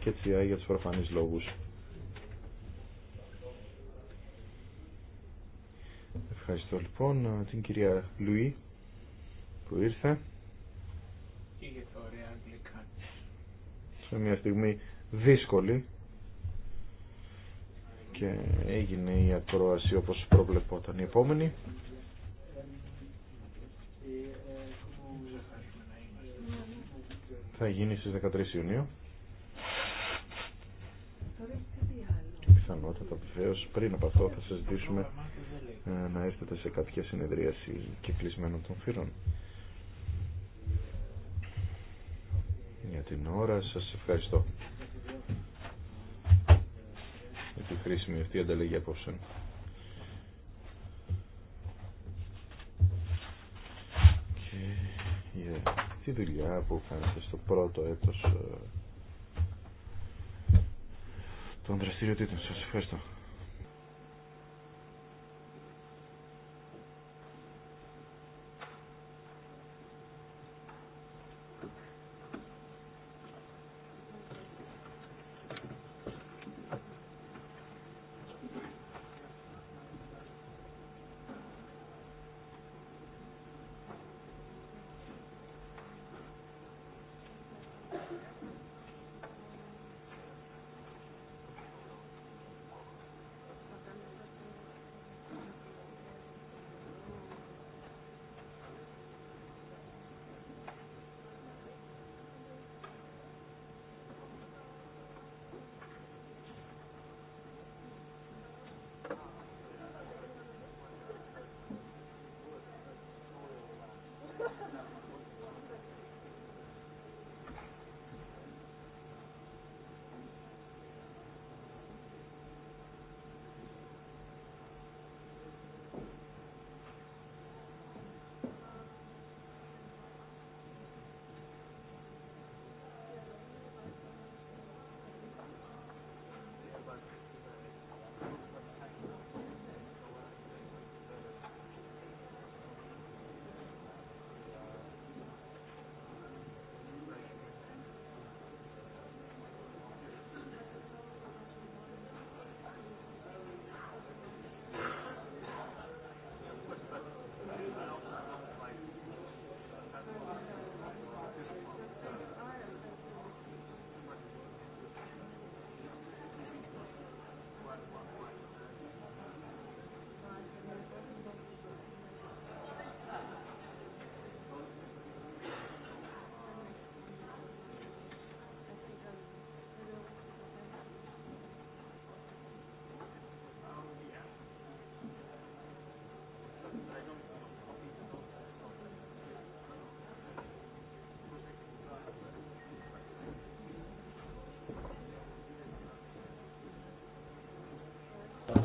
και έτσι για τους προφανείς λόγους. Ευχαριστώ λοιπόν την κυρία Λουί που ήρθε. Είχε αγγλικά. Σε μια στιγμή δύσκολη και έγινε η ακρόαση όπως προβλεπόταν η επόμενη. Θα γίνει στις 13 Ιουνίου. Πιθανότατα βεβαίω πριν από αυτό θα ζητήσουμε ε, να έρθετε σε κάποια συνεδρίαση και κλεισμένων των φύρων. Για την ώρα σας ευχαριστώ τη χρήσιμη αυτή ανταλλαγή απόψεων. Και για τη δουλειά που κάνετε στο πρώτο έτος ε, των δραστηριοτήτων σας. Ευχαριστώ.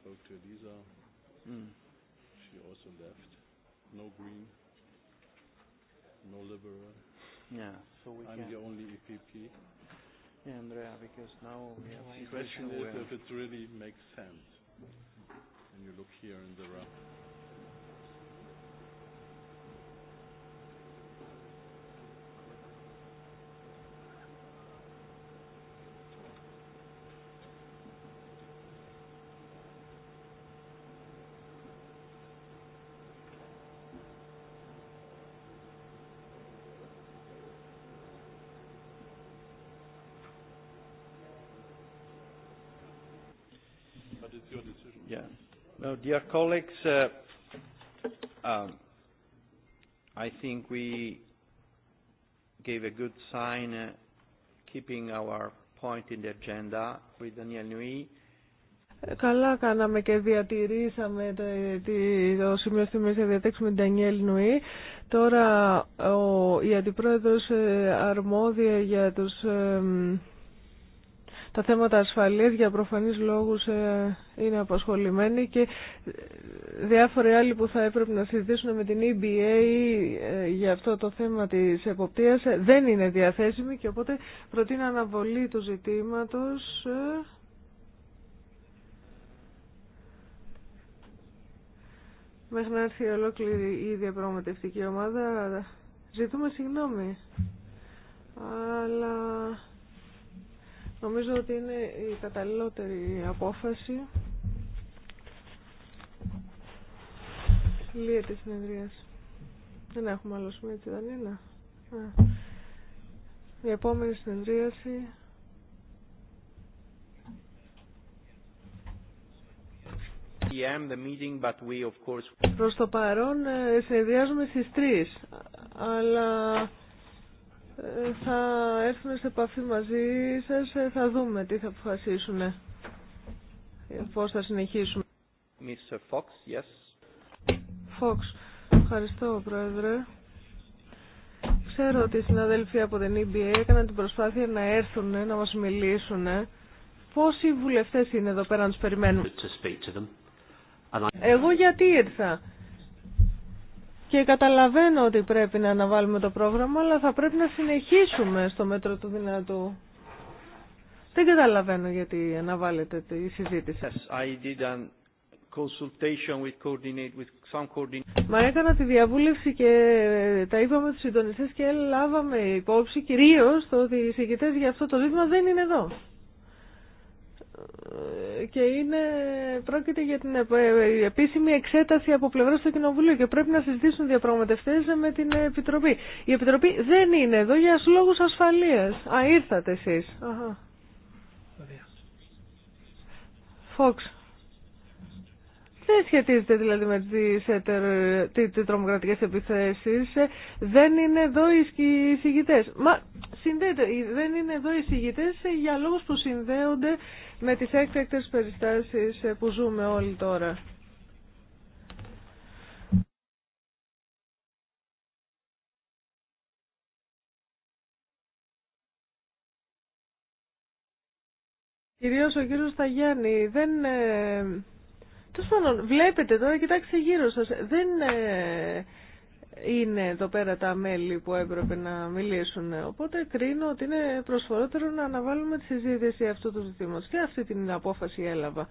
spoke to Elisa. She also left. No green. No liberal. Yeah, so we I'm the only EPP. Yeah, Andrea, because now we have the question is if it really makes sense. And you look here in the. rough. But it's your decision. Yeah. No, dear colleagues, uh, um, I think we gave a good sign uh, keeping our point in the agenda with Daniel Nui. Καλά κάναμε και διατηρήσαμε το το, σημείο στη μέση διατέξη με την Ντανιέλ Νουή. Τώρα ο, η Αντιπρόεδρος ε, αρμόδια για τους ε, τα θέματα ασφαλείας για προφανείς λόγους ε, είναι απασχολημένοι και ε, διάφοροι άλλοι που θα έπρεπε να συζητήσουν με την EBA ε, για αυτό το θέμα της εποπτείας δεν είναι διαθέσιμοι και οπότε προτείνω αναβολή του ζητήματος. Μέχρι να έρθει ολόκληρη η διαπραγματευτική ομάδα ζητούμε συγγνώμη. Αλλά Νομίζω ότι είναι η καταλληλότερη απόφαση. Λύεται τη συνεδρία. Δεν έχουμε άλλο σημείο, έτσι δεν είναι. Α. Η επόμενη συνεδρίαση Προς το παρόν ε, συνεδριάζουμε στις 3, αλλά θα έρθουν σε επαφή μαζί σας, θα δούμε τι θα αποφασίσουν, πώς θα συνεχίσουμε. Mr. Fox, yes. Fox, ευχαριστώ Πρόεδρε. Ξέρω ότι οι συναδέλφοι από την EBA έκαναν την προσπάθεια να έρθουν να μας μιλήσουν. Πόσοι βουλευτές είναι εδώ πέρα να τους περιμένουν. Εγώ γιατί ήρθα και καταλαβαίνω ότι πρέπει να αναβάλουμε το πρόγραμμα, αλλά θα πρέπει να συνεχίσουμε στο μέτρο του δυνατού. Δεν καταλαβαίνω γιατί αναβάλλετε τη συζήτηση. Μα έκανα τη διαβούλευση και ε, τα είπαμε τους συντονιστές και λάβαμε υπόψη κυρίως ότι οι συγκητές για αυτό το ζήτημα δεν είναι εδώ και είναι, πρόκειται για την επίσημη εξέταση από πλευρά του Κοινοβουλίου και πρέπει να συζητήσουν διαπραγματευτέ με την Επιτροπή. Η Επιτροπή δεν είναι εδώ για λόγου ασφαλείας. Α, ήρθατε εσεί. Φόξ δεν σχετίζεται δηλαδή με τις, τρομοκρατικέ τις επιθέσεις. Ε, δεν είναι εδώ οι συγητές. Μα συνδέεται, ε, δεν είναι εδώ οι συγητές ε, για λόγους που συνδέονται με τις έκτακτες περιστάσεις που ζούμε όλοι τώρα. Κυρίως ο κύριος Σταγιάννη δεν Τέλο πάντων, βλέπετε τώρα, κοιτάξτε γύρω σας, δεν ε, είναι εδώ πέρα τα μέλη που έπρεπε να μιλήσουν. Οπότε κρίνω ότι είναι προσφορότερο να αναβάλουμε τη συζήτηση αυτού του ζητήματος. Και αυτή την απόφαση έλαβα.